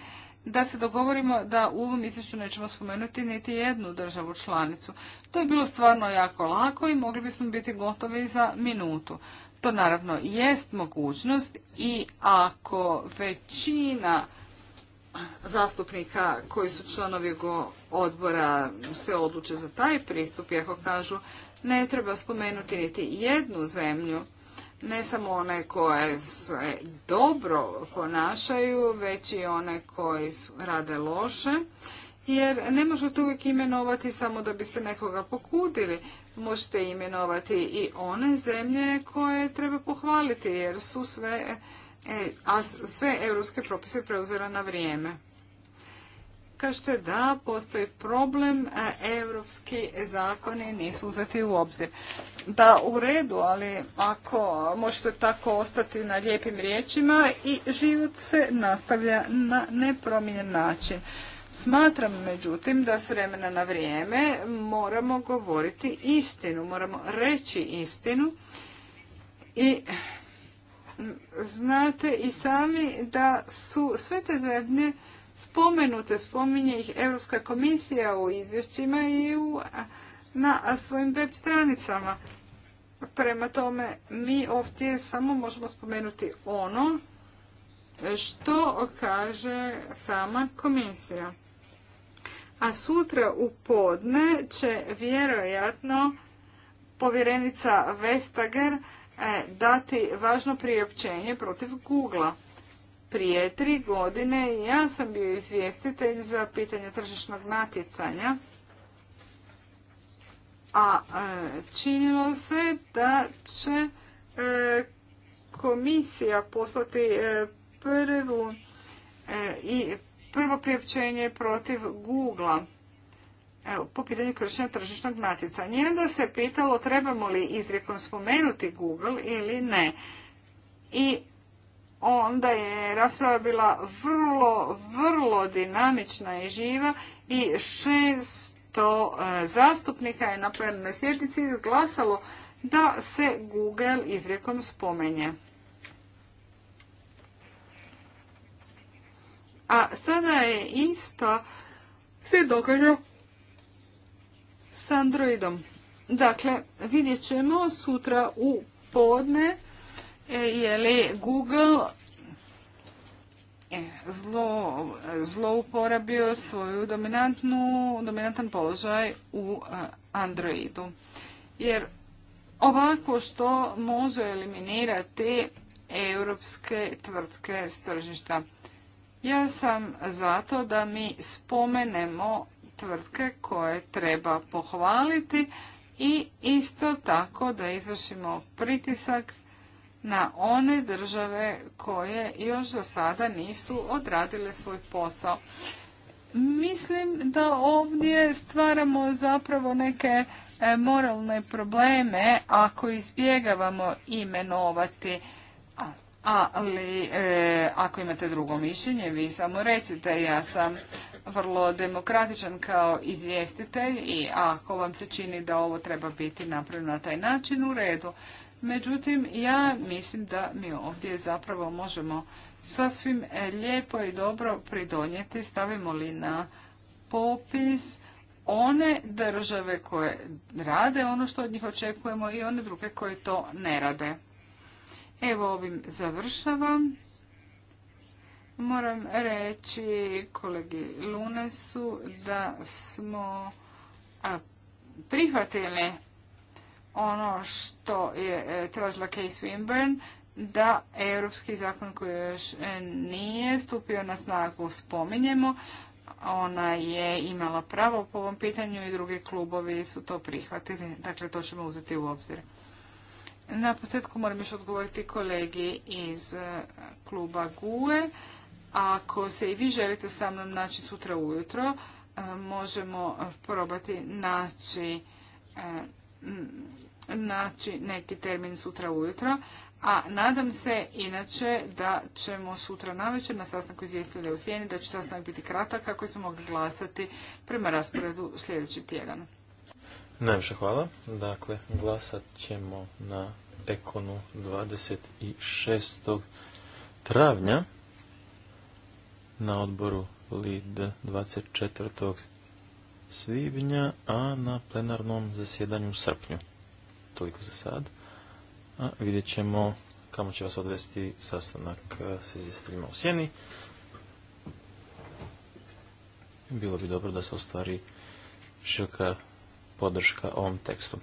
da se dogovorimo da u ovom izvješću nećemo spomenuti niti jednu državu članicu. To je bilo stvarno jako lako i mogli bismo biti gotovi za minutu. To naravno jest mogućnost i ako većina zastupnika koji su članovi odbora se odluče za taj pristup, ako kažu ne treba spomenuti niti jednu zemlju, ne samo one koje se dobro ponašaju, već i one koji rade loše, jer ne možete uvijek imenovati samo da biste nekoga pokudili. Možete imenovati i one zemlje koje treba pohvaliti jer su sve, e, a sve europske propise preuzela na vrijeme. Kažete da postoji problem, e, europski evropski zakoni nisu uzeti u obzir. Da, u redu, ali ako možete tako ostati na lijepim riječima i život se nastavlja na nepromijen način. Smatram, međutim, da s vremena na vrijeme moramo govoriti istinu, moramo reći istinu i znate i sami da su sve te zemlje spomenute, spominje ih Europska komisija u izvješćima i u, na svojim web stranicama. Prema tome, mi ovdje samo možemo spomenuti ono što kaže sama komisija a sutra u podne će vjerojatno povjerenica Vestager e, dati važno priopćenje protiv Google-a. Prije tri godine ja sam bio izvjestitelj za pitanje tržišnog natjecanja, a e, činilo se da će e, komisija poslati prvu i Prvo priopćenje protiv Google-a po pitanju kršenja tržišnog natjecanja. I onda se pitalo trebamo li izrijekom spomenuti Google ili ne. I onda je rasprava bila vrlo, vrlo dinamična i živa i šesto e, zastupnika je na plenarnoj sjednici izglasalo da se Google izrijekom spomenje. A sada je isto se događa s Androidom. Dakle, vidjet ćemo sutra u podne e, je li Google e, zlo, zlouporabio svoju dominantnu, dominantan položaj u e, Androidu. Jer ovako što može eliminirati europske tvrtke s tržišta. Ja sam zato da mi spomenemo tvrtke koje treba pohvaliti i isto tako da izvršimo pritisak na one države koje još do sada nisu odradile svoj posao. Mislim da ovdje stvaramo zapravo neke e, moralne probleme ako izbjegavamo imenovati ali e, ako imate drugo mišljenje, vi samo recite, ja sam vrlo demokratičan kao izvjestitelj i ako vam se čini da ovo treba biti napravljeno na taj način, u redu. Međutim, ja mislim da mi ovdje zapravo možemo sasvim lijepo i dobro pridonijeti, stavimo li na popis one države koje rade ono što od njih očekujemo i one druge koje to ne rade. Evo ovim završavam. Moram reći kolegi Lunesu da smo prihvatili ono što je e, tražila Case Wimburn, da europski zakon koji još e, nije stupio na snagu spominjemo. Ona je imala pravo po ovom pitanju i drugi klubovi su to prihvatili. Dakle, to ćemo uzeti u obzir. Na posljedku moram još odgovoriti kolegi iz e, kluba GUE. Ako se i vi želite sa mnom naći sutra ujutro, e, možemo probati e, naći neki termin sutra ujutro, a nadam se inače da ćemo sutra navečer na sastanku izvjestitelja u Sjeni, da će sastanak biti kratak kako smo mogli glasati prema rasporedu sljedeći tjedan. Najviše hvala. Dakle, glasat ćemo na Ekonu 26. travnja na odboru LID 24. svibnja, a na plenarnom zasjedanju u srpnju. Toliko za sad. A vidjet ćemo kamo će vas odvesti sastanak e, s izvjestiteljima u Sjeni. Bilo bi dobro da se ostvari široka podrška ovom tekstu.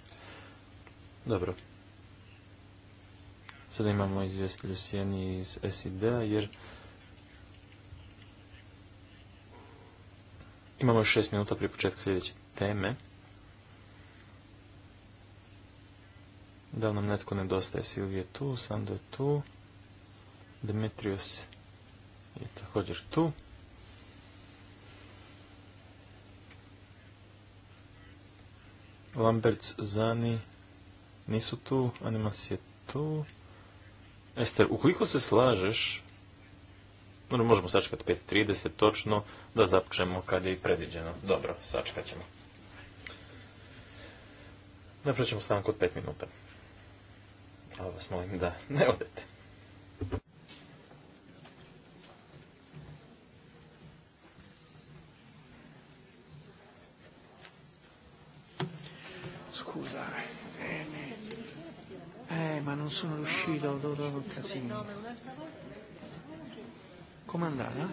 Dobro. Sada imamo izvjestilju Sjeni iz SID-a jer imamo još šest minuta prije početka sljedeće teme. Da li nam netko nedostaje? Silvije je tu, Sando je tu, Dimitrios je također tu. Lambert Zani nisu tu, Animas je tu. Ester, ukoliko se slažeš, no, možemo sačekati 5.30 točno, da započnemo kad je i predviđeno. Dobro, sačekat ćemo. Napravit ćemo stanku od 5 minuta. Ali vas molim da ne odete. Scusa, eh, eh, eh, ma non sono riuscito, ho dovuto un casino. Com'è andata?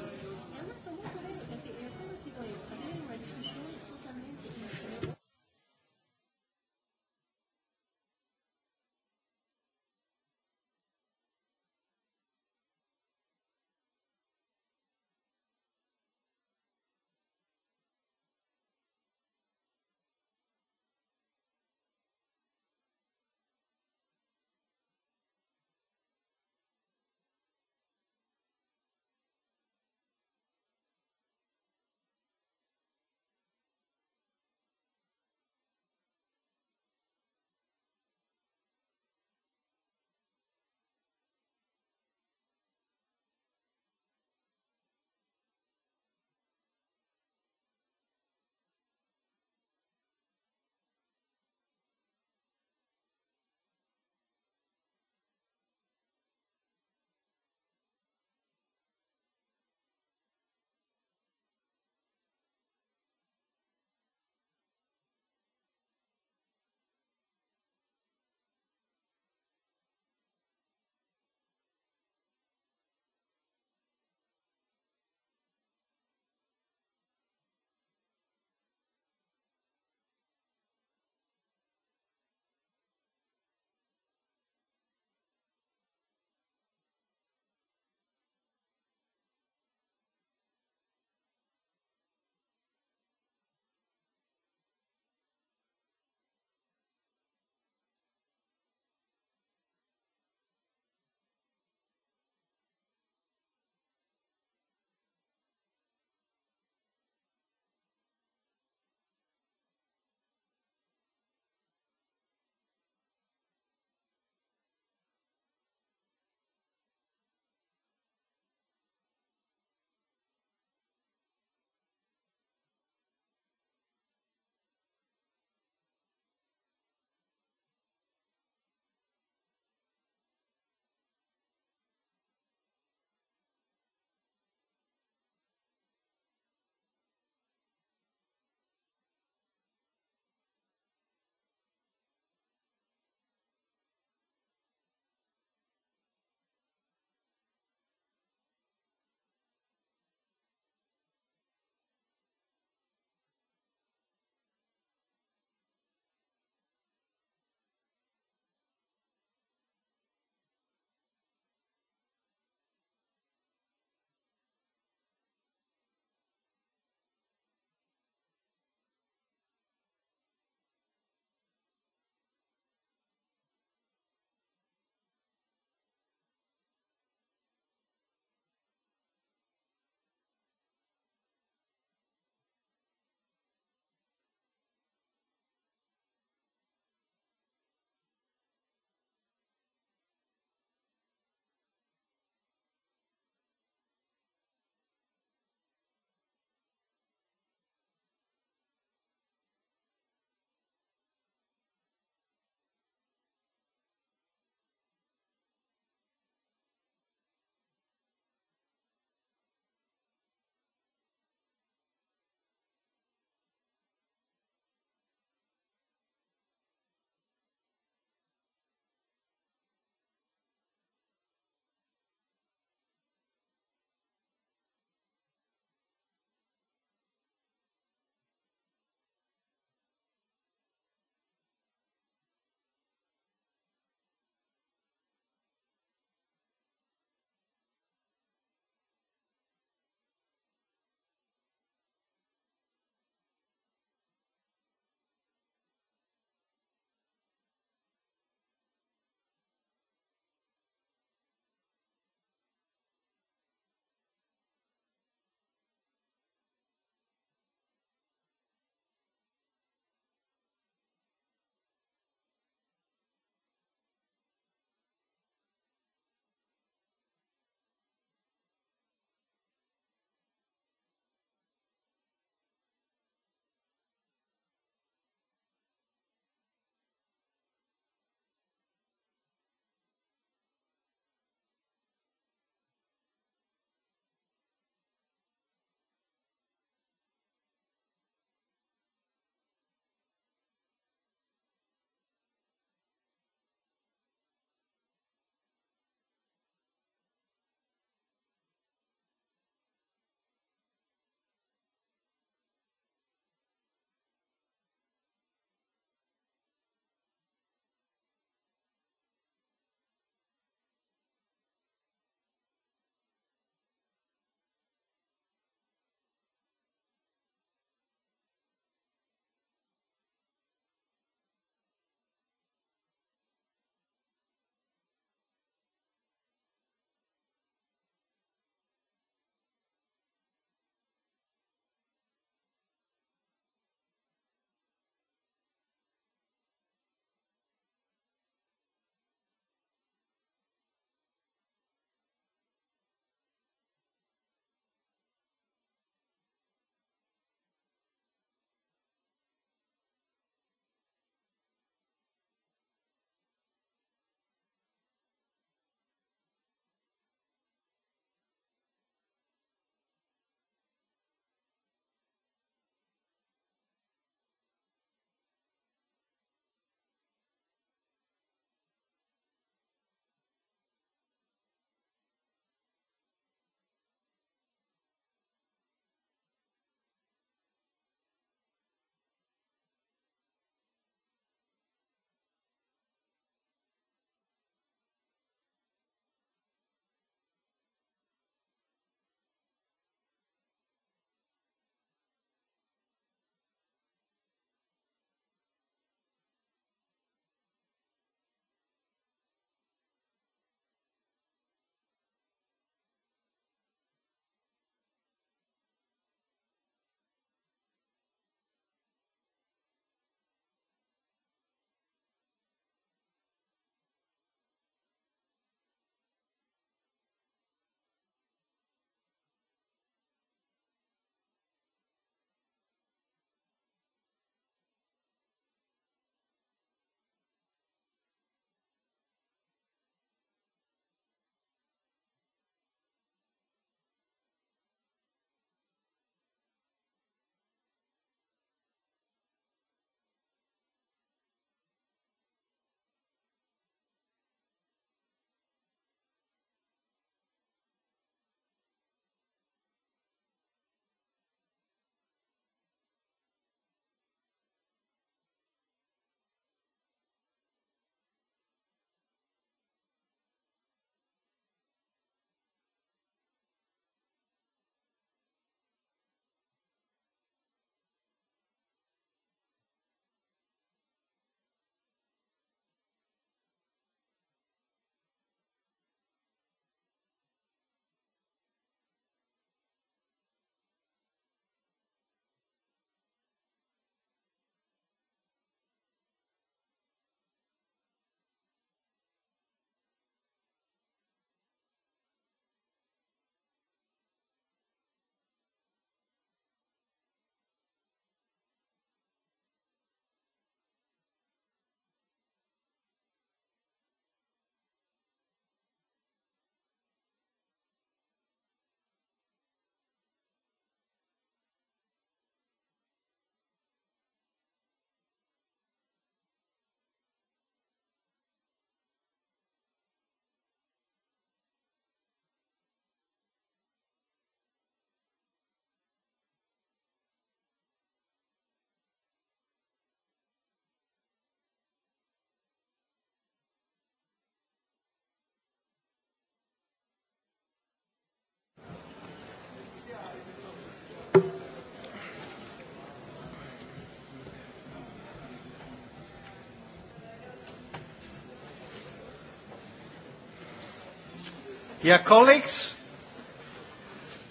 colleagues,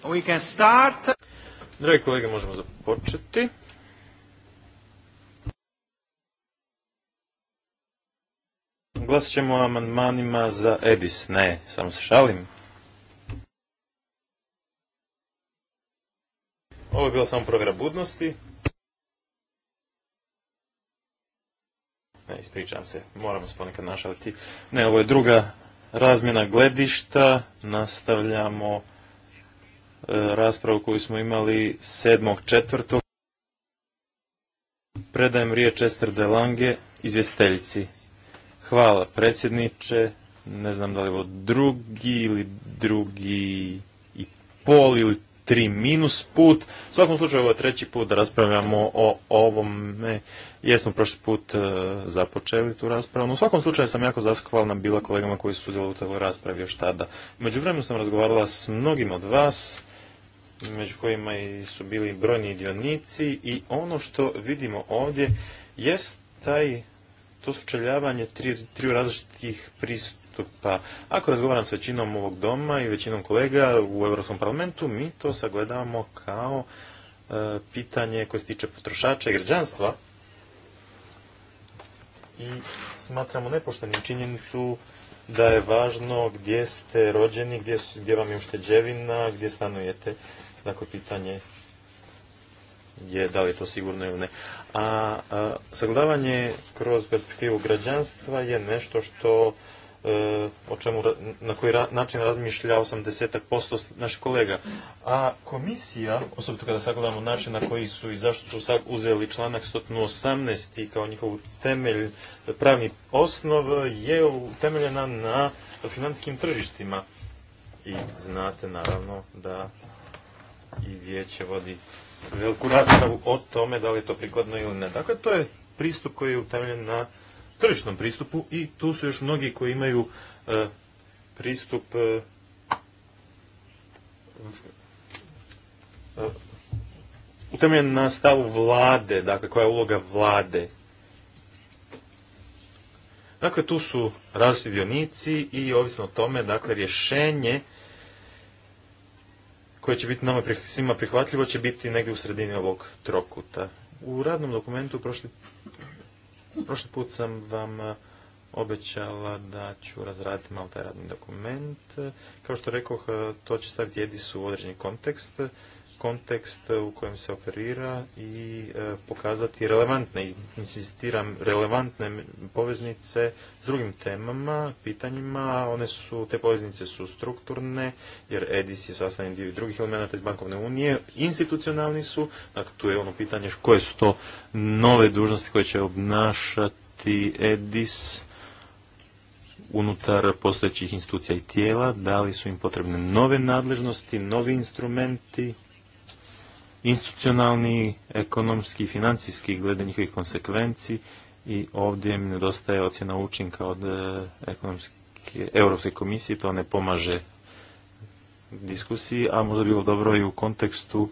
we start. Dragi kolege, možemo započeti. Glasit ćemo o amandmanima za Ebis. Ne, samo se šalim. Ovo je bio samo program budnosti. Ne, ispričavam se, moramo se ponekad našaliti. Ne, ovo je druga razmjena gledišta. Nastavljamo e, raspravu koju smo imali 7.4. Predajem riječ Ester de Lange, izvjestiteljici. Hvala predsjedniče, ne znam da li je ovo drugi ili drugi i pol ili tri minus put. U svakom slučaju ovo je treći put da raspravljamo o ovom. Jesmo prošli put e, započeli tu raspravu. U svakom slučaju sam jako zahvalna bila kolegama koji su sudjelovali u ovoj raspravi još tada. Među vremenu sam razgovarala s mnogim od vas među kojima su bili brojni dionici i ono što vidimo ovdje jest taj to sučeljavanje tri, tri različitih pristupa pa Ako razgovaram s većinom ovog doma i većinom kolega u Europskom parlamentu, mi to sagledavamo kao e, pitanje koje se tiče potrošača i građanstva i smatramo nepoštenim činjenicu da je važno gdje ste rođeni, gdje, su, gdje vam je ušteđevina, gdje stanujete. Dakle, pitanje je da li je to sigurno ili ne. A, a sagledavanje kroz perspektivu građanstva je nešto što E, o čemu, na koji način razmišlja 80% naših kolega. A komisija, osobito kada sagledamo način na koji su i zašto su uzeli članak 118. kao njihov temelj, pravni osnov je utemeljena na financijskim tržištima. I znate naravno da i vijeće vodi veliku raspravu o tome da li je to prikladno ili ne. Dakle, to je pristup koji je utemeljen na tržišnom pristupu i tu su još mnogi koji imaju e, pristup e, e, utemeljen na stavu vlade, dakle koja je uloga vlade. Dakle, tu su različiti dionici i ovisno o tome, dakle, rješenje koje će biti nama svima prihvatljivo će biti negdje u sredini ovog trokuta. U radnom dokumentu prošli Prošli put sam vam e, obećala da ću razraditi malo taj radni dokument. E, kao što rekoh, e, to će staviti jedisu u određeni kontekst kontekst u kojem se operira i e, pokazati relevantne, insistiram, relevantne poveznice s drugim temama, pitanjima. One su, te poveznice su strukturne, jer EDIS je sastavljen dio drugih elemenata iz bankovne unije. Institucionalni su, dakle tu je ono pitanje koje su to nove dužnosti koje će obnašati EDIS unutar postojećih institucija i tijela, da li su im potrebne nove nadležnosti, novi instrumenti, institucionalni, ekonomski i financijski glede njihovih konsekvenci i ovdje mi nedostaje ocjena učinka od e, Europske komisije, to ne pomaže diskusiji, a možda bilo dobro i u kontekstu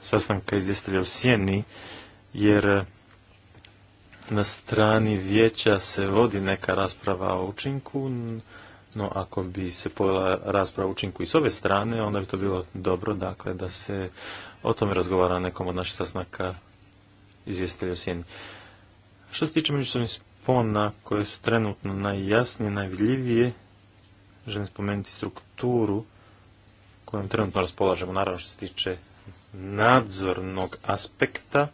sastanka izvjestelja u Sjeni, jer e, na strani vijeća se vodi neka rasprava o učinku, no, ako bi se pojela rasprava učinku i s ove strane, onda bi to bilo dobro, dakle, da se o tome razgovara nekom od naših sastanaka izvjestitelja u sjeni. Što se tiče međusobnih spona, koje su trenutno najjasnije, najvidljivije, želim spomenuti strukturu kojom trenutno raspolažemo, naravno što se tiče nadzornog aspekta,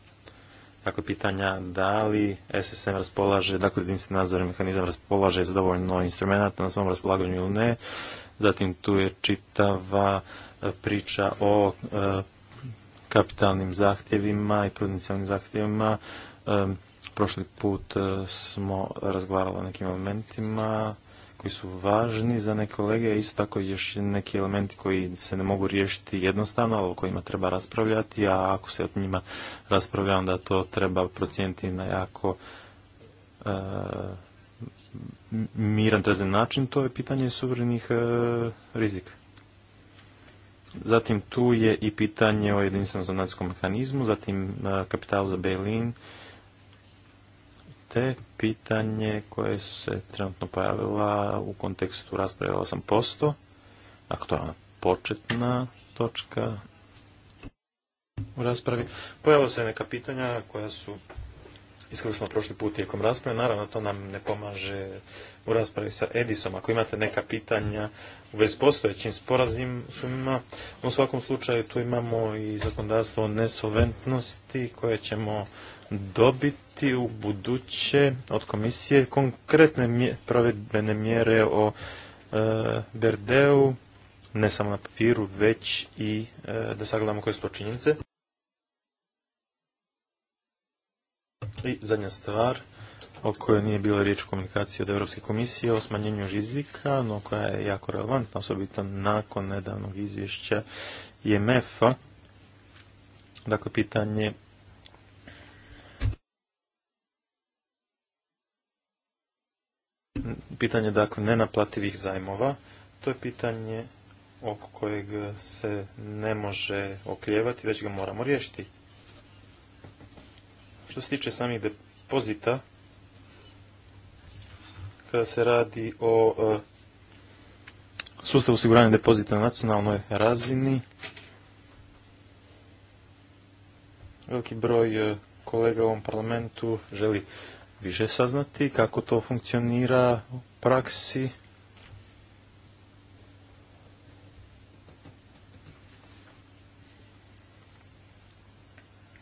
dakle, pitanja da li SSM raspolaže, dakle, jedinstveni nadzorni mehanizam raspolaže za dovoljno instrumenta na svom raspolaganju ili ne. Zatim tu je čitava e, priča o e, kapitalnim zahtjevima i prudencijalnim zahtjevima. E, prošli put smo razgovarali o nekim elementima koji su važni za neke kolege, isto tako još neki elementi koji se ne mogu riješiti jednostavno, ali o kojima treba raspravljati, a ako se o njima raspravlja, onda to treba procijeniti na jako e, miran trezen način, to je pitanje suverenih e, rizika. Zatim tu je i pitanje o jedinstvenom zanadskom mehanizmu, zatim kapital e, kapitalu za bail te pitanje koje se trenutno pojavila u kontekstu rasprave 8%, ako to je početna točka u raspravi, pojavila se neka pitanja koja su iskoristila prošli put tijekom rasprave. Naravno, to nam ne pomaže u raspravi sa Edisom. Ako imate neka pitanja u vezi postojećim sporazumima, u svakom slučaju tu imamo i zakonodavstvo o nesolventnosti koje ćemo dobiti očekivati u buduće od komisije konkretne provedbene mjere o e, Berdeu, ne samo na papiru, već i e, da sagledamo koje su to činjenice. I zadnja stvar o kojoj nije bila riječ komunikacije od Europske komisije o smanjenju rizika, no koja je jako relevantna, osobito nakon nedavnog izvješća IMF-a. Dakle, pitanje pitanje dakle nenaplativih zajmova, to je pitanje oko kojeg se ne može okljevati, već ga moramo riješiti. Što se tiče samih depozita, kada se radi o e, sustavu osiguranja depozita na nacionalnoj razini, veliki broj e, kolega u ovom parlamentu želi više saznati kako to funkcionira u praksi.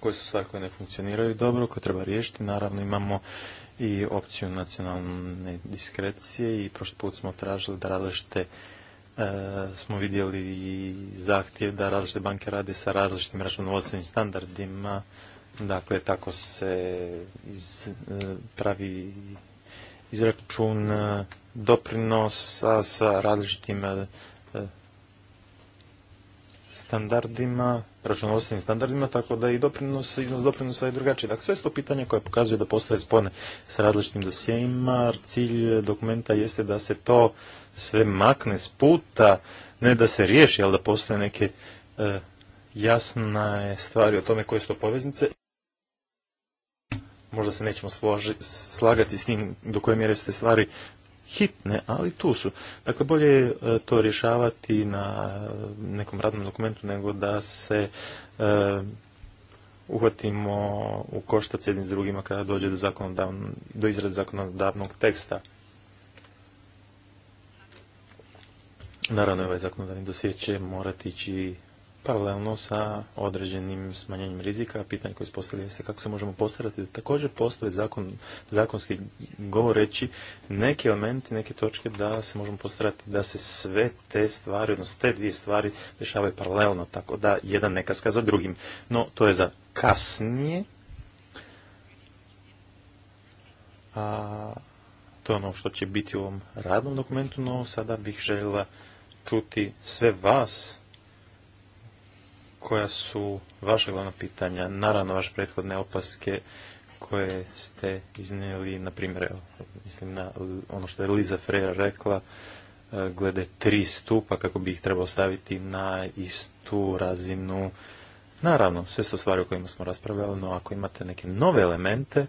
Koje su stvari koje ne funkcioniraju dobro, koje treba riješiti. Naravno imamo i opciju nacionalne diskrecije i prošli put smo tražili da različite e, smo vidjeli zahtjev da različite banke rade sa različitim računovodstvenim standardima Dakle, tako se iz, pravi izračun e, doprinosa sa različitim e, e, standardima, računovodstvenim standardima, tako da i doprinos, iznos doprinosa je drugačiji. Dakle, sve su to pitanja koje pokazuje da postoje spone s različitim dosjeima Cilj dokumenta jeste da se to sve makne s puta, ne da se riješi, ali da postoje neke jasne stvari o tome koje su to poveznice možda se nećemo slagati s tim do koje mjere su te stvari hitne, ali tu su. Dakle, bolje je e, to rješavati na e, nekom radnom dokumentu nego da se e, uhvatimo u koštac jednim s drugima kada dođe do, do izrade zakonodavnog teksta. Naravno, ovaj zakonodavni dosjeće će morati ići paralelno sa određenim smanjenjem rizika. Pitanje koje se postavljaju jeste kako se možemo postarati. Također postoje zakon, zakonski govoreći neki elementi, neke točke da se možemo postarati da se sve te stvari, odnosno te dvije stvari rješavaju paralelno, tako da jedan ne kaska za drugim. No, to je za kasnije. A, to je ono što će biti u ovom radnom dokumentu, no sada bih željela čuti sve vas koja su vaša glavna pitanja, naravno vaše prethodne opaske koje ste iznijeli, na primjer, mislim na ono što je Liza Freja rekla, e, glede tri stupa kako bi ih trebalo staviti na istu razinu. Naravno, sve su stvari o kojima smo raspravljali, no ako imate neke nove elemente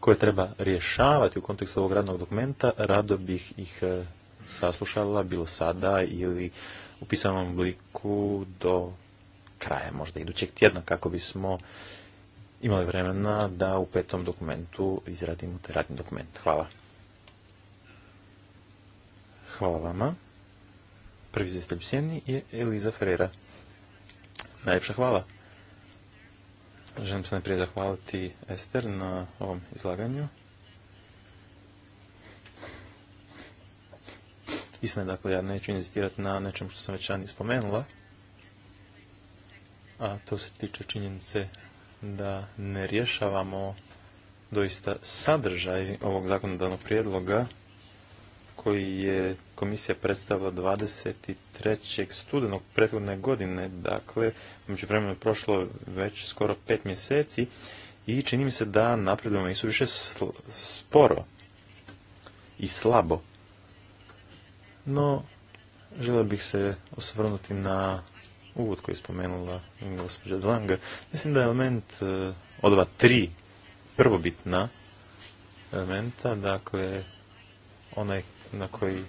koje treba rješavati u kontekstu ovog radnog dokumenta, rado bih ih e, saslušala bilo sada ili u pisanom obliku do kraja možda idućeg tjedna kako bismo imali vremena da u petom dokumentu izradimo taj radni dokument. Hvala. Hvala vama. Prvi izvjestelj sjeni je Eliza Ferreira. Najljepša hvala. Želim se najprije zahvaliti Ester na ovom izlaganju. Istina, dakle, ja neću inzistirati na nečem što sam već ranije spomenula, a to se tiče činjenice da ne rješavamo doista sadržaj ovog zakonodavnog prijedloga koji je komisija predstavila 23. studenog prethodne godine, dakle, među vremenu je prošlo već skoro pet mjeseci i čini mi se da napredujemo i su više sporo i slabo. No, želio bih se osvrnuti na uvod koji je spomenula gospođa Dlanga, mislim da je element e, od ova tri prvobitna elementa, dakle onaj na koji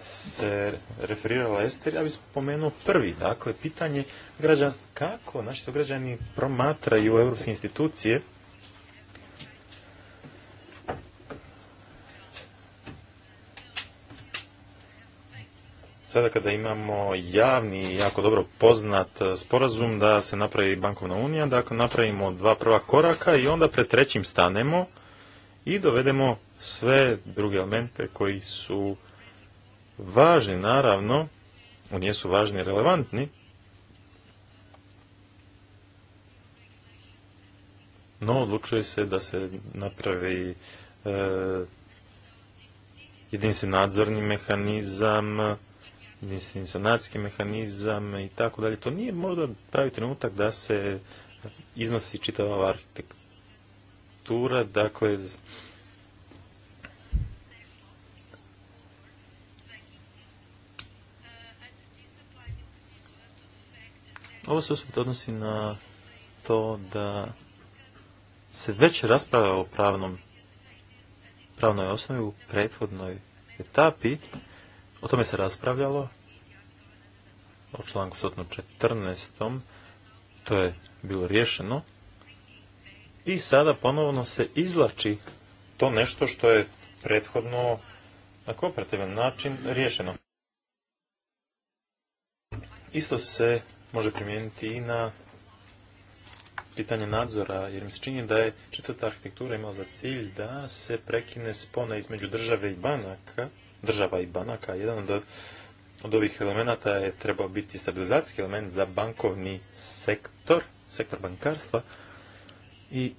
se referirala Ester, ja bih spomenuo prvi, dakle, pitanje građan, kako naši građani promatraju europske institucije sada kada imamo javni, i jako dobro poznat e, sporazum da se napravi bankovna unija, dakle napravimo dva prva koraka i onda pred trećim stanemo i dovedemo sve druge elemente koji su važni, naravno, oni su važni i relevantni, no odlučuje se da se napravi e, nadzorni mehanizam mislim, sanacijski mehanizam i tako dalje. To nije možda pravi trenutak da se iznosi čitava arhitektura, dakle, Ovo se osobito odnosi na to da se već raspravlja o pravnom, pravnoj osnovi u prethodnoj etapi, o tome se raspravljalo o članku 114. To je bilo riješeno. I sada ponovno se izlači to nešto što je prethodno na kooperativan način riješeno. Isto se može primijeniti i na pitanje nadzora, jer mi se čini da je četvrta arhitektura imala za cilj da se prekine spona između države i banaka, država i banaka. Jedan od, od ovih elemenata je trebao biti stabilizacijski element za bankovni sektor, sektor bankarstva i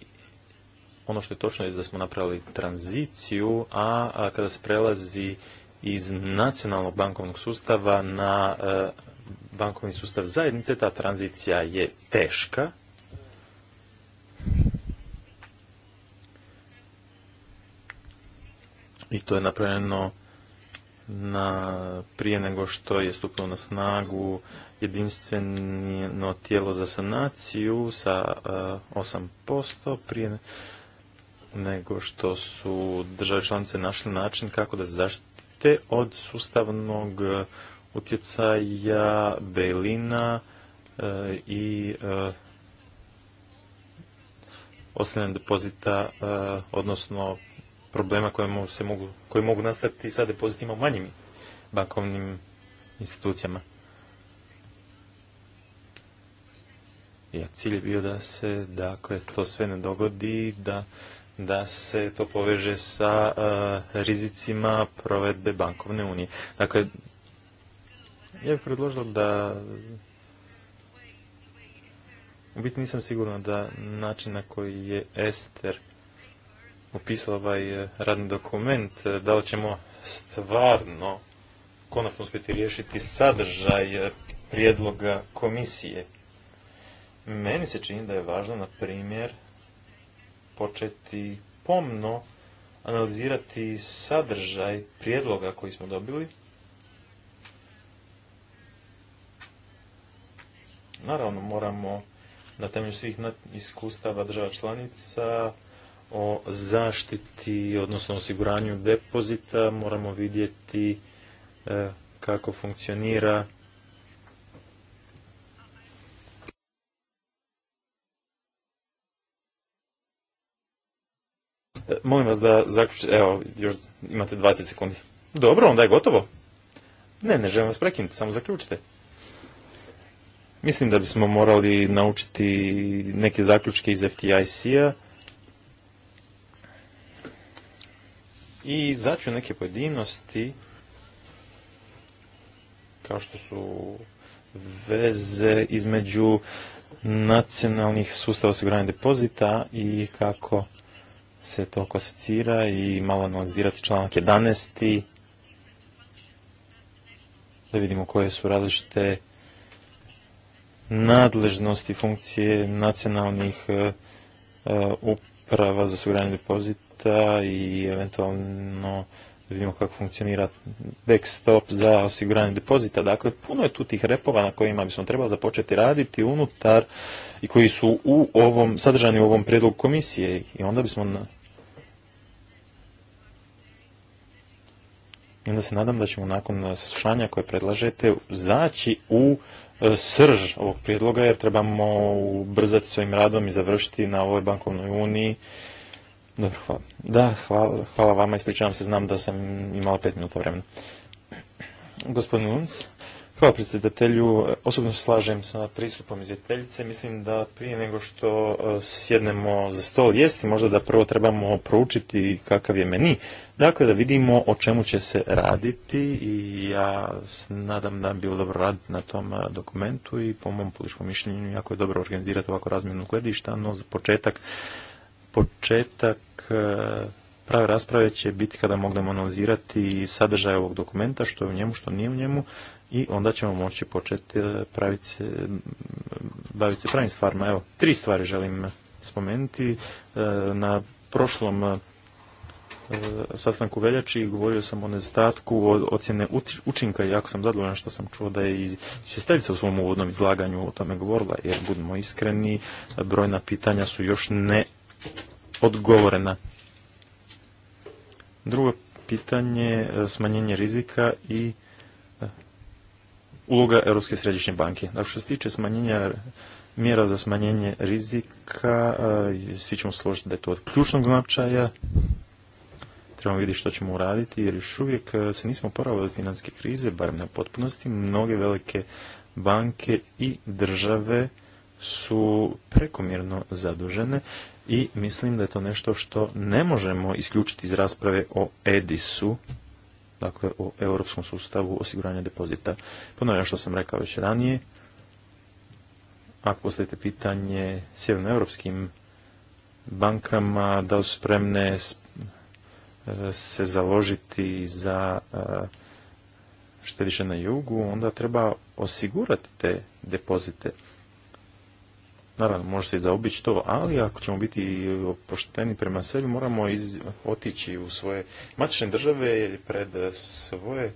ono što je točno je da smo napravili tranziciju, a, kada se prelazi iz nacionalnog bankovnog sustava na e, bankovni sustav zajednice, ta tranzicija je teška. I to je napravljeno na prije nego što je stupilo na snagu jedinstveno tijelo za sanaciju sa 8% eh, prije nego što su države članice našle način kako da zaštite od sustavnog utjecaja belina eh, i eh, osnovne depozita, odnosno problema koje, se mogu, koje mogu nastati sa depozitima u manjim bankovnim institucijama. Ja, cilj je bio da se dakle, to sve ne dogodi, da, da se to poveže sa rizicima provedbe bankovne unije. Dakle, ja bih predložila da u biti nisam sigurno da način na koji je Ester upisao ovaj eh, radni dokument, eh, da li ćemo stvarno konačno uspjeti riješiti sadržaj eh, prijedloga komisije. Meni se čini da je važno, na primjer, početi pomno analizirati sadržaj prijedloga koji smo dobili. Naravno, moramo na temelju svih iskustava država članica o zaštiti, odnosno osiguranju depozita, moramo vidjeti e, kako funkcionira e, Molim vas da zaključite, evo, još imate 20 sekundi. Dobro, onda je gotovo. Ne, ne želim vas prekinuti, samo zaključite. Mislim da bismo morali naučiti neke zaključke iz FTIC-a. i začu neke pojedinosti kao što su veze između nacionalnih sustava osiguranja depozita i kako se to klasificira i malo analizirati članak 11. Da vidimo koje su različite nadležnosti funkcije nacionalnih e, e, uprava za osiguranje depozita i eventualno da vidimo kako funkcionira backstop za osiguranje depozita. Dakle, puno je tu tih repova na kojima bismo trebali započeti raditi unutar i koji su u ovom, sadržani u ovom predlogu komisije i onda bismo na... I onda se nadam da ćemo nakon slušanja koje predlažete zaći u e, srž ovog prijedloga jer trebamo ubrzati svojim radom i završiti na ovoj bankovnoj uniji dobro, hvala. Da, hvala, vama, ispričavam se, znam da sam imala pet minuta vremena. Gospodin Lunc, hvala predsjedatelju, osobno se slažem sa pristupom izvjeteljice, mislim da prije nego što e, sjednemo za stol jesti, možda da prvo trebamo proučiti kakav je meni, dakle da vidimo o čemu će se raditi i ja nadam da bi bilo dobro raditi na tom e, dokumentu i po mom političkom mišljenju jako je dobro organizirati ovako razmjenu gledišta, no za početak početak e, prave rasprave će biti kada mognemo analizirati sadržaj ovog dokumenta, što je u njemu, što nije u njemu i onda ćemo moći početi e, praviti se, baviti se pravim stvarima. Evo, tri stvari želim spomenuti. E, na prošlom sastanku veljači govorio sam o nedostatku ocjene učinka i jako sam zadovoljan što sam čuo da je izvjestiteljica u svom uvodnom izlaganju o tome govorila jer budemo iskreni brojna pitanja su još ne odgovorena. Drugo pitanje, e, smanjenje rizika i e, uloga Europske središnje banke. Dakle, što se tiče smanjenja mjera za smanjenje rizika, e, svi ćemo složiti da je to od ključnog značaja. Trebamo vidjeti što ćemo uraditi, jer još uvijek se nismo poravili od financijske krize, barem u potpunosti. Mnoge velike banke i države su prekomjerno zadužene i mislim da je to nešto što ne možemo isključiti iz rasprave o EDIS-u, dakle o europskom sustavu osiguranja depozita. Ponavljam što sam rekao već ranije, ako postavite pitanje sjevernoevropskim bankama da su spremne se založiti za e, štediše na jugu, onda treba osigurati te depozite. Naravno, može se i zaobići to, ali ako ćemo biti pošteni prema sebi, moramo otići u svoje matične države pred svoje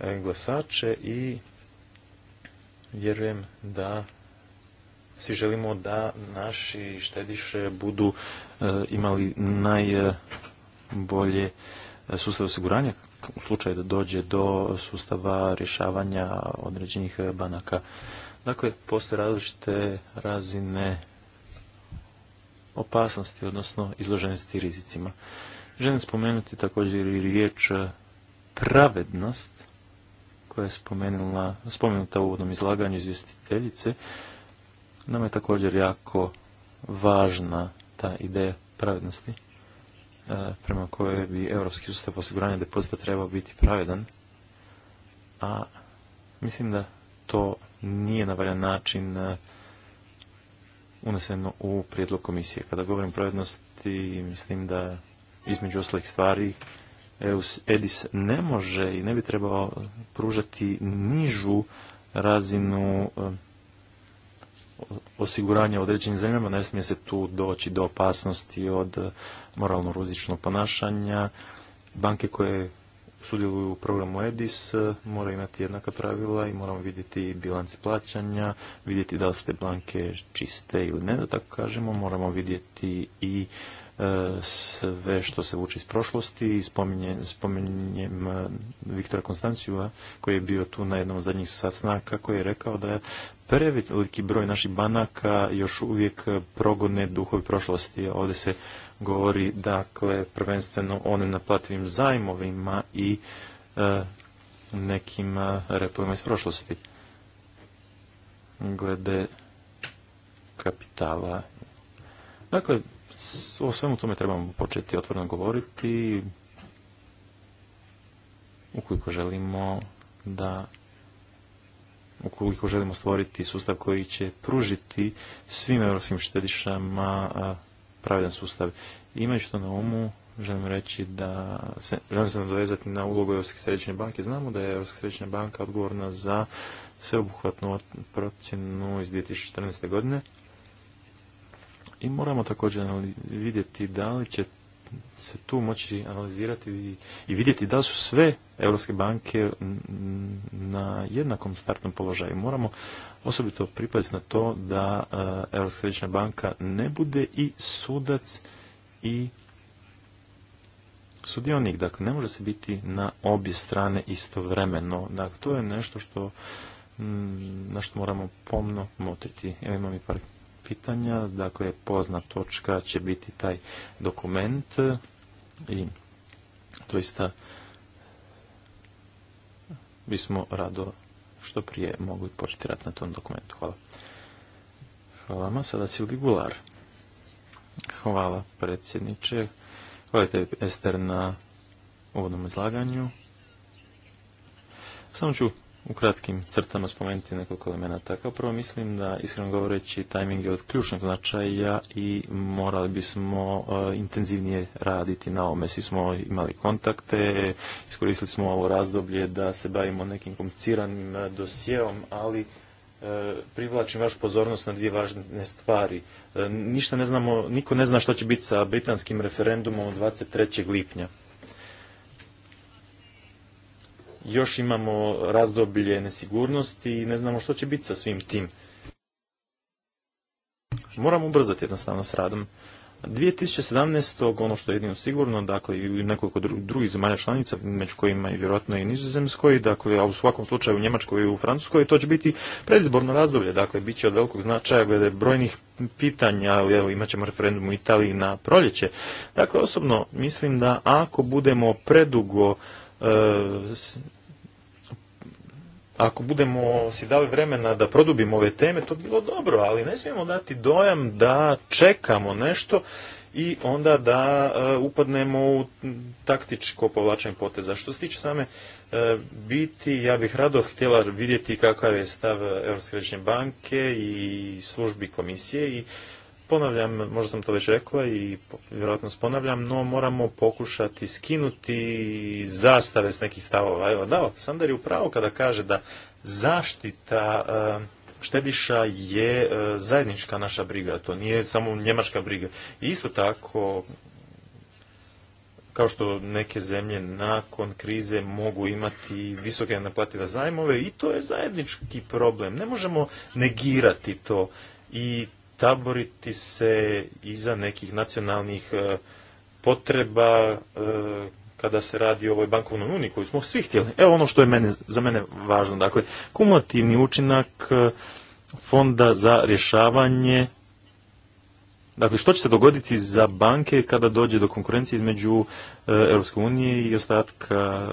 e, glasače i vjerujem da svi želimo da naši štediše budu e, imali najbolje sustav osiguranja u slučaju da dođe do sustava rješavanja određenih banaka. Dakle, postoje različite razine opasnosti, odnosno izloženosti rizicima. Želim spomenuti također i riječ e, pravednost, koja je spomenula, spomenuta u uvodnom izlaganju izvjestiteljice. Nama je također jako važna ta ideja pravednosti e, prema kojoj bi europski sustav osiguranja depozita trebao biti pravedan, a mislim da to nije na valjan način e, uneseno u prijedlog komisije. Kada govorim o pravednosti, mislim da između ostalih stvari EDIS ne može i ne bi trebao pružati nižu razinu e, osiguranja određenim zemljama, ne smije se tu doći do opasnosti od moralno ruzičnog ponašanja. Banke koje sudjeluju u programu EDIS e, mora imati jednaka pravila i moramo vidjeti bilanci plaćanja, vidjeti da li su te blanke čiste ili ne, da tako kažemo, moramo vidjeti i e, sve što se vuče iz prošlosti i spominjem, e, Viktora koji je bio tu na jednom od zadnjih sastanaka koji je rekao da je preveliki broj naših banaka još uvijek progone duhovi prošlosti. Ovdje se govori dakle prvenstveno o nenaplativim zajmovima i e, nekim e, repovima iz prošlosti glede kapitala. Dakle, o svemu tome trebamo početi otvoreno govoriti ukoliko želimo da ukoliko želimo stvoriti sustav koji će pružiti svim europskim štedišama e, pravedan sustav. Imajući to na umu, želim reći da se, želim se nadovezati na ulogu Europske središnje banke. Znamo da je Europska središnja banka odgovorna za sveobuhvatnu procjenu iz 2014. godine i moramo također vidjeti da li će se tu moći analizirati i vidjeti da su sve europske banke na jednakom startnom položaju. Moramo osobito pripaziti na to da e, Europska središnja banka ne bude i sudac i sudionik. Dakle, ne može se biti na obje strane istovremeno. Dakle, to je nešto što na što moramo pomno motriti. Evo imam i par pitanja. Dakle, pozna točka će biti taj dokument i doista bismo rado što prije mogli početi rad na tom dokumentu. Hvala. Hvala vama. Sada Silvi Gular. Hvala predsjedniče. Hvala te Ester na uvodnom izlaganju. Samo ću u kratkim crtama spomenuti nekoliko elemenata. Kao prvo mislim da, iskreno govoreći, tajming je od ključnog značaja i morali bismo e, intenzivnije raditi na ovome. Svi smo imali kontakte, iskoristili smo ovo razdoblje da se bavimo nekim kompliciranim e, dosijeom, ali e, privlačim vašu pozornost na dvije važne stvari. Ništa ne znamo, niko ne zna što će biti sa britanskim referendumom 23. lipnja još imamo razdoblje nesigurnosti i ne znamo što će biti sa svim tim. Moramo ubrzati jednostavno s radom. 2017. ono što je jedino sigurno, dakle i nekoliko drugih zemalja članica, među kojima i vjerojatno i nizozemskoj, dakle, a u svakom slučaju u Njemačkoj i u Francuskoj, to će biti predizborno razdoblje, dakle, bit će od velikog značaja glede brojnih pitanja, evo imat ćemo referendum u Italiji na proljeće. Dakle, osobno mislim da ako budemo predugo e, ako budemo si dali vremena da produbimo ove teme, to bi bilo dobro, ali ne smijemo dati dojam da čekamo nešto i onda da e, upadnemo u taktičko povlačenje poteza. Što se tiče same e, biti, ja bih rado htjela vidjeti kakav je stav Europske banke i službi komisije i ponavljam, možda sam to već rekla i vjerojatno ponavljam, no moramo pokušati skinuti zastave s nekih stavova. Evo, da, Sandar je upravo kada kaže da zaštita e, štediša je e, zajednička naša briga, to nije samo njemačka briga. isto tako, kao što neke zemlje nakon krize mogu imati visoke naplative zajmove i to je zajednički problem. Ne možemo negirati to i taboriti se iza nekih nacionalnih e, potreba e, kada se radi o ovoj bankovnoj uniji koju smo svi htjeli. Evo ono što je za mene važno. Dakle, kumulativni učinak e, fonda za rješavanje Dakle, što će se dogoditi za banke kada dođe do konkurencije između EU i ostatka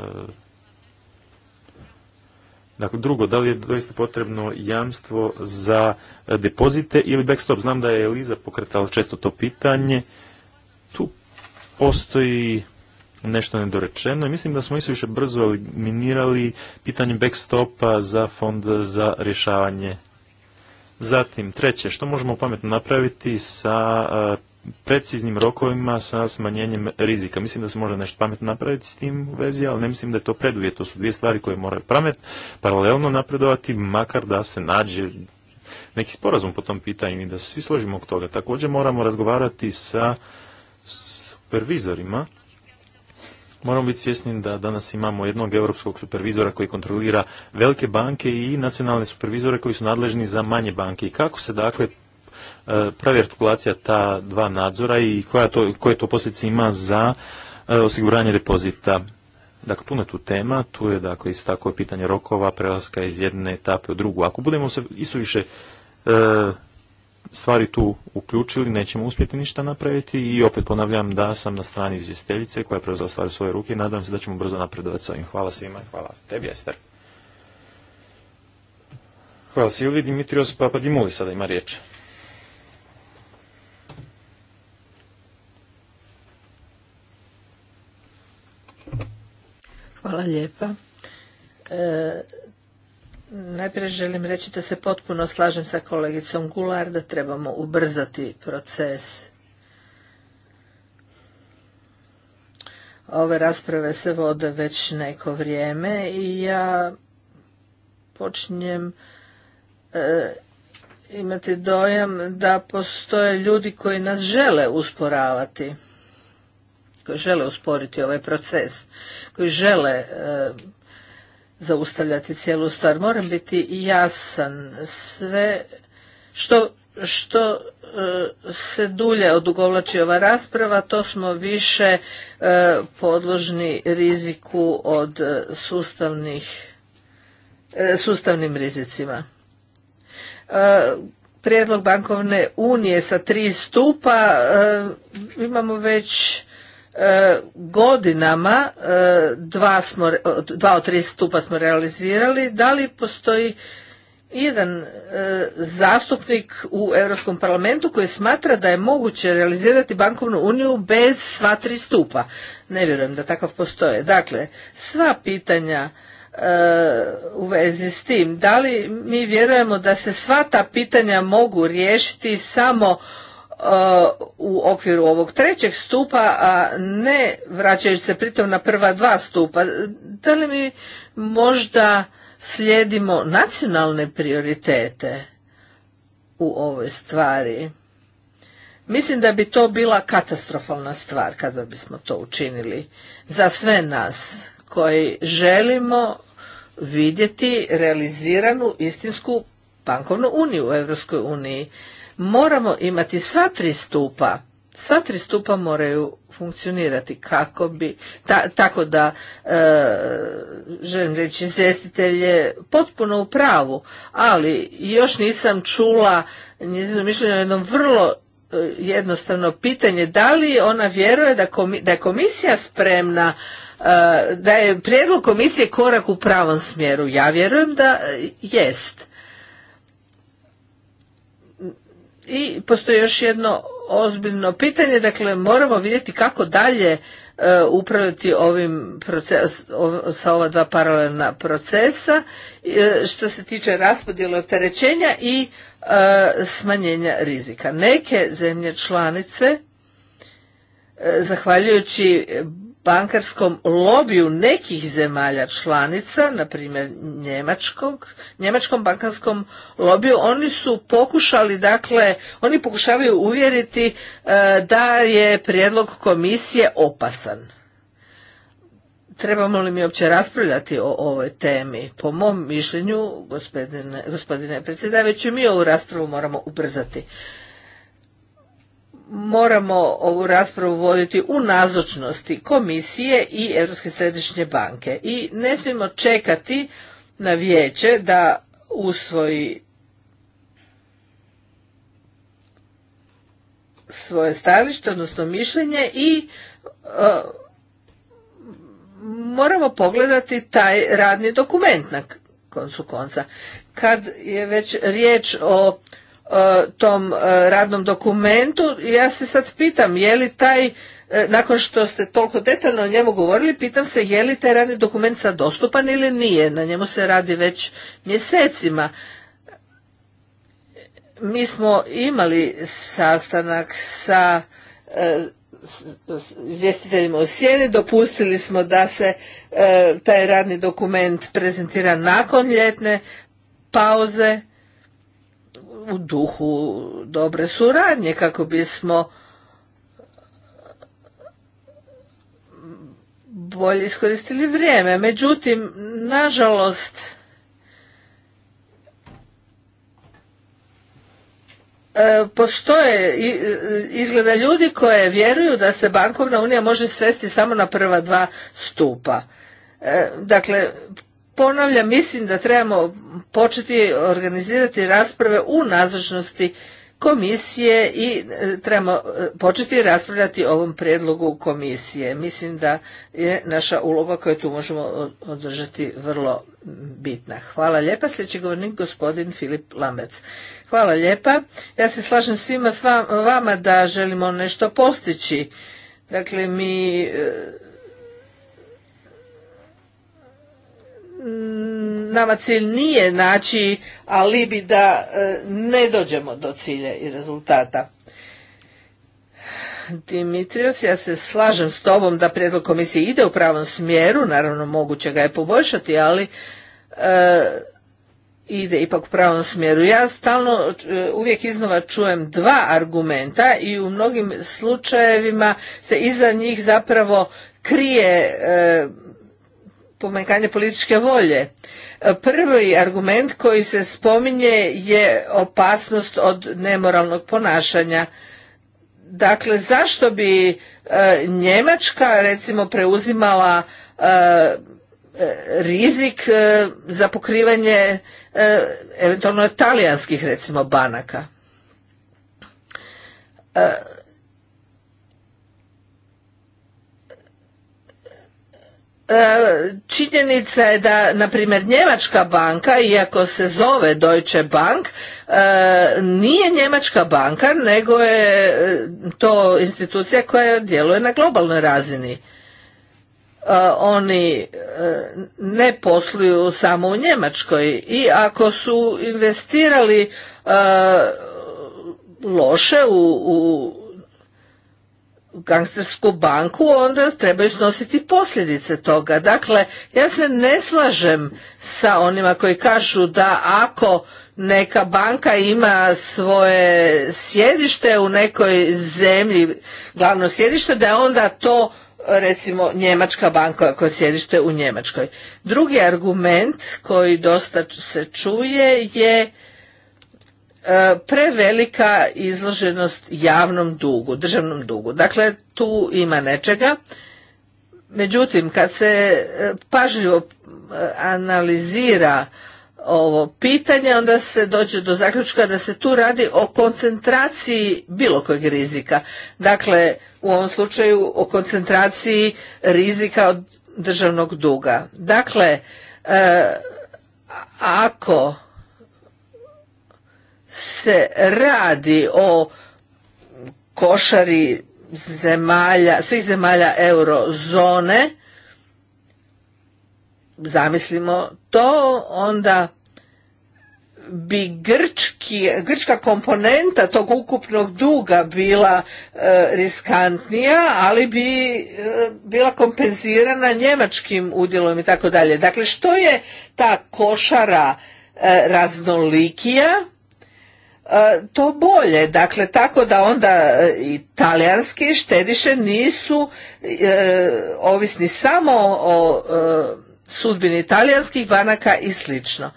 Dakle, drugo, da li je doista potrebno jamstvo za e, depozite ili backstop? Znam da je Eliza pokretala često to pitanje. Tu postoji nešto nedorečeno i mislim da smo više brzo eliminirali pitanje backstopa za fond za rješavanje. Zatim, treće, što možemo pametno napraviti sa e, preciznim rokovima sa smanjenjem rizika. Mislim da se može nešto pametno napraviti s tim u vezi, ali ne mislim da je to preduje. To su dvije stvari koje moraju pamet paralelno napredovati, makar da se nađe neki sporazum po tom pitanju i da se svi složimo oko toga. Također moramo razgovarati sa supervizorima. Moramo biti svjesni da danas imamo jednog europskog supervizora koji kontrolira velike banke i nacionalne supervizore koji su nadležni za manje banke. I kako se dakle E, pravi artikulacija ta dva nadzora i koja to, koje to posljedice ima za e, osiguranje depozita. Dakle, puno je tu tema, tu je dakle isto tako je pitanje rokova, prelaska iz jedne etape u drugu. Ako budemo se isuviše e, stvari tu uključili, nećemo uspjeti ništa napraviti i opet ponavljam da sam na strani izvjestiteljice koja je preuzela stvari u svoje ruke i nadam se da ćemo brzo napredovati s ovim. Hvala svima i hvala tebi, Ester. Hvala Silvi, Dimitrios Papadimulis sada ima riječ. Hvala lijepa. E, najprije želim reći da se potpuno slažem sa kolegicom Gular da trebamo ubrzati proces. Ove rasprave se vode već neko vrijeme i ja počinjem e, imati dojam da postoje ljudi koji nas žele usporavati koji žele usporiti ovaj proces, koji žele e, zaustavljati cijelu stvar. Moram biti jasan, sve što, što e, se dulje odugovlači ova rasprava, to smo više e, podložni riziku od sustavnih, sustavnim rizicima. Prijedlog bankovne unije sa tri stupa imamo već E, godinama e, dva, smo, od tri stupa smo realizirali. Da li postoji jedan e, zastupnik u Europskom parlamentu koji smatra da je moguće realizirati bankovnu uniju bez sva tri stupa? Ne vjerujem da takav postoje. Dakle, sva pitanja u vezi s tim. Da li mi vjerujemo da se sva ta pitanja mogu riješiti samo u okviru ovog trećeg stupa, a ne vraćajući se pritom na prva dva stupa. Da li mi možda slijedimo nacionalne prioritete u ovoj stvari? Mislim da bi to bila katastrofalna stvar kada bismo to učinili za sve nas koji želimo vidjeti realiziranu istinsku bankovnu uniju u Europskoj uniji moramo imati sva tri stupa sva tri stupa moraju funkcionirati kako bi tako da e, želim reći izvjestitelj je potpuno u pravu ali još nisam čula njezino mišljenje o jednom vrlo e, jednostavno pitanje da li ona vjeruje da, da je komisija spremna e, da je prijedlog komisije korak u pravom smjeru ja vjerujem da jest I postoji još jedno ozbiljno pitanje, dakle moramo vidjeti kako dalje e, upravljati ovim proces, sa ova dva paralelna procesa e, što se tiče raspodjele opterećenja i e, smanjenja rizika. Neke zemlje članice zahvaljujući bankarskom lobiju nekih zemalja članica, na primjer njemačkog, njemačkom bankarskom lobiju, oni su pokušali, dakle, oni pokušavaju uvjeriti e, da je prijedlog komisije opasan. Trebamo li mi uopće raspravljati o ovoj temi? Po mom mišljenju, gospodine, gospodine predsjedavajući, mi ovu raspravu moramo ubrzati moramo ovu raspravu voditi u nazočnosti komisije i Europske središnje banke i ne smijemo čekati na vijeće da usvoji svoje stajalište, odnosno mišljenje i e, moramo pogledati taj radni dokument na koncu konca. Kad je već riječ o E, tom e, radnom dokumentu. Ja se sad pitam, je li taj, e, nakon što ste toliko detaljno o njemu govorili, pitam se je li taj radni dokument sad dostupan ili nije. Na njemu se radi već mjesecima. Mi smo imali sastanak sa izvjestiteljima u sjeni, dopustili smo da se taj radni dokument prezentira nakon ljetne pauze u duhu dobre suradnje kako bismo bolje iskoristili vrijeme. Međutim, nažalost, e, postoje e, izgleda ljudi koje vjeruju da se bankovna unija može svesti samo na prva dva stupa. E, dakle, ponavljam, mislim da trebamo početi organizirati rasprave u nazvačnosti komisije i e, trebamo e, početi raspravljati o ovom predlogu komisije. Mislim da je naša uloga koju tu možemo održati vrlo bitna. Hvala lijepa. Sljedeći govornik gospodin Filip Lambec. Hvala lijepa. Ja se slažem svima s vama da želimo nešto postići. Dakle, mi e, Mm, nama cilj nije naći alibi da e, ne dođemo do cilja i rezultata. Dimitrios, ja se slažem s tobom da prijedlog komisije ide u pravom smjeru, naravno moguće ga je poboljšati, ali e, ide ipak u pravom smjeru. Ja stalno e, uvijek iznova čujem dva argumenta i u mnogim slučajevima se iza njih zapravo krije pomanjkanje političke volje. Prvi argument koji se spominje je opasnost od nemoralnog ponašanja. Dakle, zašto bi e, Njemačka recimo preuzimala e, e, rizik za pokrivanje eventualno talijanskih recimo banaka? E, činjenica je da, na primjer, Njemačka banka, iako se zove Deutsche Bank, e, nije Njemačka banka, nego je e, to institucija koja djeluje na globalnoj razini. Oni ne posluju samo u Njemačkoj i ako su investirali loše u, u gangstersku banku, onda trebaju snositi posljedice toga. Dakle, ja se ne slažem sa onima koji kažu da ako neka banka ima svoje sjedište u nekoj zemlji, glavno sjedište, da je onda to recimo Njemačka banka koja je sjedište u Njemačkoj. Drugi argument koji dosta se čuje je E, prevelika izloženost javnom dugu, državnom dugu. Dakle, tu ima nečega. Međutim, kad se e, pažljivo e, analizira ovo pitanje, onda se dođe do zaključka da se tu radi o koncentraciji bilo kojeg rizika. Dakle, u ovom slučaju o koncentraciji rizika od državnog duga. Dakle, ako se radi o košari zemalja, svih zemalja eurozone, zamislimo to, onda bi grčki, grčka komponenta tog ukupnog duga bila e, riskantnija, ali bi e, bila kompenzirana njemačkim udjelom i tako dalje. Dakle, što je ta košara e, raznolikija, E, to bolje. Dakle, tako da onda e, italijanski štediše nisu e, ovisni samo o sudbini talijanskih banaka i slično.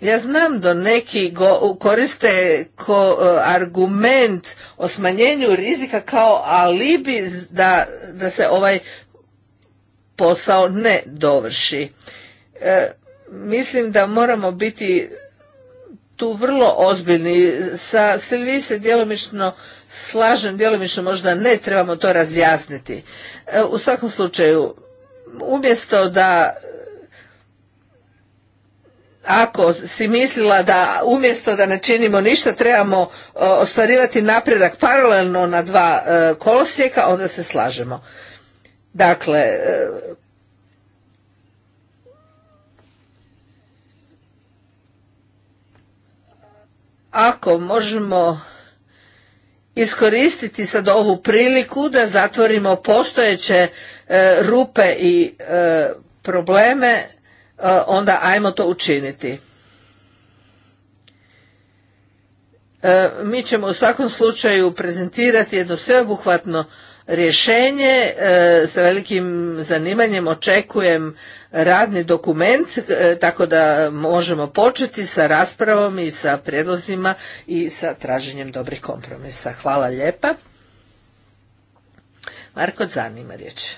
Ja znam da neki koriste ko, argument o smanjenju rizika kao alibi da, da se ovaj posao ne dovrši. Mislim da moramo biti tu vrlo ozbiljni. Sa Silvi se djelomično slažem, djelomično možda ne, trebamo to razjasniti. E, u svakom slučaju, umjesto da ako si mislila da umjesto da ne činimo ništa trebamo e, ostvarivati napredak paralelno na dva e, kolosijeka, onda se slažemo. Dakle, ako možemo iskoristiti sad ovu priliku da zatvorimo postojeće e, rupe i e, probleme, e, onda ajmo to učiniti. Mi ćemo u svakom slučaju prezentirati jedno sveobuhvatno rješenje. E, sa velikim zanimanjem očekujem radni dokument, e, tako da možemo početi sa raspravom i sa predlozima i sa traženjem dobrih kompromisa. Hvala lijepa. Marko Zanima riječ.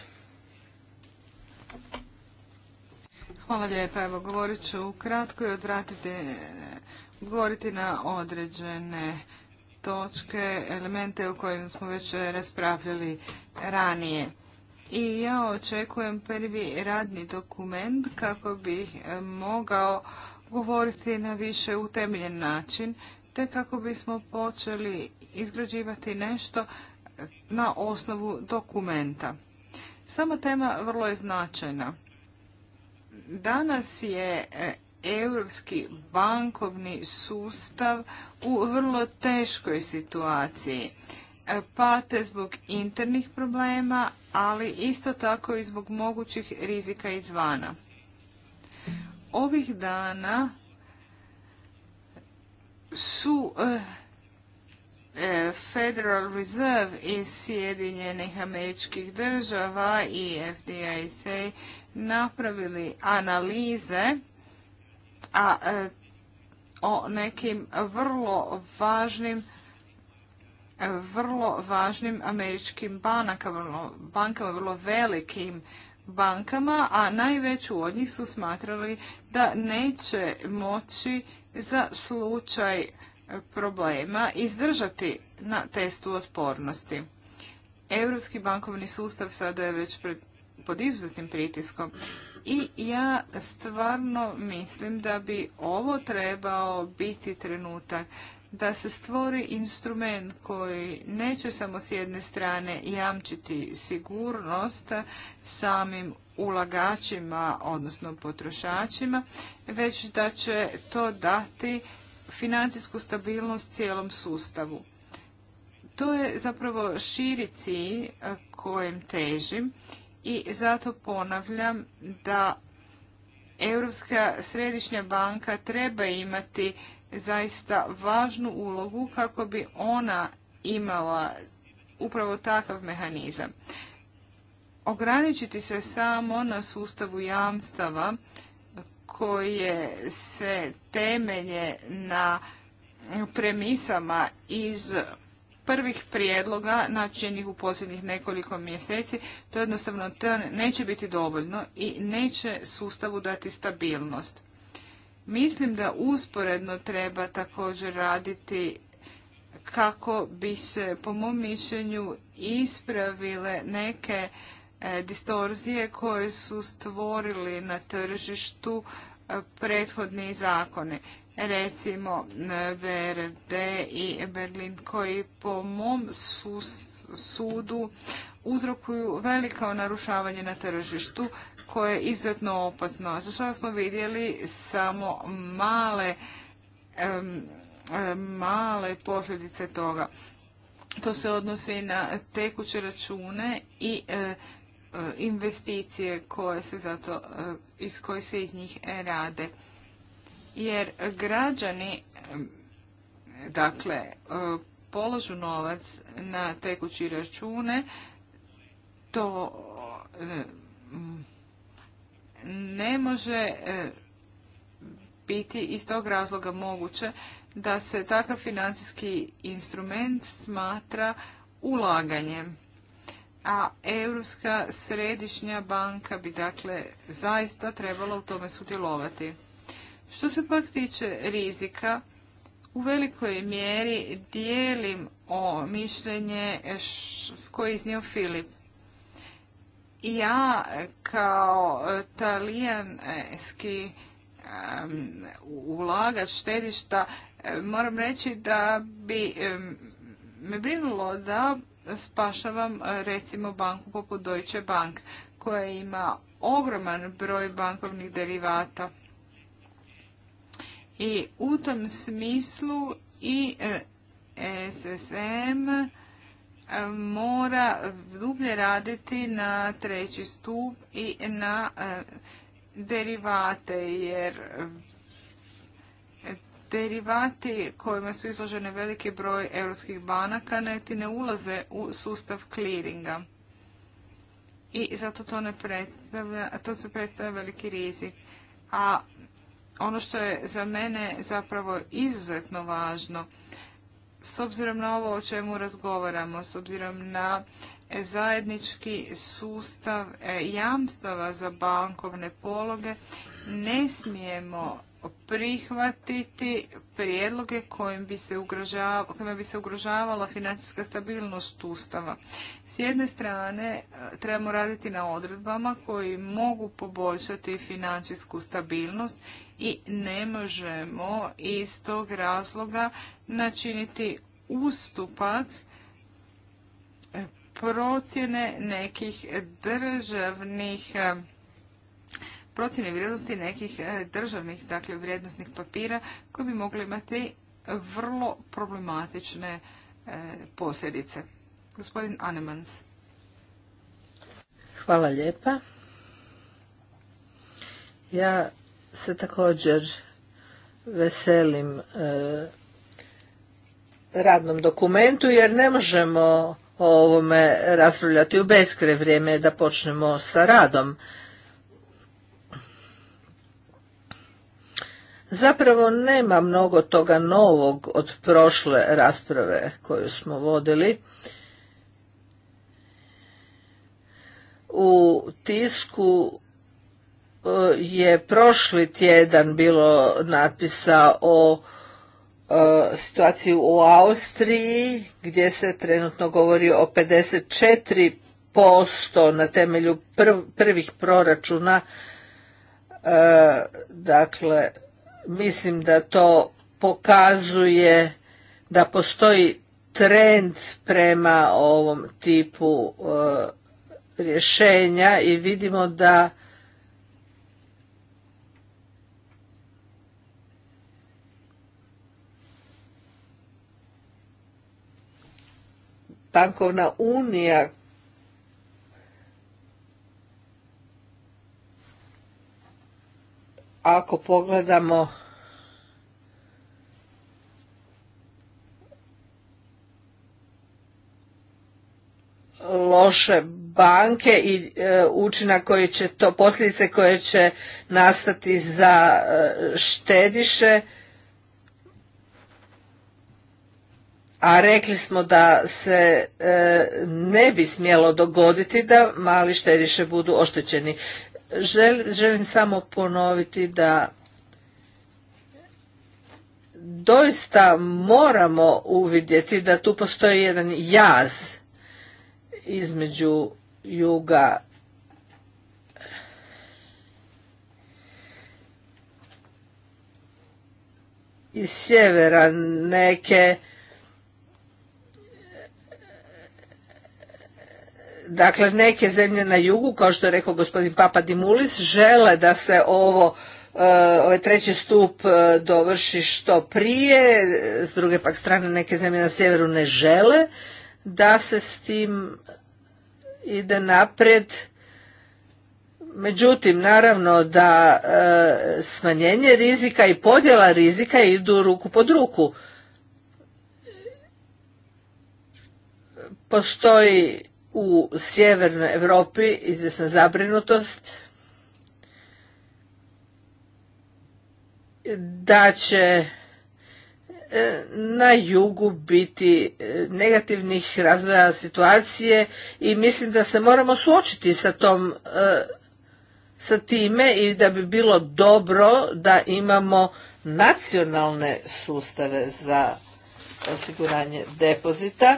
Hvala lijepa. Evo, govorit ću kratko i odvratiti, govoriti na određene točke, elemente o kojim smo već raspravljali ranije. I ja očekujem prvi radni dokument kako bih e, mogao govoriti na više utemeljen način, te kako bismo počeli izgrađivati nešto na osnovu dokumenta. Sama tema vrlo je značajna. Danas je e, europski bankovni sustav u vrlo teškoj situaciji. E, pate zbog internih problema, ali isto tako i zbog mogućih rizika izvana. Ovih dana su e, e, Federal Reserve iz Sjedinjenih američkih država i FDIC napravili analize a e, o nekim vrlo važnim vrlo važnim američkim bankama, vrlo, bankama, vrlo velikim bankama, a najveću od njih su smatrali da neće moći za slučaj problema izdržati na testu otpornosti. Europski bankovni sustav sada je već pod izuzetnim pritiskom i ja stvarno mislim da bi ovo trebao biti trenutak da se stvori instrument koji neće samo s jedne strane jamčiti sigurnost samim ulagačima, odnosno potrošačima, već da će to dati financijsku stabilnost cijelom sustavu. To je zapravo širi cilj kojem težim i zato ponavljam da Europska središnja banka treba imati zaista važnu ulogu kako bi ona imala upravo takav mehanizam. Ograničiti se samo na sustavu jamstava koje se temelje na premisama iz prvih prijedloga načinjenih u posljednjih nekoliko mjeseci, to jednostavno to neće biti dovoljno i neće sustavu dati stabilnost. Mislim da usporedno treba također raditi kako bi se, po mom mišljenju, ispravile neke e, distorzije koje su stvorili na tržištu e, prethodni zakone recimo BRD i Berlin koji po mom sudu uzrokuju veliko narušavanje na tržištu koje je izuzetno opasno. Što smo vidjeli samo male male posljedice toga. To se odnosi na tekuće račune i e, e, investicije koje se zato, e, iz koje se iz njih rade jer građani dakle položu novac na tekući račune to ne može biti iz tog razloga moguće da se takav financijski instrument smatra ulaganjem. A Europska središnja banka bi dakle zaista trebala u tome sudjelovati. Što se pak tiče rizika, u velikoj mjeri dijelim o mišljenje koje je iznio Filip. Ja kao talijanski ulagač štedišta moram reći da bi me brinulo da spašavam recimo banku poput Deutsche Bank koja ima ogroman broj bankovnih derivata i u tom smislu i e, SSM e, mora dublje raditi na treći stup i na e, derivate, jer derivati kojima su izložene veliki broj europskih banaka neti ne ulaze u sustav kliringa. I zato to ne predstavlja, to se predstavlja veliki rizik. A ono što je za mene zapravo izuzetno važno, s obzirom na ovo o čemu razgovaramo, s obzirom na zajednički sustav e, jamstava za bankovne pologe, ne smijemo prihvatiti prijedloge kojim bi se kojima bi se ugrožavala financijska stabilnost ustava. S jedne strane e, trebamo raditi na odredbama koji mogu poboljšati financijsku stabilnost i ne možemo iz tog razloga načiniti ustupak e, procjene nekih državnih e, procjene vrijednosti nekih e, državnih dakle, vrijednostnih papira koji bi mogli imati vrlo problematične e, posljedice. Gospodin Anemans. Hvala lijepa. Ja se također veselim e, radnom dokumentu jer ne možemo o ovome raspravljati u beskre vrijeme da počnemo sa radom. Zapravo nema mnogo toga novog od prošle rasprave koju smo vodili. U tisku eh, je prošli tjedan bilo natpisa o eh, situaciji u Austriji gdje se trenutno govori o 54% na temelju prvih proračuna eh, dakle mislim da to pokazuje da postoji trend prema ovom tipu e, rješenja i vidimo da bankovna unija ako pogledamo loše banke i e, učinak koji će to posljedice koje će nastati za e, štediše a rekli smo da se e, ne bi smjelo dogoditi da mali štediše budu oštećeni želim, samo ponoviti da doista moramo uvidjeti da tu postoji jedan jaz između juga i sjevera neke Dakle, neke zemlje na jugu, kao što je rekao gospodin Papa Dimulis, žele da se ovo eh, ovaj treći stup eh, dovrši što prije, s druge pak strane neke zemlje na sjeveru ne žele da se s tim ide naprijed. Međutim, naravno da eh, smanjenje rizika i podjela rizika idu ruku pod ruku. Postoji u sjevernoj Europi izvjesna zabrinutost da će e, na jugu biti e, negativnih razvoja situacije i mislim da se moramo suočiti sa tom e, sa time i da bi bilo dobro da imamo nacionalne sustave za osiguranje depozita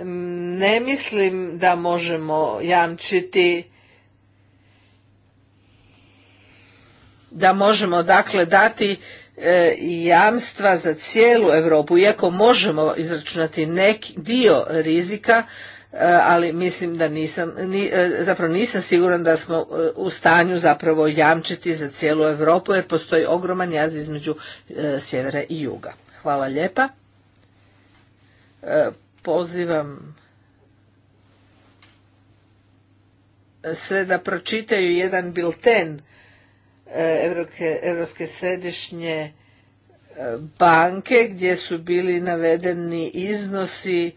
Mm, ne mislim da možemo jamčiti da možemo dakle dati e, jamstva za cijelu Europu iako možemo izračunati neki dio rizika e, ali mislim da nisam e, zapravo nisam siguran da smo u stanju zapravo jamčiti za cijelu Europu jer postoji ogroman jaz između sjevera i juga. Hvala lijepa pozivam sve da pročitaju jedan bilten Europske središnje e, banke gdje su bili navedeni iznosi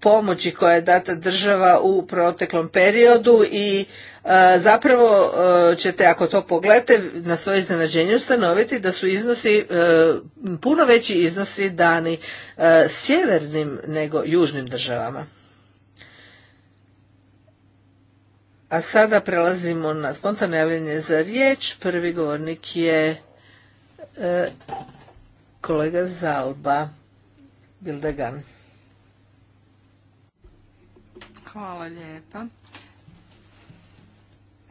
pomoći koja je data država u proteklom periodu i e, zapravo e, ćete ako to pogledate na svoje iznenađenje ustanoviti da su iznosi e, puno veći iznosi dani sjevernim nego južnim državama. A sada prelazimo na spontano javljanje za riječ. Prvi govornik je kolega Zalba Bildegan. Hvala lijepa.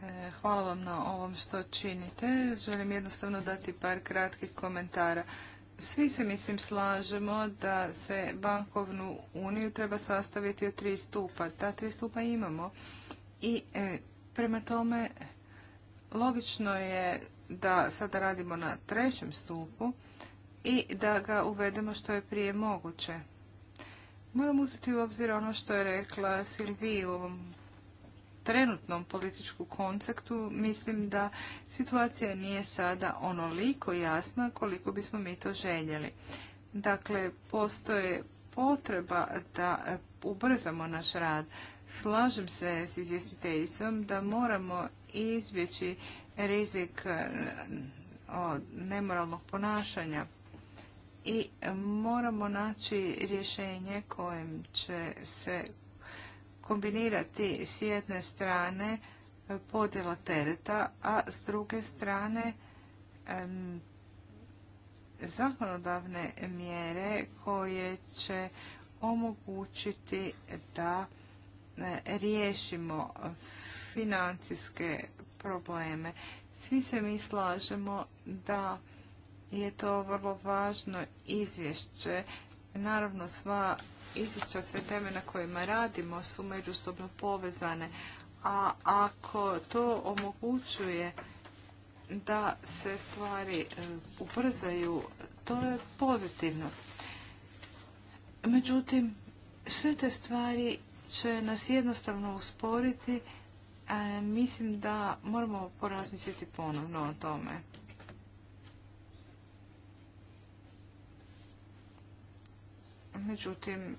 E, hvala vam na ovom što činite. Želim jednostavno dati par kratkih komentara. Svi se, mislim, slažemo da se bankovnu uniju treba sastaviti od tri stupa. Ta tri stupa imamo i e, prema tome logično je da sada radimo na trećem stupu i da ga uvedemo što je prije moguće. Moram uzeti u obzir ono što je rekla Silvi u ovom trenutnom političkom konceptu. Mislim da situacija nije sada onoliko jasna koliko bismo mi to željeli. Dakle, postoje potreba da ubrzamo naš rad. Slažem se s izvjestiteljicom da moramo izbjeći rizik e, od nemoralnog ponašanja i moramo naći rješenje kojem će se kombinirati s jedne strane podjela tereta, a s druge strane zakonodavne mjere koje će omogućiti da e, riješimo financijske probleme. Svi se mi slažemo da je to vrlo važno izvješće. Naravno, sva izvješća, sve teme na kojima radimo su međusobno povezane, a ako to omogućuje da se stvari e, ubrzaju, to je pozitivno. Međutim, sve te stvari će nas jednostavno usporiti. mislim da moramo porazmisliti ponovno o tome. Međutim,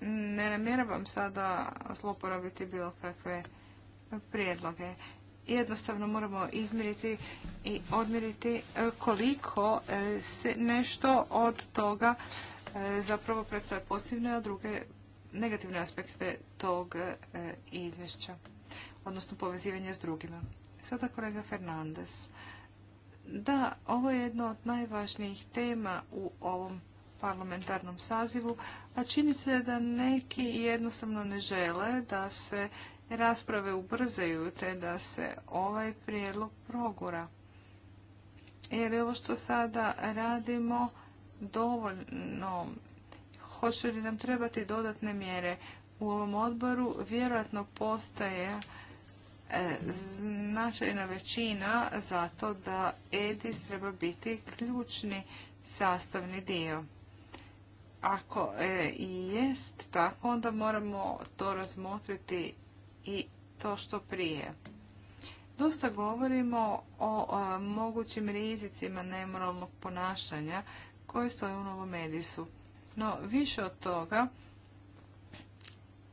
ne namjeravam sada zloporabiti bilo kakve prijedloge. Jednostavno moramo izmjeriti i odmiriti e, koliko e, se nešto od toga e, zapravo predstavlja pozitivne, a druge negativne aspekte tog izvješća, odnosno povezivanja s drugima. Sada kolega Fernandez. Da, ovo je jedna od najvažnijih tema u ovom parlamentarnom sazivu, a čini se da neki jednostavno ne žele da se rasprave ubrzaju te da se ovaj prijedlog progura. Jer ovo što sada radimo dovoljno, hoće li nam trebati dodatne mjere u ovom odboru, vjerojatno postaje e, značajna većina zato da EDIS treba biti ključni sastavni dio. Ako e i jest tako, onda moramo to razmotriti i to što prije. Dosta govorimo o mogućim rizicima nemoralnog ponašanja koje stoje u Novom Medisu. No, više od toga,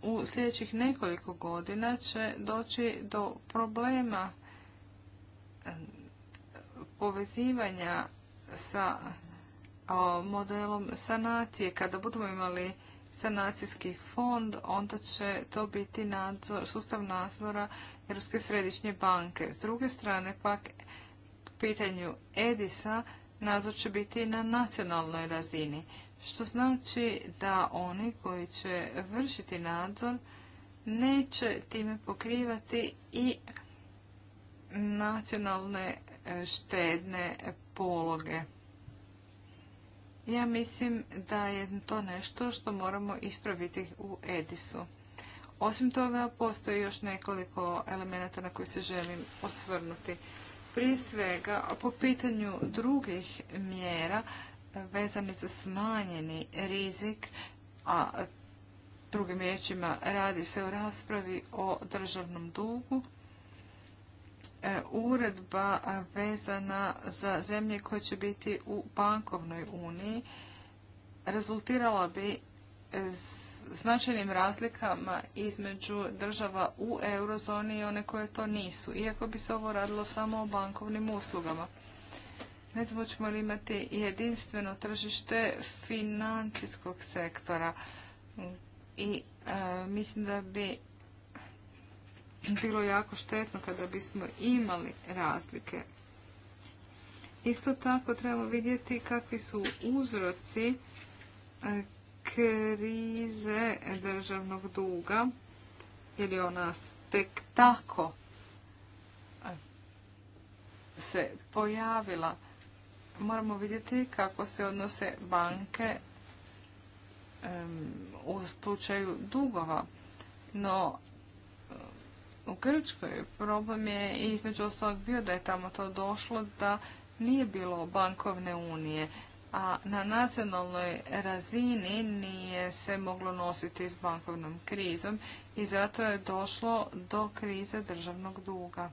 u sljedećih nekoliko godina će doći do problema povezivanja sa modelom sanacije. Kada budemo imali sanacijski fond, onda će to biti nadzor, sustav nadzora Europske središnje banke. S druge strane, pak, pitanju Edisa, nadzor će biti na nacionalnoj razini, što znači da oni koji će vršiti nadzor neće time pokrivati i nacionalne e, štedne pologe. Ja mislim da je to nešto što moramo ispraviti u Edisu. Osim toga, postoji još nekoliko elemenata na koje se želim osvrnuti. Prije svega, po pitanju drugih mjera vezani za smanjeni rizik, a drugim riječima radi se o raspravi o državnom dugu, E, uredba vezana za zemlje koje će biti u bankovnoj uniji rezultirala bi značajnim razlikama između država u eurozoni i one koje to nisu, iako bi se ovo radilo samo o bankovnim uslugama. Ne znamo ćemo li imati jedinstveno tržište financijskog sektora i e, mislim da bi bilo jako štetno kada bismo imali razlike. Isto tako trebamo vidjeti kakvi su uzroci e, krize državnog duga, Je li ona tek tako e, se pojavila. Moramo vidjeti kako se odnose banke u slučaju dugova. No, u Grčkoj problem je između ostalog bio da je tamo to došlo da nije bilo bankovne unije, a na nacionalnoj razini nije se moglo nositi s bankovnom krizom i zato je došlo do krize državnog duga.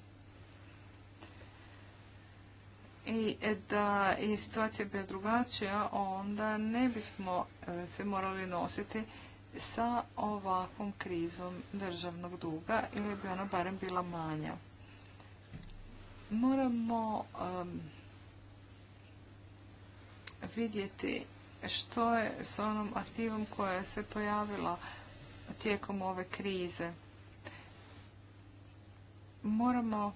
I da je situacija bila drugačija, onda ne bismo se morali nositi sa ovakvom krizom državnog duga ili bi ona barem bila manja. Moramo vidjeti što je s onom aktivom koja se pojavila tijekom ove krize. Moramo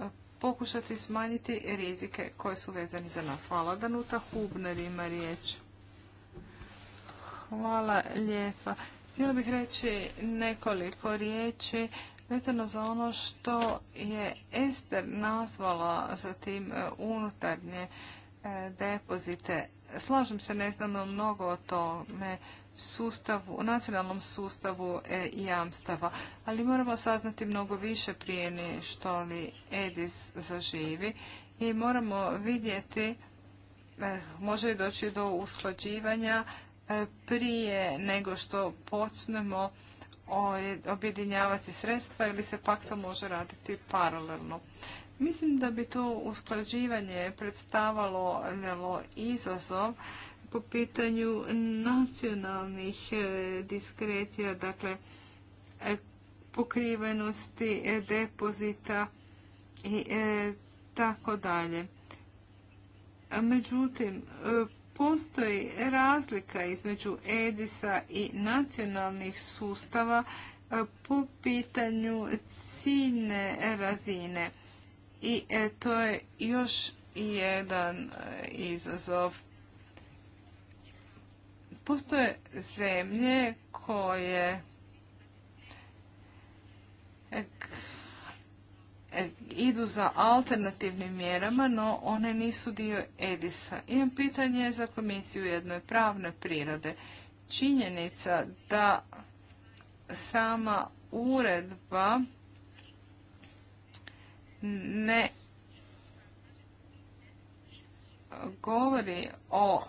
e, pokušati smanjiti rizike koje su vezani za nas. Hvala Danuta Hubner ima riječ. Hvala lijepa. Htjela bih reći nekoliko riječi vezano za ono što je Ester nazvala za tim e, unutarnje e, depozite. Slažem se, ne znam mnogo o tome sustavu, nacionalnom sustavu e, jamstava, ali moramo saznati mnogo više prije što li EDIS zaživi i moramo vidjeti može doći do usklađivanja prije nego što počnemo objedinjavati sredstva ili se pak to može raditi paralelno. Mislim da bi to usklađivanje predstavalo izazov po pitanju nacionalnih e, diskretija dakle e, pokrivenosti e, depozita i tako dalje. Međutim, postoji razlika između EDISA i nacionalnih sustava e, po pitanju ciljne razine. I e, to je još jedan e, izazov. Postoje zemlje koje idu za alternativnim mjerama, no one nisu dio Edisa. Imam pitanje za komisiju jednoj pravne prirode. Činjenica da sama uredba ne govori o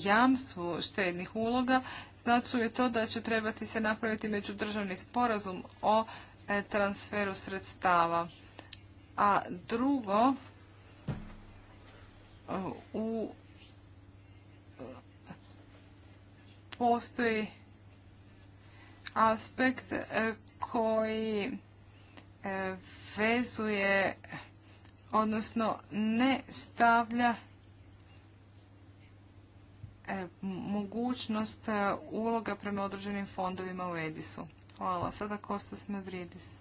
jamstvu štednih uloga, znači li to da će trebati se napraviti međudržavni sporazum o E, transferu sredstava. A drugo, e, u postoji aspekt e, koji vezuje, odnosno ne stavlja mogućnost uloga prema određenim fondovima u Edisu. Hvala. Sada Kostas Mavridis.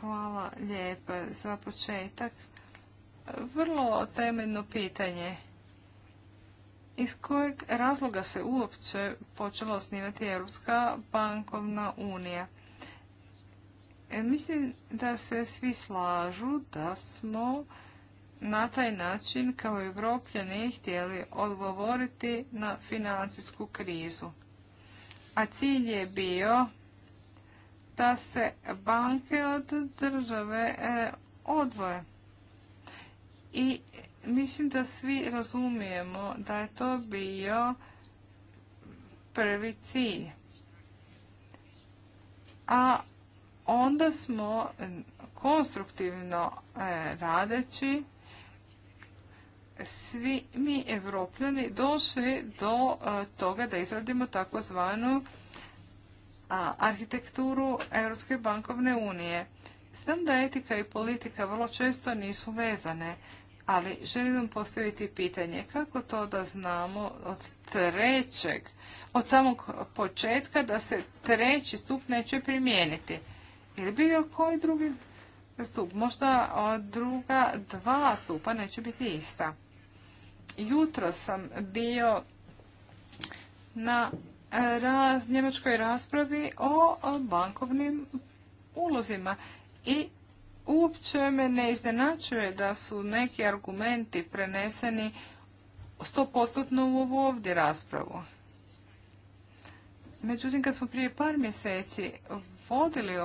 Hvala lijepa za početak. Vrlo temeljno pitanje. Iz kojeg razloga se uopće počela osnivati Europska bankovna unija? E, mislim da se svi slažu da smo na taj način kao ne htjeli odgovoriti na financijsku krizu. A cilj je bio da se banke od države e, odvoje. I mislim da svi razumijemo da je to bio prvi cilj. A onda smo konstruktivno e, radeći svi mi evropljani došli do e, toga da izradimo takozvanu arhitekturu Europske bankovne unije. Znam da etika i politika vrlo često nisu vezane, ali želim vam postaviti pitanje kako to da znamo od trećeg, od samog početka da se treći stup neće primijeniti. Ili bilo koji drugi stup, možda druga dva stupa neće biti ista jutro sam bio na e, raz, njemačkoj raspravi o bankovnim ulozima i uopće me ne iznenačuje da su neki argumenti preneseni stopostotno u ovu ovdje raspravu. Međutim, kad smo prije par mjeseci vodili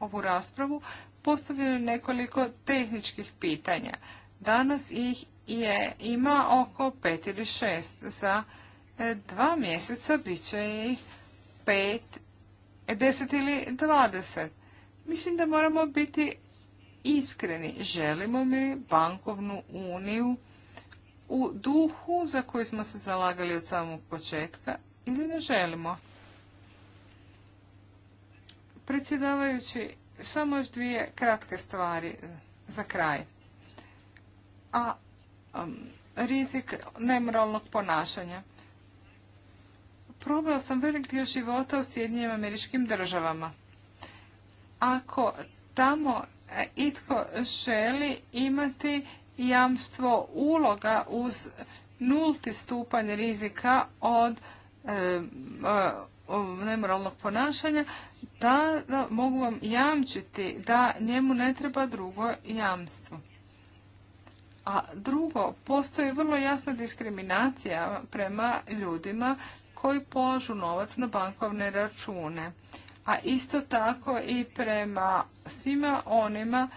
ovu raspravu, postavili nekoliko tehničkih pitanja. Danas ih je, ima oko pet ili šest. Za e, dva mjeseca bit će ih pet, deset ili dvadeset. Mislim da moramo biti iskreni. Želimo mi bankovnu uniju u duhu za koji smo se zalagali od samog početka ili ne želimo. Predsjedavajući, samo još dvije kratke stvari za kraj a rizik nemoralnog ponašanja. Probao sam velik dio života u Sjedinjim američkim državama. Ako tamo e, itko želi imati jamstvo uloga uz nulti stupanj rizika e, od nemoralnog ponašanja, da, da mogu vam jamčiti da njemu ne treba drugo jamstvo. A drugo, postoji vrlo jasna diskriminacija prema ljudima koji polažu novac na bankovne račune. A isto tako i prema svima onima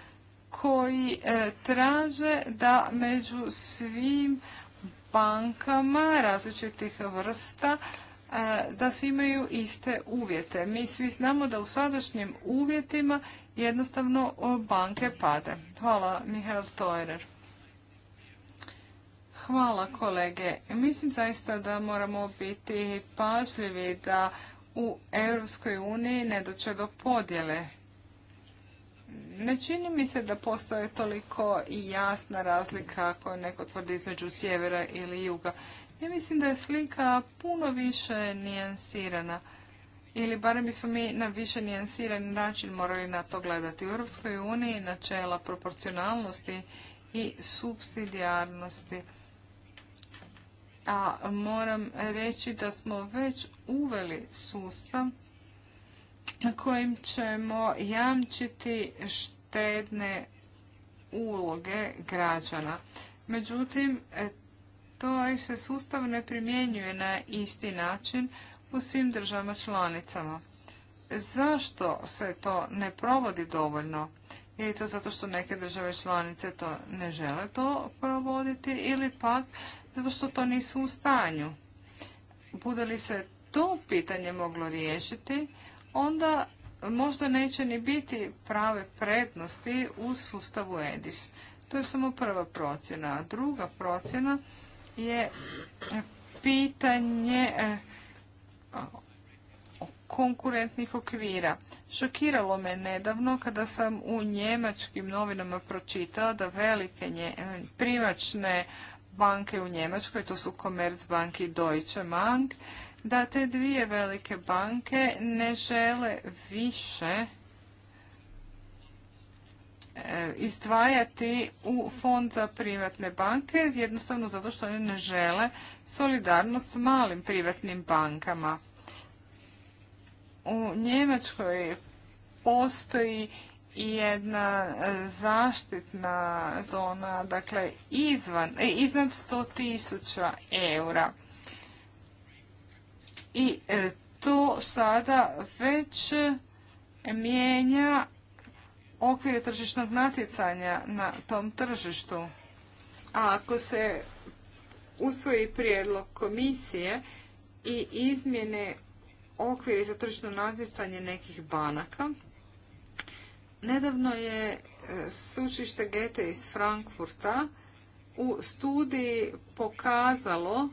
koji e, traže da među svim bankama različitih vrsta e, da svi imaju iste uvjete. Mi svi znamo da u sadašnjim uvjetima jednostavno banke pade. Hvala, Mihael Tojer. Hvala kolege. Mislim zaista da moramo biti pažljivi da u Europskoj uniji ne dođe do podjele. Ne čini mi se da postoje toliko jasna razlika ako neko tvrdi između sjevera ili juga. Ja mislim da je slika puno više nijansirana. Ili barem bismo mi na više nijansiran način morali na to gledati. U Europskoj uniji načela proporcionalnosti i subsidijarnosti a moram reći da smo već uveli sustav na kojim ćemo jamčiti štedne uloge građana. Međutim, to se sustav ne primjenjuje na isti način u svim državama članicama. Zašto se to ne provodi dovoljno? Je to zato što neke države članice to ne žele to provoditi ili pak zato što to nisu u stanju. Bude li se to pitanje moglo riješiti, onda možda neće ni biti prave prednosti u sustavu EDIS. To je samo prva procjena. A druga procjena je pitanje eh, konkurentnih okvira. Šokiralo me nedavno kada sam u njemačkim novinama pročitala da velike primačne banke u Njemačkoj, to su Commerzbank i Deutsche Bank, da te dvije velike banke ne žele više e, izdvajati u fond za privatne banke, jednostavno zato što oni ne žele solidarnost s malim privatnim bankama. U Njemačkoj postoji jedna e, zaštitna zona, dakle e, iznad 100 tisuća eura. I e, to sada već mijenja okvire tržišnog natjecanja na tom tržištu. A ako se usvoji prijedlog komisije i izmjene okviri za tržišno natjecanje nekih banaka, Nedavno je e, sučište Gete iz Frankfurta u studiji pokazalo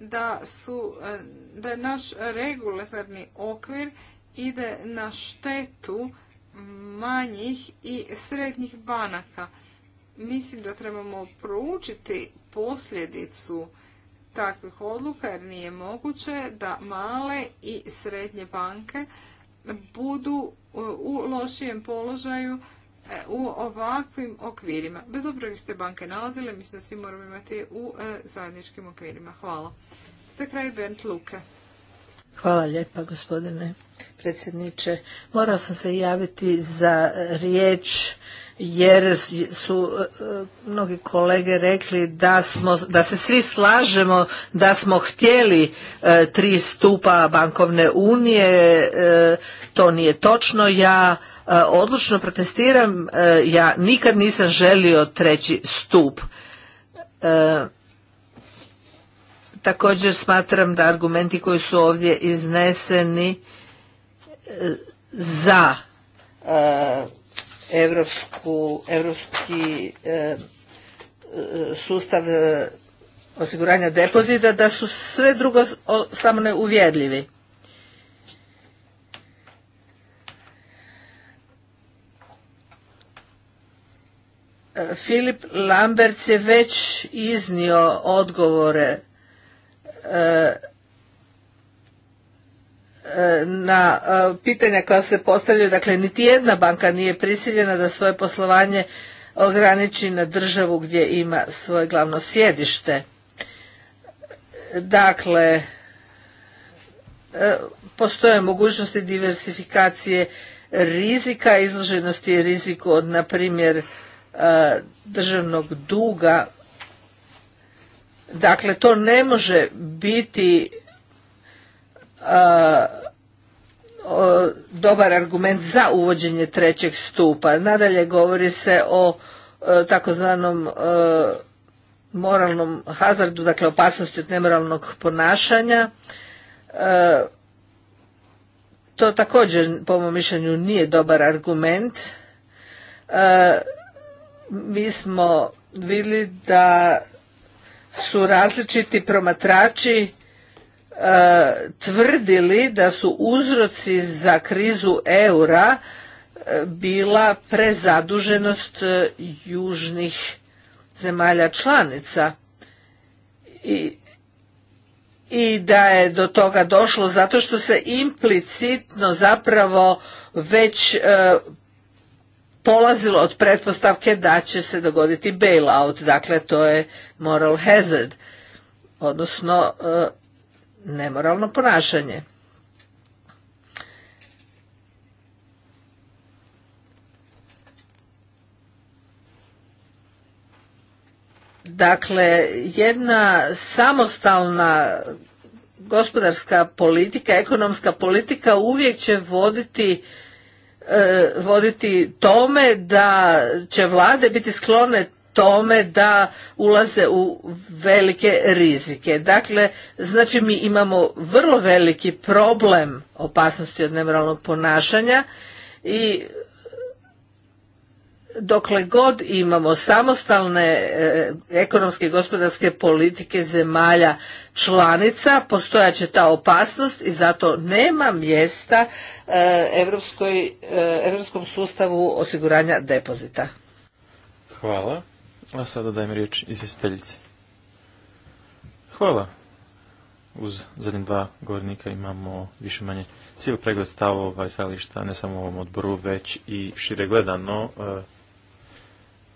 da, su, e, da je naš regulatorni okvir ide na štetu manjih i srednjih banaka. Mislim da trebamo proučiti posljedicu takvih odluka jer nije moguće da male i srednje banke budu u lošijem položaju e, u ovakvim okvirima. Bez obzira gdje ste banke nalazile, mislim da svi moramo imati u e, zajedničkim okvirima. Hvala. Za kraj Bernd Luke. Hvala lijepa gospodine predsjedniče. Morao sam se javiti za riječ jer su e, mnogi kolege rekli da, smo, da se svi slažemo da smo htjeli e, tri stupa bankovne unije, e, to nije točno, ja odlučno protestiram, ja nikad nisam želio treći stup. Također smatram da argumenti koji su ovdje izneseni za evropski e, e, sustav e, osiguranja depozita da su sve drugo samo neuvjerljivi. Filip Lamberts je već iznio odgovore na e, pitanja koja se postavljaju, dakle niti jedna banka nije prisiljena da svoje poslovanje ograniči na državu gdje ima svoje glavno sjedište. Dakle, e, postoje mogućnosti diversifikacije rizika, izloženosti je riziku od, na primjer, e, državnog duga. Dakle, to ne može biti dobar argument za uvođenje trećeg stupa. Nadalje govori se o e, takozvanom e, moralnom hazardu, dakle opasnosti od nemoralnog ponašanja. E, to također, po mom mišljenju, nije dobar argument. Mi smo vidjeli da su različiti promatrači tvrdili da su uzroci za krizu eura e, bila prezaduženost e, južnih zemalja članica i i da je do toga došlo zato što se implicitno zapravo već e, polazilo od pretpostavke da će se dogoditi bailout, dakle to je moral hazard, odnosno nemoralno ponašanje. Dakle, jedna samostalna gospodarska politika, ekonomska politika uvijek će voditi e, voditi tome da će vlade biti sklone tome da ulaze u velike rizike. Dakle, znači mi imamo vrlo veliki problem opasnosti od nemoralnog ponašanja i dokle god imamo samostalne e, ekonomske i gospodarske politike zemalja članica, će ta opasnost i zato nema mjesta e, europskom e, sustavu osiguranja depozita. Hvala. A sada dajem riječ izvjestiteljici. Hvala. Uz zadnje dva govornika imamo više manje cijeli pregled stavova i stajališta, ne samo u ovom odboru, već i šire gledano, e,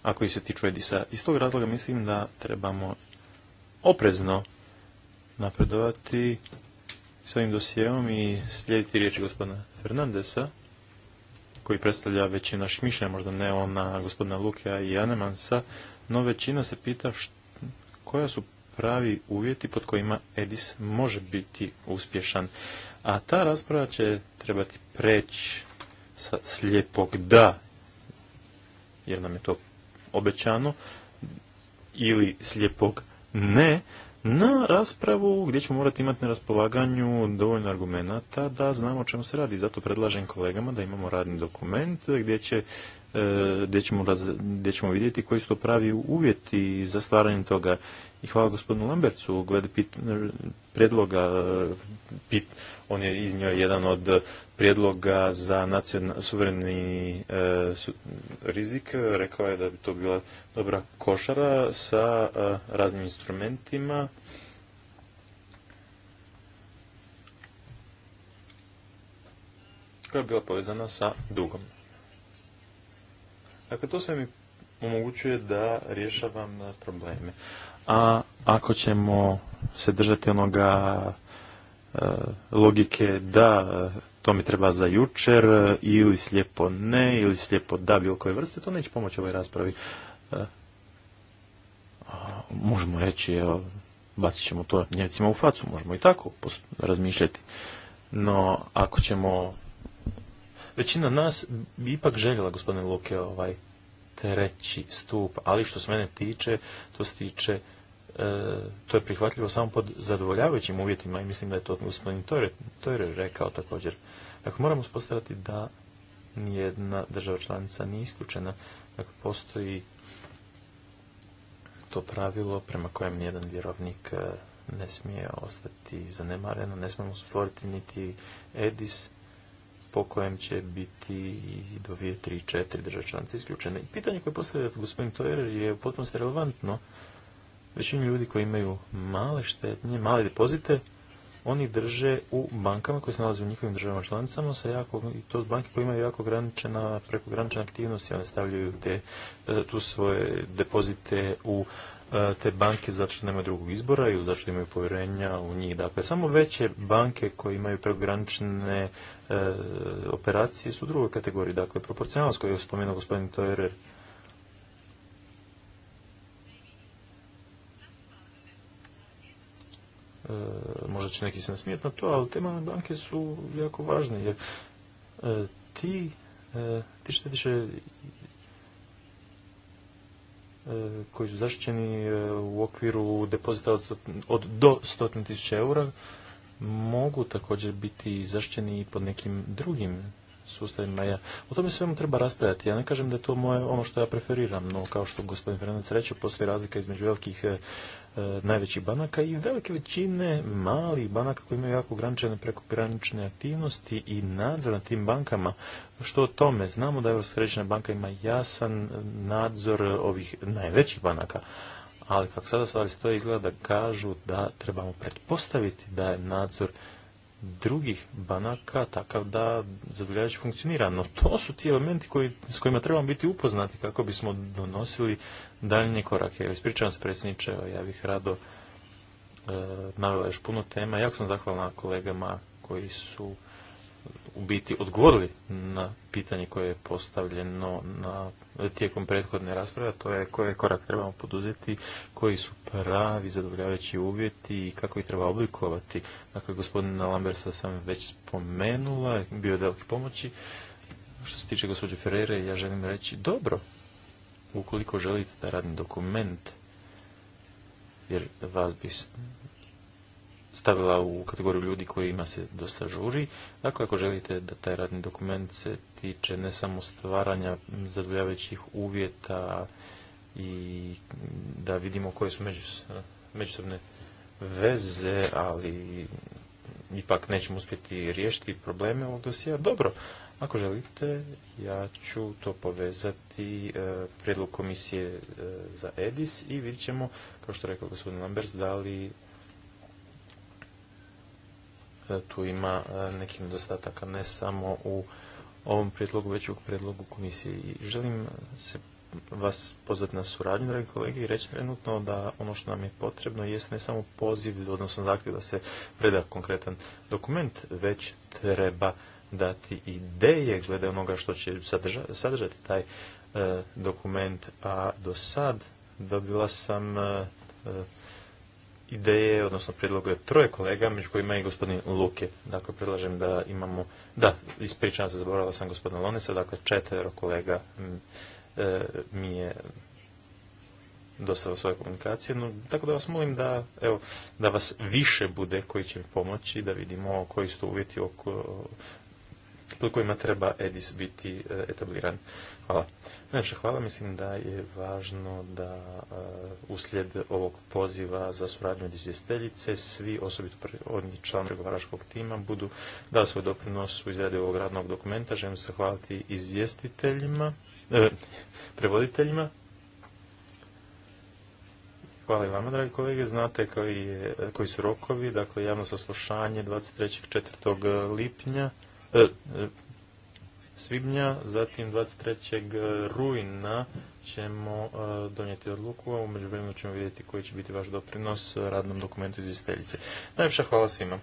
ako koji se tiču Edisa. Iz tog razloga mislim da trebamo oprezno napredovati s ovim dosijevom i slijediti riječi gospodina Fernandesa, koji predstavlja većinu naših mišljenja, možda ne ona gospodina Lukija i Anemansa, no većina se pita koja su pravi uvjeti pod kojima Edis može biti uspješan. A ta rasprava će trebati preći sa slijepog da, jer nam je to obećano, ili slijepog ne, na raspravu gdje ćemo morati imati na raspolaganju dovoljno argumenata da znamo o čemu se radi. Zato predlažem kolegama da imamo radni dokument gdje će E, gdje ćemo, vidjeti koji su to pravi uvjeti za stvaranje toga. I hvala gospodinu Lambercu glede pit, predloga, e, pit, on je iznio jedan od prijedloga za nacionalni suvereni e, rizik, rekao je da bi to bila dobra košara sa raznim instrumentima. koja je bila povezana sa dugom. Dakle, to sve mi omogućuje da rješavam eh, probleme. A ako ćemo se držati onoga eh, logike da eh, to mi treba za jučer ili slijepo ne ili slijepo da bilo koje vrste, to neće pomoći ovoj raspravi. možemo reći, bacit ćemo to njevcima u facu, možemo i tako razmišljati. No, ako ćemo većina nas bi ipak željela, gospodine Luke, ovaj treći stup, ali što se mene tiče, to se tiče e, to je prihvatljivo samo pod zadovoljavajućim uvjetima i mislim da je to gospodin to je rekao također. Dakle, moramo spostaviti da nijedna država članica nije isključena. Dakle, postoji to pravilo prema kojem nijedan vjerovnik e, ne smije ostati zanemareno, ne smijemo stvoriti niti EDIS, po kojem će biti do 2, 3, 4 države članice isključene. Pitanje koje postavlja gospodin Tojer je u potpunosti relevantno. Većini ljudi koji imaju male štetnje, male depozite, oni drže u bankama koje se nalaze u njihovim državama članicama sa jako, i to banke koje imaju jako ograničena, prekogranična aktivnost i one stavljaju e, tu svoje depozite u e, te banke zato što nemaju drugog izbora ili zato što imaju povjerenja u njih. Dakle, samo veće banke koje imaju prekogranične E, operacije su u drugoj kategoriji. Dakle, proporcionalnost koju je spomenuo gospodin Toerer. E, možda će neki se nasmijeti na to, ali te male banke su jako važne, jer e, ti, e, ti koji su zaštićeni u okviru depozita od, od do 100.000 eura mogu također biti zaštićeni i pod nekim drugim sustavima. Ja, o tome svemu treba raspravljati. Ja ne kažem da je to moje, ono što ja preferiram, no kao što gospodin Fernandez reče, postoji razlika između velikih e, e, najvećih banaka i velike većine malih banaka koji imaju jako ograničene prekogranične aktivnosti i nadzor nad tim bankama. Što o tome? Znamo da Europska središnja banka ima jasan nadzor ovih najvećih banaka, ali kako sada stvari stoje izgleda da kažu da trebamo pretpostaviti da je nadzor drugih banaka takav da zadovoljavajući funkcionira. No to su ti elementi koji, s kojima trebamo biti upoznati kako bismo donosili daljnje korake. Evo, ispričavam se predsjedniče, ja bih rado e, navela još puno tema. Jako sam zahvalna kolegama koji su u biti odgovorili na pitanje koje je postavljeno na tijekom prethodne rasprave, to je koje korak trebamo poduzeti, koji su pravi zadovoljavajući uvjeti i kako ih treba oblikovati. Dakle, gospodina Lambersa sam već spomenula, bio je velike pomoći. Što se tiče gospođe Ferrere, ja želim reći dobro, ukoliko želite da radni dokument, jer vas bi stavila u kategoriju ljudi kojima se dosta žuri. Dakle, ako želite da taj radni dokument se tiče ne samo stvaranja zadovoljavajućih uvjeta i da vidimo koje su međusobne veze, ali ipak nećemo uspjeti riješiti probleme ovog dosija. Dobro, ako želite, ja ću to povezati predlog prijedlog komisije e, za EDIS i vidjet ćemo, kao što rekao gospodin Lambers, da li tu ima e, nekih nedostataka, ne samo u ovom prijedlogu, već u prijedlogu komisije. I želim se vas pozvati na suradnju, dragi kolege, i reći trenutno da ono što nam je potrebno jest ne samo poziv, odnosno zahtjev da se preda konkretan dokument, već treba dati ideje glede onoga što će sadržati, taj e, dokument, a do sad dobila sam e, ideje, odnosno je troje kolega, među kojima je i gospodin Luke. Dakle, predlažem da imamo, da, ispričavam se, zaboravila sam gospodina Lonesa, dakle, četvero kolega e, mi je dostavio svoje komunikacije. tako da vas molim da, evo, da vas više bude koji će mi pomoći, da vidimo koji su to uvjeti oko pod kojima treba EDIS biti e, etabliran. Hvala. Najviše hvala. Mislim da je važno da e, uslijed ovog poziva za suradnju od izvjesteljice svi osobito odni član pregovaračkog tima budu da svoj doprinos u izradi ovog radnog dokumenta. Želim se hvaliti izvjestiteljima, e, prevoditeljima. Hvala i vama, dragi kolege. Znate koji, su rokovi. Dakle, javno saslušanje 4. lipnja. E, svibnja, zatim 23. rujna ćemo e, donijeti odluku, a umeđu međuvremenu ćemo vidjeti koji će biti vaš doprinos radnom dokumentu izvjestiteljice. Najljepša hvala svima.